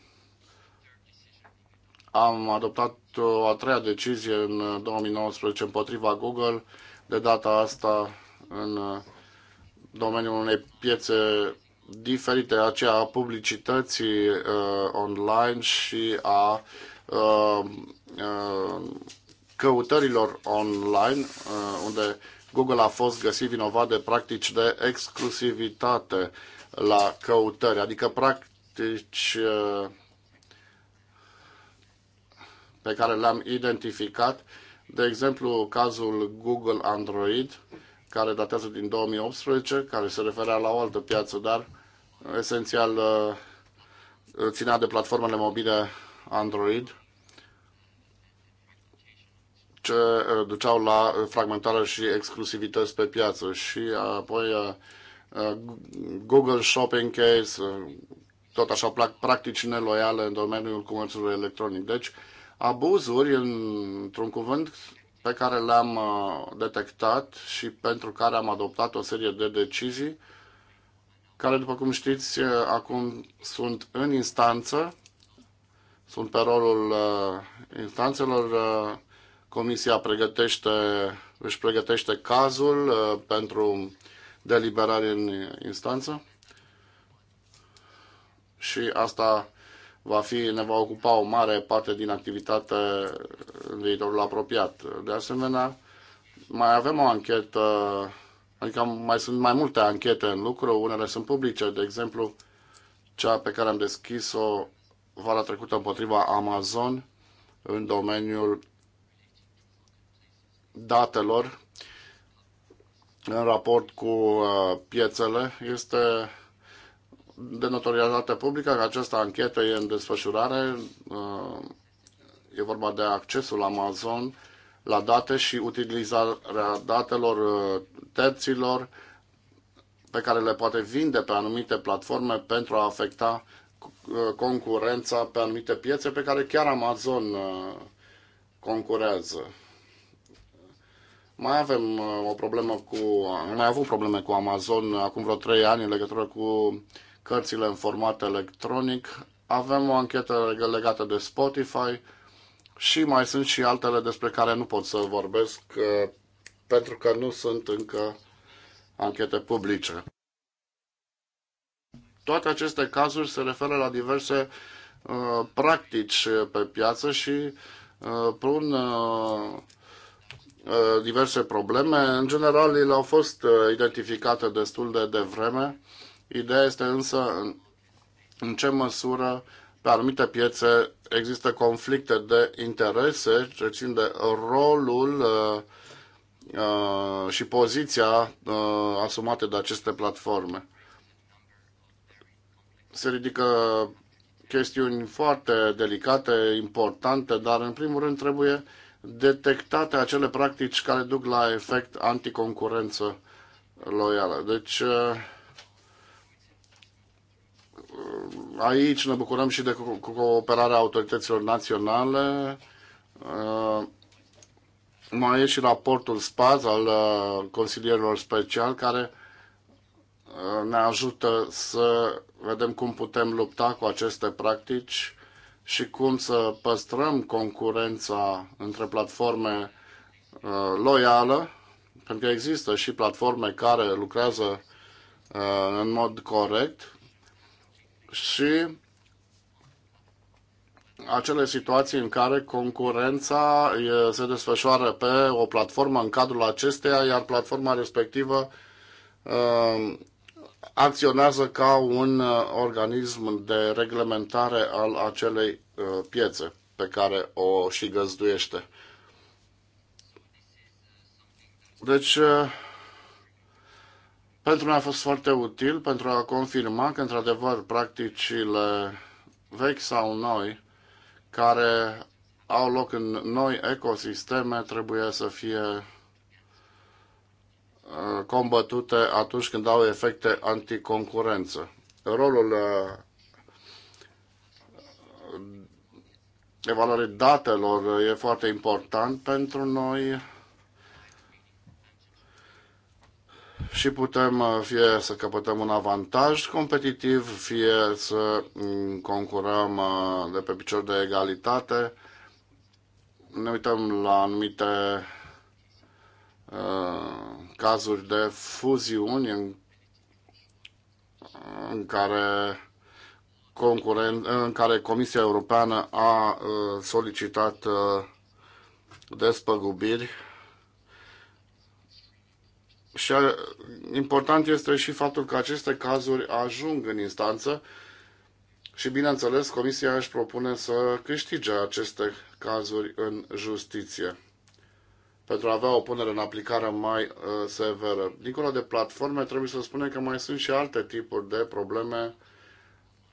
Am adoptat o a treia decizie în 2019 împotriva Google, de data asta în domeniul unei piețe diferite, aceea a publicității uh, online și a uh, uh, căutărilor online, uh, unde Google a fost găsit vinovat de practici de exclusivitate la căutări, adică practici uh, pe care le-am identificat, de exemplu cazul Google Android, care datează din 2018, care se referea la o altă piață, dar esențial uh, ținea de platformele mobile Android ce eh, duceau la eh, fragmentare și exclusivități pe piață și apoi eh, Google Shopping Case, tot așa practici neloiale în domeniul comerțului electronic. Deci abuzuri, într-un cuvânt, pe care le-am detectat și pentru care am adoptat o serie de decizii, care, după cum știți, acum sunt în instanță, sunt pe rolul instanțelor Comisia pregătește, își pregătește cazul uh, pentru deliberare în instanță și asta va fi, ne va ocupa o mare parte din activitate în viitorul apropiat. De asemenea, mai avem o anchetă, adică mai sunt mai multe anchete în lucru, unele sunt publice, de exemplu, cea pe care am deschis-o vara trecută împotriva Amazon în domeniul datelor în raport cu uh, piețele este de notorietate publică că această anchetă e în desfășurare. Uh, e vorba de accesul Amazon la date și utilizarea datelor uh, terților pe care le poate vinde pe anumite platforme pentru a afecta concurența pe anumite piețe pe care chiar Amazon concurează. Mai avem uh, o problemă cu, uh, am mai avut probleme cu Amazon acum vreo 3 ani în legătură cu cărțile în format electronic. Avem o anchetă legată de Spotify și mai sunt și altele despre care nu pot să vorbesc uh, pentru că nu sunt încă anchete publice. Toate aceste cazuri se referă la diverse uh, practici pe piață și uh, prun uh, Uh, diverse probleme. În general, ele au fost uh, identificate destul de devreme. Ideea este însă în ce măsură pe anumite piețe există conflicte de interese ce țin de rolul uh, și poziția asumate de aceste platforme. Se ridică chestiuni foarte delicate, importante, dar în primul rând trebuie detectate acele practici care duc la efect anticoncurență loială. Deci eh, aici ne bucurăm și de cooperarea autorităților naționale. Eh, mai e și raportul SPAZ al eh, consilierilor special care ne ajută să vedem cum putem lupta cu aceste practici și cum să păstrăm concurența între platforme uh, loială, pentru că există și platforme care lucrează uh, în mod corect și acele situații în care concurența se desfășoară pe o platformă în cadrul acesteia, iar platforma respectivă uh, acționează ca un uh, organism de reglementare al acelei uh, piețe pe care o și găzduiește. Deci, uh, pentru mine a fost foarte util pentru a confirma că, într-adevăr, practicile vechi sau noi, care au loc în noi ecosisteme, trebuie să fie Uh, combătute atunci când au efecte anticoncurență. Rolul uh, evaluării datelor e foarte important pentru noi și putem uh, fie să căpătăm un avantaj competitiv, fie să mm, concurăm de pe picior de egalitate. Ne uităm la anumite Uh, cazuri de fuziuni în, în care concurent, în care Comisia Europeană a uh, solicitat uh, despăgubiri și important este și faptul că aceste cazuri ajung în instanță și, bineînțeles, Comisia își propune să câștige aceste cazuri în justiție pentru a avea o punere în aplicare mai uh, severă. Dincolo de platforme, trebuie să spunem că mai sunt și alte tipuri de probleme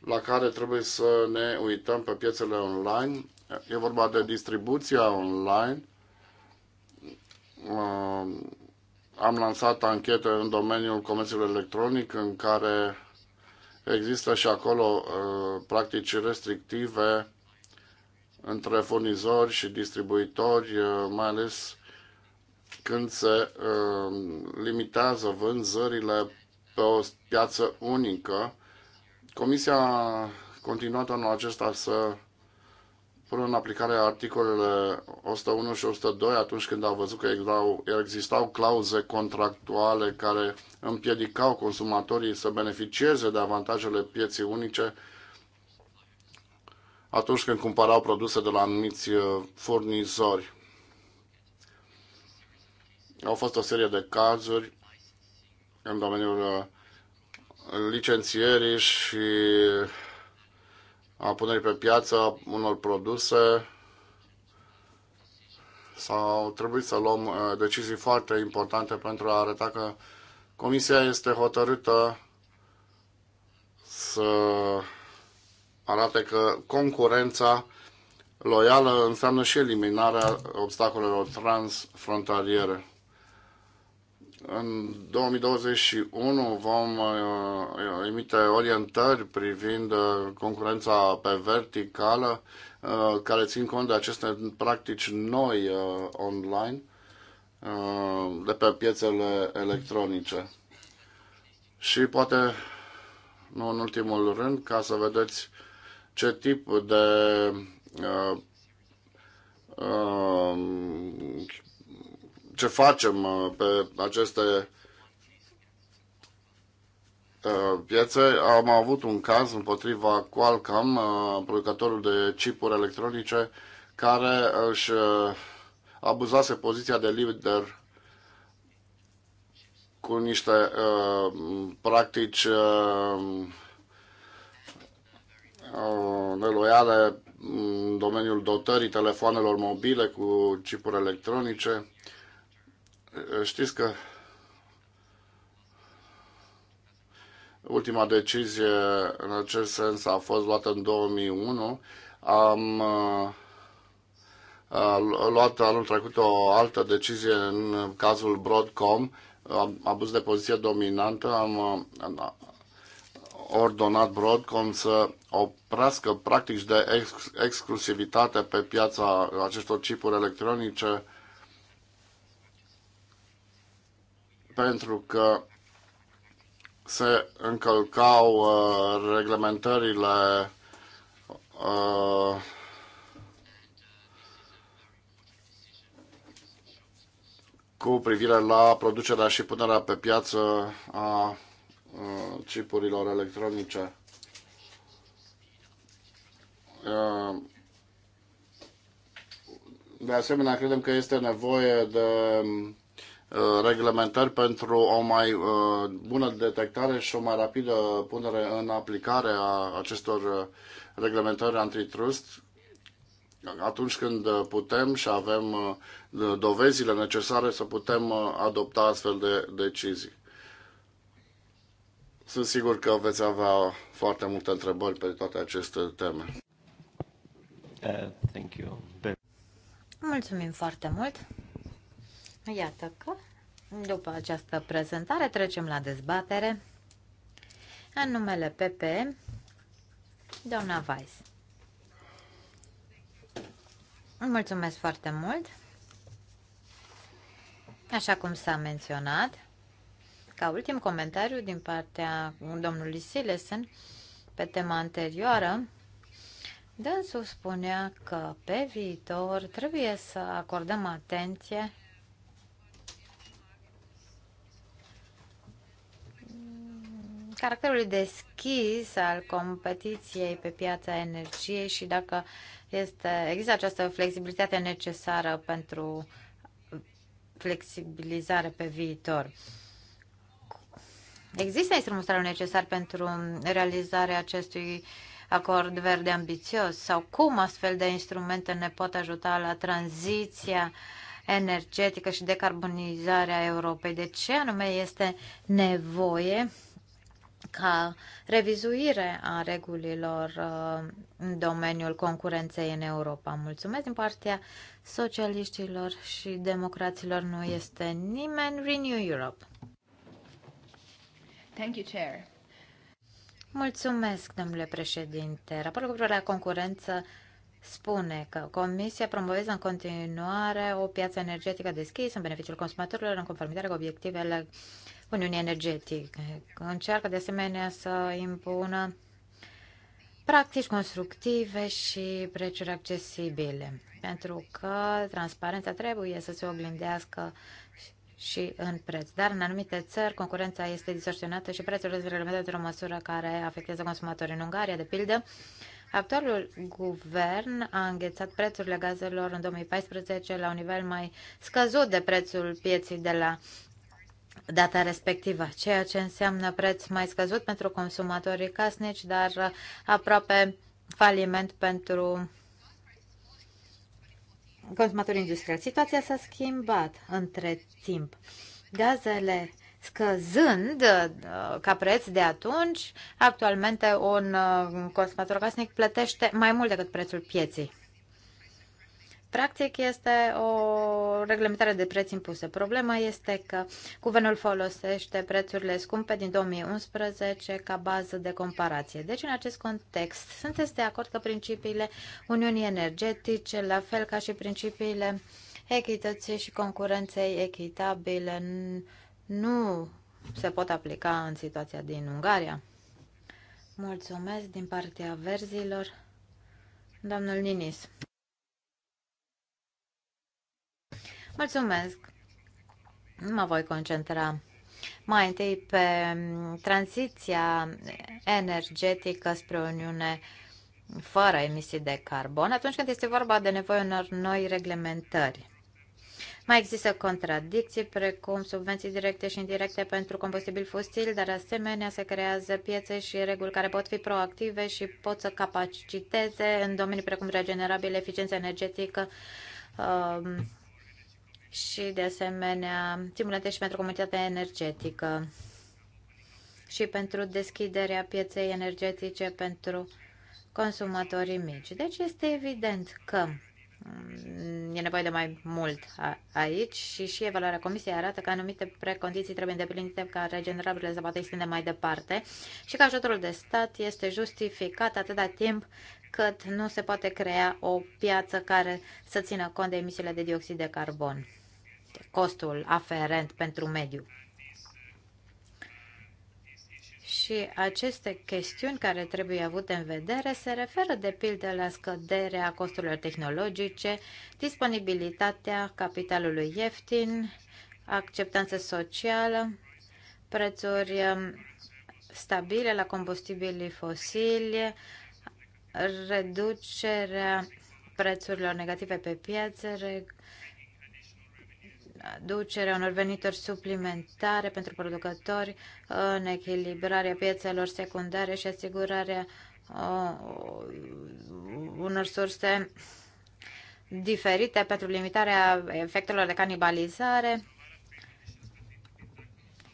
la care trebuie să ne uităm pe piețele online. E vorba de distribuția online. Uh, am lansat anchete în domeniul comerțului electronic în care există și acolo uh, practici restrictive între furnizori și distribuitori, uh, mai ales când se um, limitează vânzările pe o piață unică. Comisia a continuat anul acesta să pună în aplicare articolele 101 și 102 atunci când au văzut că existau, existau clauze contractuale care împiedicau consumatorii să beneficieze de avantajele pieții unice atunci când cumpărau produse de la anumiți uh, furnizori. Au fost o serie de cazuri în domeniul uh, licențierii și a punerii pe piață unor produse au trebuit să luăm uh, decizii foarte importante pentru a arăta că Comisia este hotărâtă să arate că concurența loială înseamnă și eliminarea obstacolelor transfrontaliere. În 2021 vom uh, emite orientări privind uh, concurența pe verticală uh, care țin cont de aceste practici noi online de pe piețele electronice. Și poate, nu în ultimul rând, ca să vedeți ce tip de uh, uh, ce facem uh, pe aceste uh, piețe. Am avut un caz împotriva Qualcomm, uh, producătorul de chipuri electronice, care își abuzase poziția de lider cu niște uh, practici uh, neloiale în domeniul dotării telefoanelor mobile cu chipuri electronice. Știți că ultima decizie în acest sens a fost luată în 2001. Am uh, luat anul trecut o altă decizie în cazul Broadcom, abuz de poziție dominantă. Am uh, ordonat Broadcom să oprească practici de ex- exclusivitate pe piața acestor chipuri electronice pentru că se încălcau uh, reglementările uh, cu privire la producerea și punerea pe piață a cipurilor uh, chipurilor electronice. Uh, de asemenea, credem că este nevoie de Uh, reglementări pentru o mai uh, bună detectare și o mai rapidă punere în aplicare a acestor uh, reglementări antitrust atunci când putem și avem dovezile necesare să putem adopta astfel de decizii. Sunt sigur că veți avea foarte multe întrebări pe toate aceste teme. Uh, thank you. Mulțumim foarte mult. Iată că după această prezentare trecem la dezbatere. În numele PP, doamna Weiss. Mulțumesc foarte mult. Așa cum s-a menționat, ca ultim comentariu din partea domnului Silesen pe tema anterioară, dânsul spunea că pe viitor trebuie să acordăm atenție caracterului deschis al competiției pe piața energiei și dacă este, există această flexibilitate necesară pentru flexibilizare pe viitor. Există instrumentarul necesar pentru realizarea acestui acord verde ambițios sau cum astfel de instrumente ne pot ajuta la tranziția energetică și decarbonizarea Europei? De ce anume este nevoie ca revizuire a regulilor uh, în domeniul concurenței în Europa. Mulțumesc din partea socialiștilor și democraților. Nu este nimeni. Renew Europe. Thank you, Chair. Mulțumesc, domnule președinte. Raportul cu la concurență spune că Comisia promovează în continuare o piață energetică deschisă în beneficiul consumatorilor în conformitate cu obiectivele Uniunii Energetice. Încearcă de asemenea să impună practici constructive și prețuri accesibile, pentru că transparența trebuie să se oglindească și în preț. Dar în anumite țări concurența este distorsionată și prețurile sunt reglementate într-o măsură care afectează consumatorii. În Ungaria, de pildă, Actualul guvern a înghețat prețurile gazelor în 2014 la un nivel mai scăzut de prețul pieții de la data respectivă, ceea ce înseamnă preț mai scăzut pentru consumatorii casnici, dar aproape faliment pentru consumatorii industriali. Situația s-a schimbat între timp. Gazele scăzând uh, ca preț de atunci, actualmente un uh, consumator casnic plătește mai mult decât prețul pieței. Practic este o reglementare de preț impusă. Problema este că guvernul folosește prețurile scumpe din 2011 ca bază de comparație. Deci, în acest context, sunteți de acord că principiile Uniunii Energetice, la fel ca și principiile echității și concurenței echitabile, nu se pot aplica în situația din Ungaria? Mulțumesc din partea verzilor, domnul Ninis. Mulțumesc! Mă voi concentra mai întâi pe mm, tranziția energetică spre Uniune fără emisii de carbon, atunci când este vorba de nevoie unor noi reglementări. Mai există contradicții, precum subvenții directe și indirecte pentru combustibil fosil, dar asemenea se creează piețe și reguli care pot fi proactive și pot să capaciteze în domenii precum regenerabile, eficiența energetică, um, și, de asemenea, stimulente și pentru comunitatea energetică și pentru deschiderea pieței energetice pentru consumatorii mici. Deci este evident că mm, e nevoie de mai mult aici și și evaluarea comisiei arată că anumite precondiții trebuie îndeplinite ca regenerabilele să poată extinde mai departe și că ajutorul de stat este justificat atâta timp cât nu se poate crea o piață care să țină cont de emisiile de dioxid de carbon costul aferent pentru mediu. Și aceste chestiuni care trebuie avute în vedere se referă de pildă la scăderea costurilor tehnologice, disponibilitatea capitalului ieftin, acceptanță socială, prețuri um, stabile la combustibilii fosili, reducerea prețurilor negative pe piață, aducerea unor venituri suplimentare pentru producători, în echilibrarea piețelor secundare și asigurarea uh, unor surse diferite pentru limitarea efectelor de canibalizare.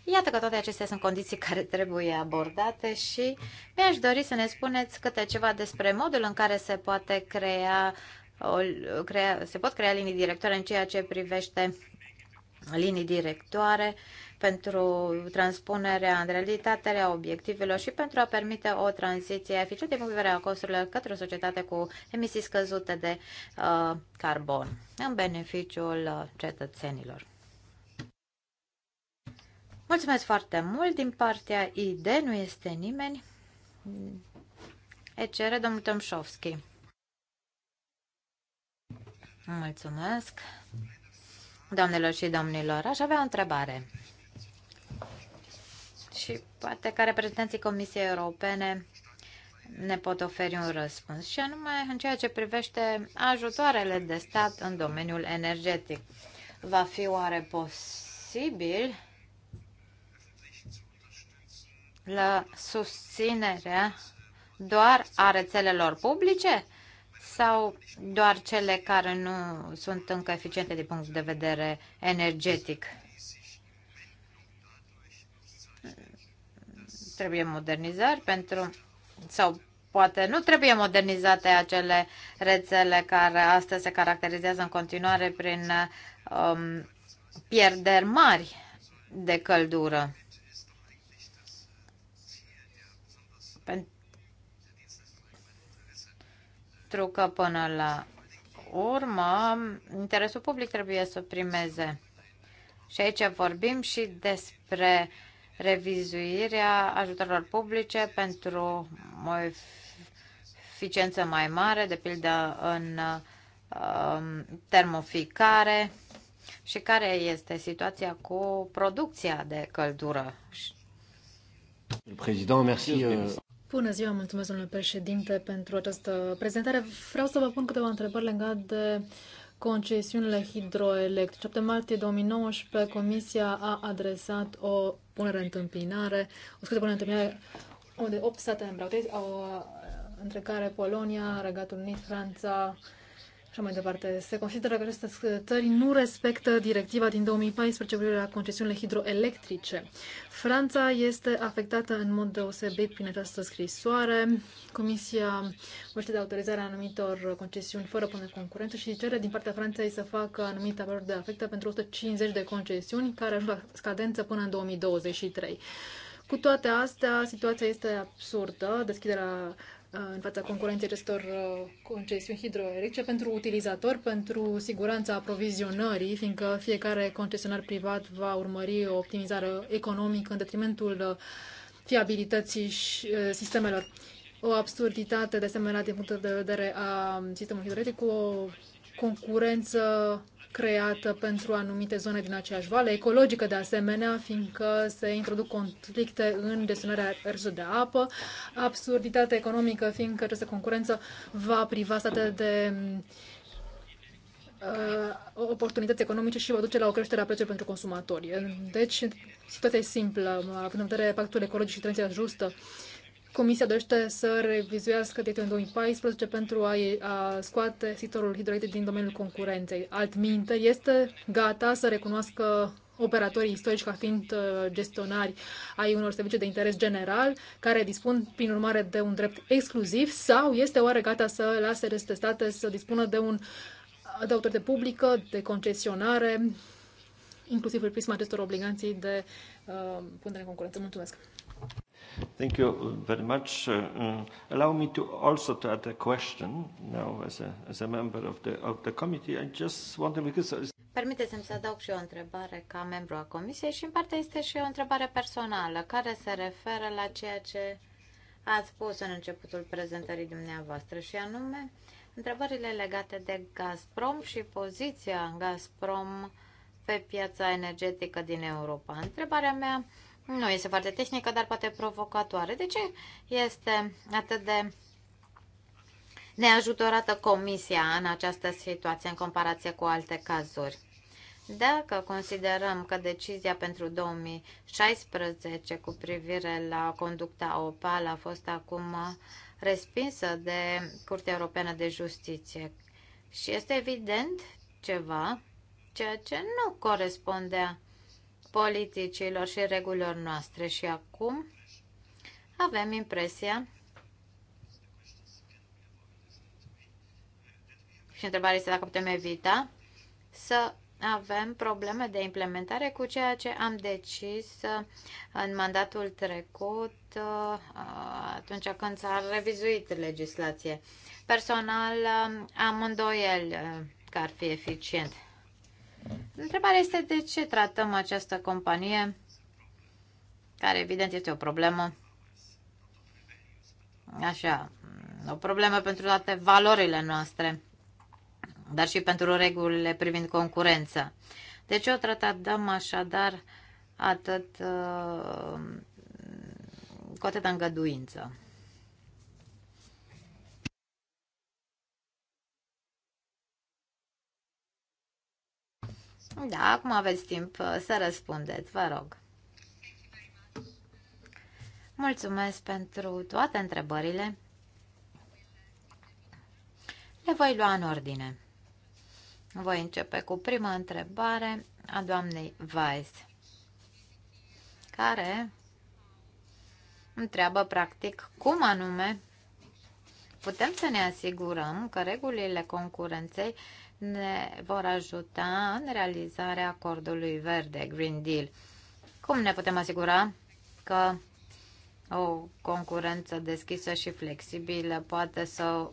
Iată că toate acestea sunt condiții care trebuie abordate și mi-aș dori să ne spuneți câte ceva despre modul în care se poate crea, o, crea se pot crea linii directoare în ceea ce privește linii directoare pentru transpunerea în realitate a obiectivelor și pentru a permite o tranziție eficientă din punct de vedere a costurilor către o societate cu emisii scăzute de uh, carbon, în beneficiul uh, cetățenilor. Mulțumesc foarte mult din partea ID, nu este nimeni. cere domnul Tomșovski. Mulțumesc. Doamnelor și domnilor, aș avea o întrebare. Și poate că reprezentanții Comisiei Europene ne pot oferi un răspuns, și anume în ceea ce privește ajutoarele de stat în domeniul energetic. Va fi oare posibil la susținerea doar a rețelelor publice? sau doar cele care nu sunt încă eficiente din punct de vedere energetic? Trebuie modernizări pentru sau poate nu trebuie modernizate acele rețele care astăzi se caracterizează în continuare prin um, pierderi mari de căldură. pentru că până la urmă interesul public trebuie să primeze. Și aici vorbim și despre revizuirea ajutorilor publice pentru o eficiență mai mare, de pildă în um, termoficare și care este situația cu producția de căldură. Președinte, euh, mulțumesc. Bună ziua, mulțumesc, domnule președinte, pentru această prezentare. Vreau să vă pun câteva întrebări legate de concesiunile hidroelectrice. 7 martie 2019, Comisia a adresat o punere întâmpinare, o scuze punere întâmpinare, unde 8 state membre, între care Polonia, Regatul Unit, Franța, și mai departe. Se consideră că aceste țări nu respectă directiva din 2014 cu privire la concesiunile hidroelectrice. Franța este afectată în mod deosebit prin această scrisoare. Comisia vorbește de autorizarea anumitor concesiuni fără până concurență și cere din partea Franței să facă anumite valori de afectă pentru 150 de concesiuni care ajung la scadență până în 2023. Cu toate astea, situația este absurdă. Deschiderea Uh, în fața concurenței acestor uh, concesiuni hidroelectrice pentru utilizator, pentru siguranța aprovizionării, fiindcă fiecare concesionar privat va urmări o optimizare economică în detrimentul uh, fiabilității și sistemelor. O absurditate, de asemenea, din punct de vedere a um, sistemului hidroelectric, cu o concurență creată pentru anumite zone din aceeași vale, ecologică de asemenea, fiindcă se introduc conflicte în desunarea resurselor de apă, absurditate economică, fiindcă această concurență va priva state de uh, oportunități economice și va duce la o creștere a prețurilor pentru consumatori. Deci, situația e simplă, având în vedere pactul ecologic și transiția justă, uh, Comisia dorește să revizuiască directiva în 2014 pentru a, a scoate sectorul hidroelectric din domeniul concurenței. Altminte, este gata să recunoască operatorii istorici ca fiind uh, gestionari ai unor servicii de interes general, care dispun, prin urmare, de un drept exclusiv sau este oare gata să lase reste state să dispună de un de autoritate publică, de concesionare, inclusiv prin prisma acestor obligații de uh, punere în concurență. Mulțumesc! Thank you very much. Uh, um, allow me to also to add a question now as a, as a member of the, of the committee. I just want to because... Permiteți-mi să adaug și o întrebare ca membru a comisiei și în parte este și o întrebare personală care se referă la ceea ce ați spus în începutul prezentării dumneavoastră și anume întrebările legate de Gazprom și poziția Gazprom pe piața energetică din Europa. Întrebarea mea nu este foarte tehnică, dar poate provocatoare. De ce este atât de neajutorată comisia în această situație în comparație cu alte cazuri? Dacă considerăm că decizia pentru 2016 cu privire la conducta OPAL a fost acum respinsă de Curtea Europeană de Justiție și este evident ceva ceea ce nu corespundea politicilor și regulilor noastre. Și acum avem impresia și întrebarea este dacă putem evita să avem probleme de implementare cu ceea ce am decis uh, în mandatul trecut uh, atunci când s-a revizuit legislație. Personal uh, am îndoiel că ar fi eficient. Întrebarea este de ce tratăm această companie, care evident este o problemă, așa, o problemă pentru toate valorile noastre, dar și pentru regulile privind concurența. De ce o tratăm așadar atât, uh, cu atâta îngăduință? Da, acum aveți timp uh, să răspundeți, vă rog. Mulțumesc pentru toate întrebările. Le voi lua în ordine. Voi începe cu prima întrebare a doamnei Weiss, care întreabă practic cum anume putem să ne asigurăm că regulile concurenței ne vor ajuta în realizarea acordului verde, Green Deal. Cum ne putem asigura că o concurență deschisă și flexibilă poate să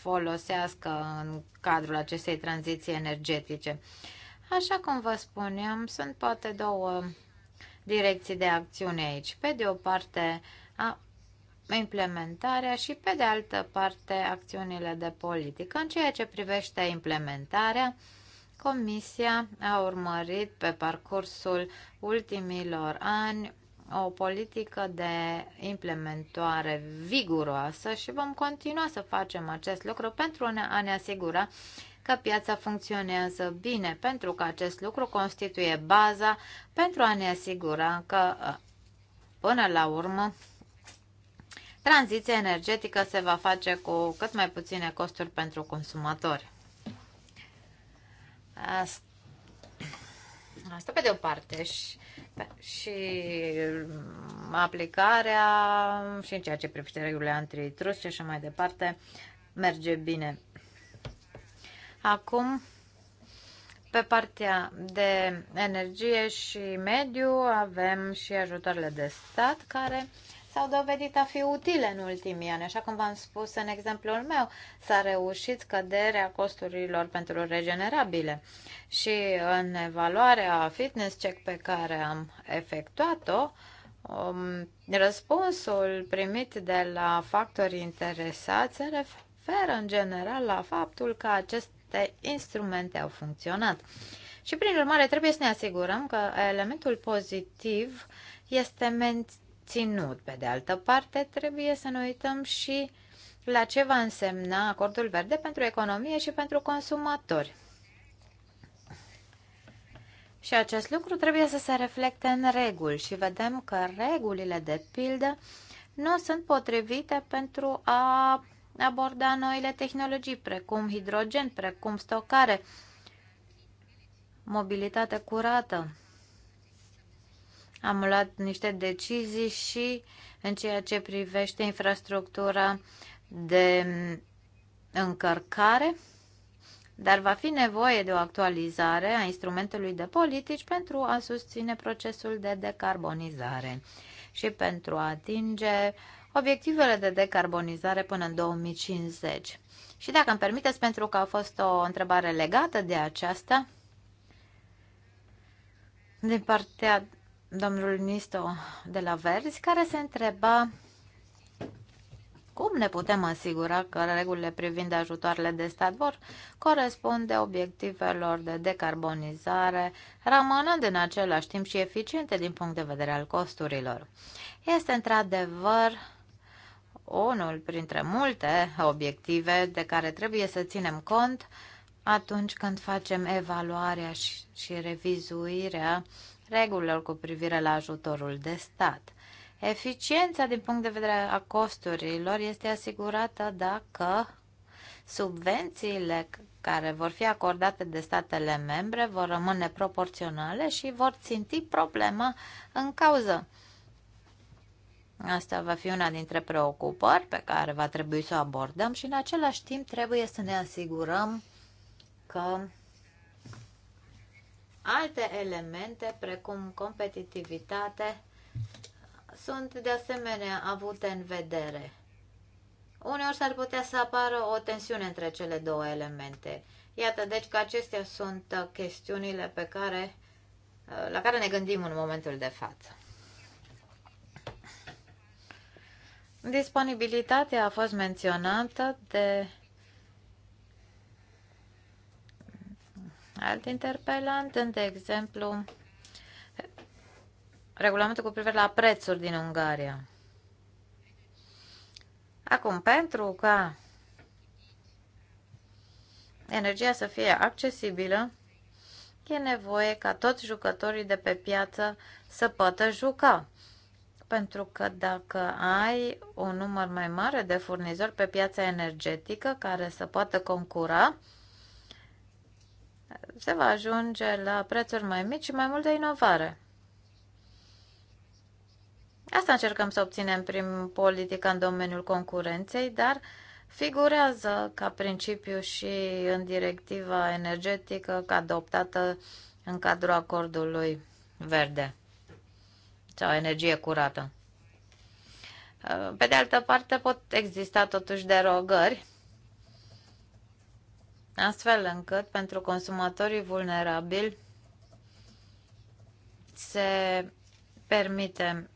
folosească în cadrul acestei tranziții energetice? Așa cum vă spuneam, sunt poate două direcții de acțiune aici. Pe de o parte, a implementarea și, pe de altă parte, acțiunile de politică. În ceea ce privește implementarea, Comisia a urmărit pe parcursul ultimilor ani o politică de implementare viguroasă și vom continua să facem acest lucru pentru a ne asigura că piața funcționează bine, pentru că acest lucru constituie baza pentru a ne asigura că, până la urmă, tranziția energetică se va face cu cât mai puține costuri pentru consumatori. Asta, asta pe de o parte și, da, și aplicarea și în ceea ce privește regulile antitrust și așa mai departe merge bine. Acum, pe partea de energie și mediu avem și ajutoarele de stat care uh, s-au dovedit a fi utile în ultimii ani. Așa cum v-am spus în exemplul meu, s-a reușit scăderea costurilor pentru regenerabile. Și în evaluarea fitness check pe care am efectuat-o, um, răspunsul primit de la factorii interesați se referă în general la faptul că aceste instrumente au funcționat. Și prin urmare trebuie să ne asigurăm că elementul pozitiv este menținut ținut. Pe de altă parte, trebuie să ne uităm și la ce va însemna acordul verde pentru economie și pentru consumatori. Și acest lucru trebuie să se reflecte în reguli și vedem că regulile, de pildă, nu sunt potrivite pentru a aborda noile tehnologii, precum hidrogen, precum stocare, mobilitate curată am luat niște decizii și în ceea ce privește infrastructura de încărcare, dar va fi nevoie de o actualizare a instrumentului de politici pentru a susține procesul de decarbonizare și pentru a atinge obiectivele de decarbonizare până în 2050. Și dacă îmi permiteți, pentru că a fost o întrebare legată de aceasta, din partea domnul Nisto de la Verzi, care se întreba cum ne putem asigura că regulile privind ajutoarele de stat vor corespunde obiectivelor de decarbonizare, rămânând în același timp și eficiente din punct de vedere al costurilor? Este într-adevăr unul printre multe obiective de care trebuie să ținem cont atunci când facem evaluarea și, și revizuirea regulilor cu privire la ajutorul de stat. Eficiența din punct de vedere a costurilor este asigurată dacă subvențiile care vor fi acordate de statele membre vor rămâne proporționale și vor ținti problema în cauză. Asta va fi una dintre preocupări pe care va trebui să o abordăm și în același timp trebuie să ne asigurăm că Alte elemente, precum competitivitate, sunt de asemenea avute în vedere. Uneori s-ar putea să apară o tensiune între cele două elemente. Iată, deci că acestea sunt uh, chestiunile pe care, uh, la care ne gândim în momentul de față. Disponibilitatea a fost menționată de alt interpelant, de exemplu regulamentul cu privire la prețuri din Ungaria. Acum, pentru ca energia să fie accesibilă, e nevoie ca toți jucătorii de pe piață să poată juca. Pentru că dacă ai un număr mai mare de furnizori pe piața energetică care să poată concura, se va ajunge la prețuri mai mici și mai de inovare. Asta încercăm să obținem prin politica în domeniul concurenței, dar figurează ca principiu și în directiva energetică ca adoptată în cadrul acordului verde sau energie curată. Pe de altă parte, pot exista totuși derogări astfel încât pentru consumatorii vulnerabili se permite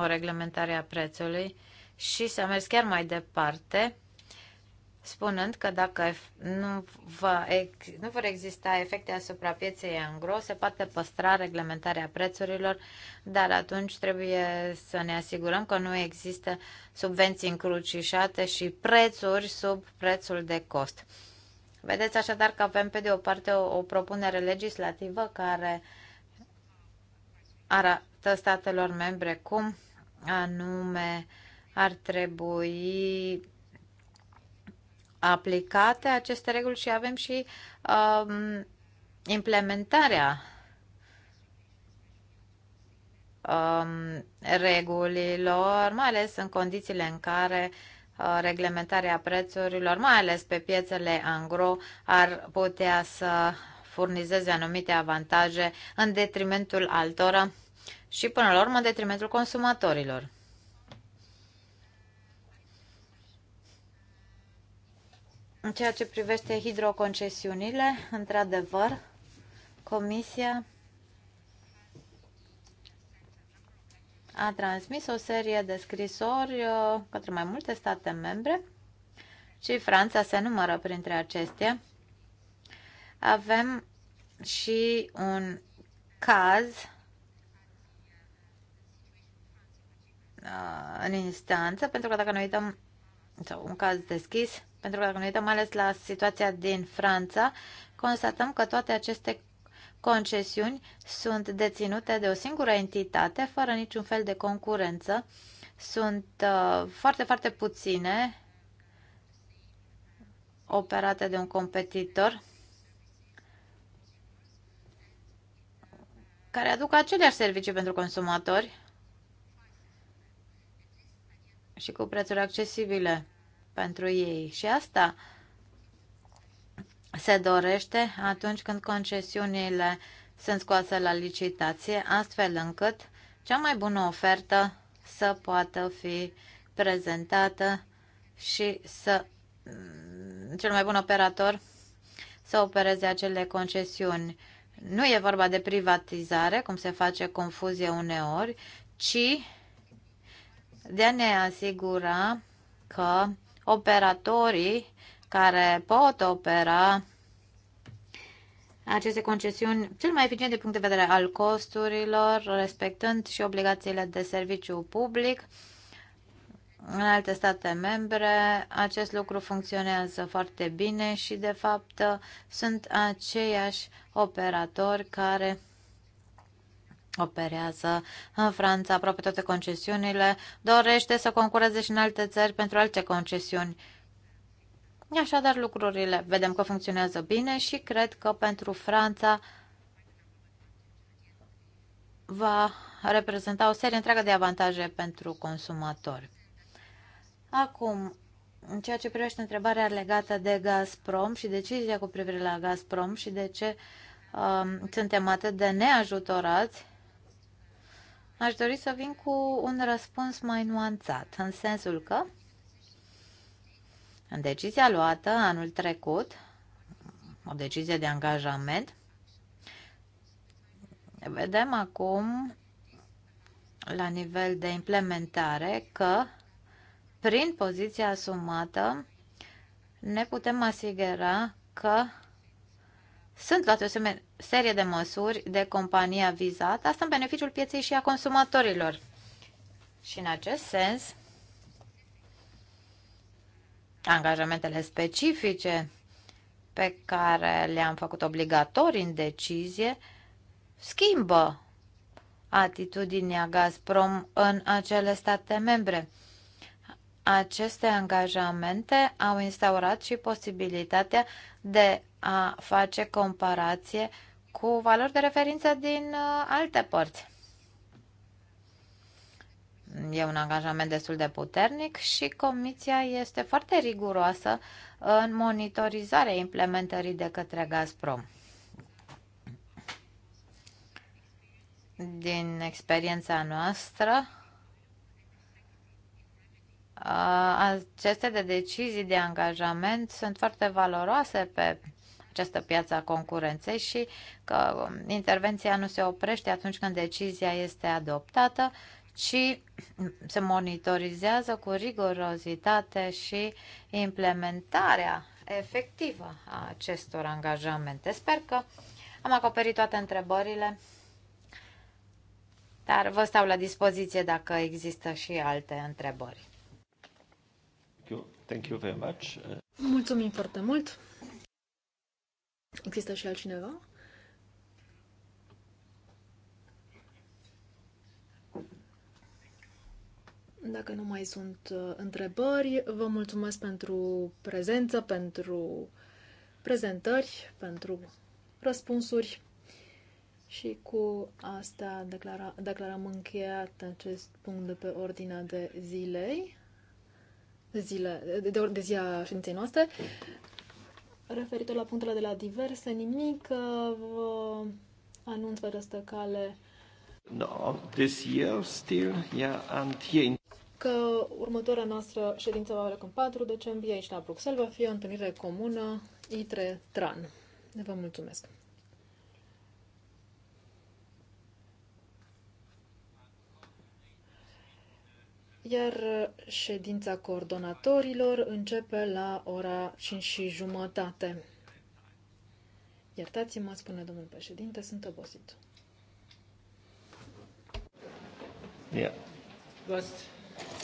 o reglementare a prețului și s-a mers chiar mai departe, spunând că dacă nu, va, nu vor exista efecte asupra pieței gros, se poate păstra reglementarea prețurilor, dar atunci trebuie să ne asigurăm că nu există subvenții încrucișate și prețuri sub prețul de cost. Vedeți așadar că avem pe de o parte o, o propunere legislativă care arată statelor membre cum anume ar trebui aplicate aceste reguli și avem și um, implementarea um, regulilor, mai ales în condițiile în care uh, Uh, reglementarea prețurilor, mai ales pe piețele angro, ar putea să furnizeze anumite avantaje în detrimentul altora și, până la urmă, în detrimentul consumatorilor. În ceea ce privește hidroconcesiunile, într-adevăr, Comisia a transmis o serie de scrisori uh, către mai multe state membre și Franța se numără printre acestea. Avem și un caz uh, în instanță, pentru că dacă ne uităm, sau un caz deschis, pentru că dacă ne uităm mai ales la situația din Franța, constatăm că toate aceste concesiuni sunt deținute de o singură entitate, fără niciun fel de concurență. Sunt uh, foarte, foarte puține operate de un competitor care aduc aceleași servicii pentru consumatori și cu prețuri accesibile pentru ei. Și asta se dorește atunci când concesiunile sunt scoase la licitație, astfel încât cea mai bună ofertă să poată fi prezentată și să mm, cel mai bun operator să opereze acele concesiuni. Nu e vorba de privatizare, cum se face confuzie uneori, ci de a ne asigura că operatorii care pot opera aceste concesiuni cel mai eficient din punct de vedere al costurilor, respectând și obligațiile de serviciu public. În alte state membre acest lucru funcționează foarte bine și, de fapt, sunt aceiași operatori care operează în Franța aproape toate concesiunile, dorește să concureze și în alte țări pentru alte concesiuni Așadar, lucrurile vedem că funcționează bine și cred că pentru Franța va reprezenta o serie întreagă de avantaje pentru consumatori. Acum, în ceea ce privește întrebarea legată de Gazprom și decizia cu privire la Gazprom și de ce um, suntem atât de neajutorați, aș dori să vin cu un răspuns mai nuanțat, în sensul că în decizia luată anul trecut, o decizie de angajament, vedem acum la nivel de implementare că prin poziția asumată ne putem asigura că sunt luate o serie de măsuri de compania vizată, asta în beneficiul pieței și a consumatorilor. Și în acest sens, angajamentele specifice pe care le-am făcut obligatorii în decizie schimbă atitudinea Gazprom în acele state membre. Aceste angajamente au instaurat și posibilitatea de a face comparație cu valori de referință din uh, alte părți e un angajament destul de puternic și Comisia este foarte riguroasă în monitorizarea implementării de către Gazprom. Din experiența noastră, aceste de decizii de angajament sunt foarte valoroase pe această piață a concurenței și că intervenția nu se oprește atunci când decizia este adoptată, și se monitorizează cu rigorozitate și implementarea efectivă a acestor angajamente. Sper că am acoperit toate întrebările, dar vă stau la dispoziție dacă există și alte întrebări. Thank you, Thank you very much. Mulțumim foarte mult. Există și altcineva? Dacă nu mai sunt uh, întrebări, vă mulțumesc pentru prezență, pentru prezentări, pentru răspunsuri. Și cu asta declara, declarăm încheiat acest punct de pe ordinea de zilei, de, zile, de, de, de ziua științei noastre. Referitor la punctele de la diverse, nimic, uh, vă anunț pe răstăcale. No, this year still, yeah, and here in că următoarea noastră ședință va avea în 4 decembrie aici la Bruxelles. Va fi o întâlnire comună ITRE-TRAN. Vă mulțumesc! Iar ședința coordonatorilor începe la ora 5 și jumătate. Iertați-mă, spune domnul președinte, sunt obosit. Yeah.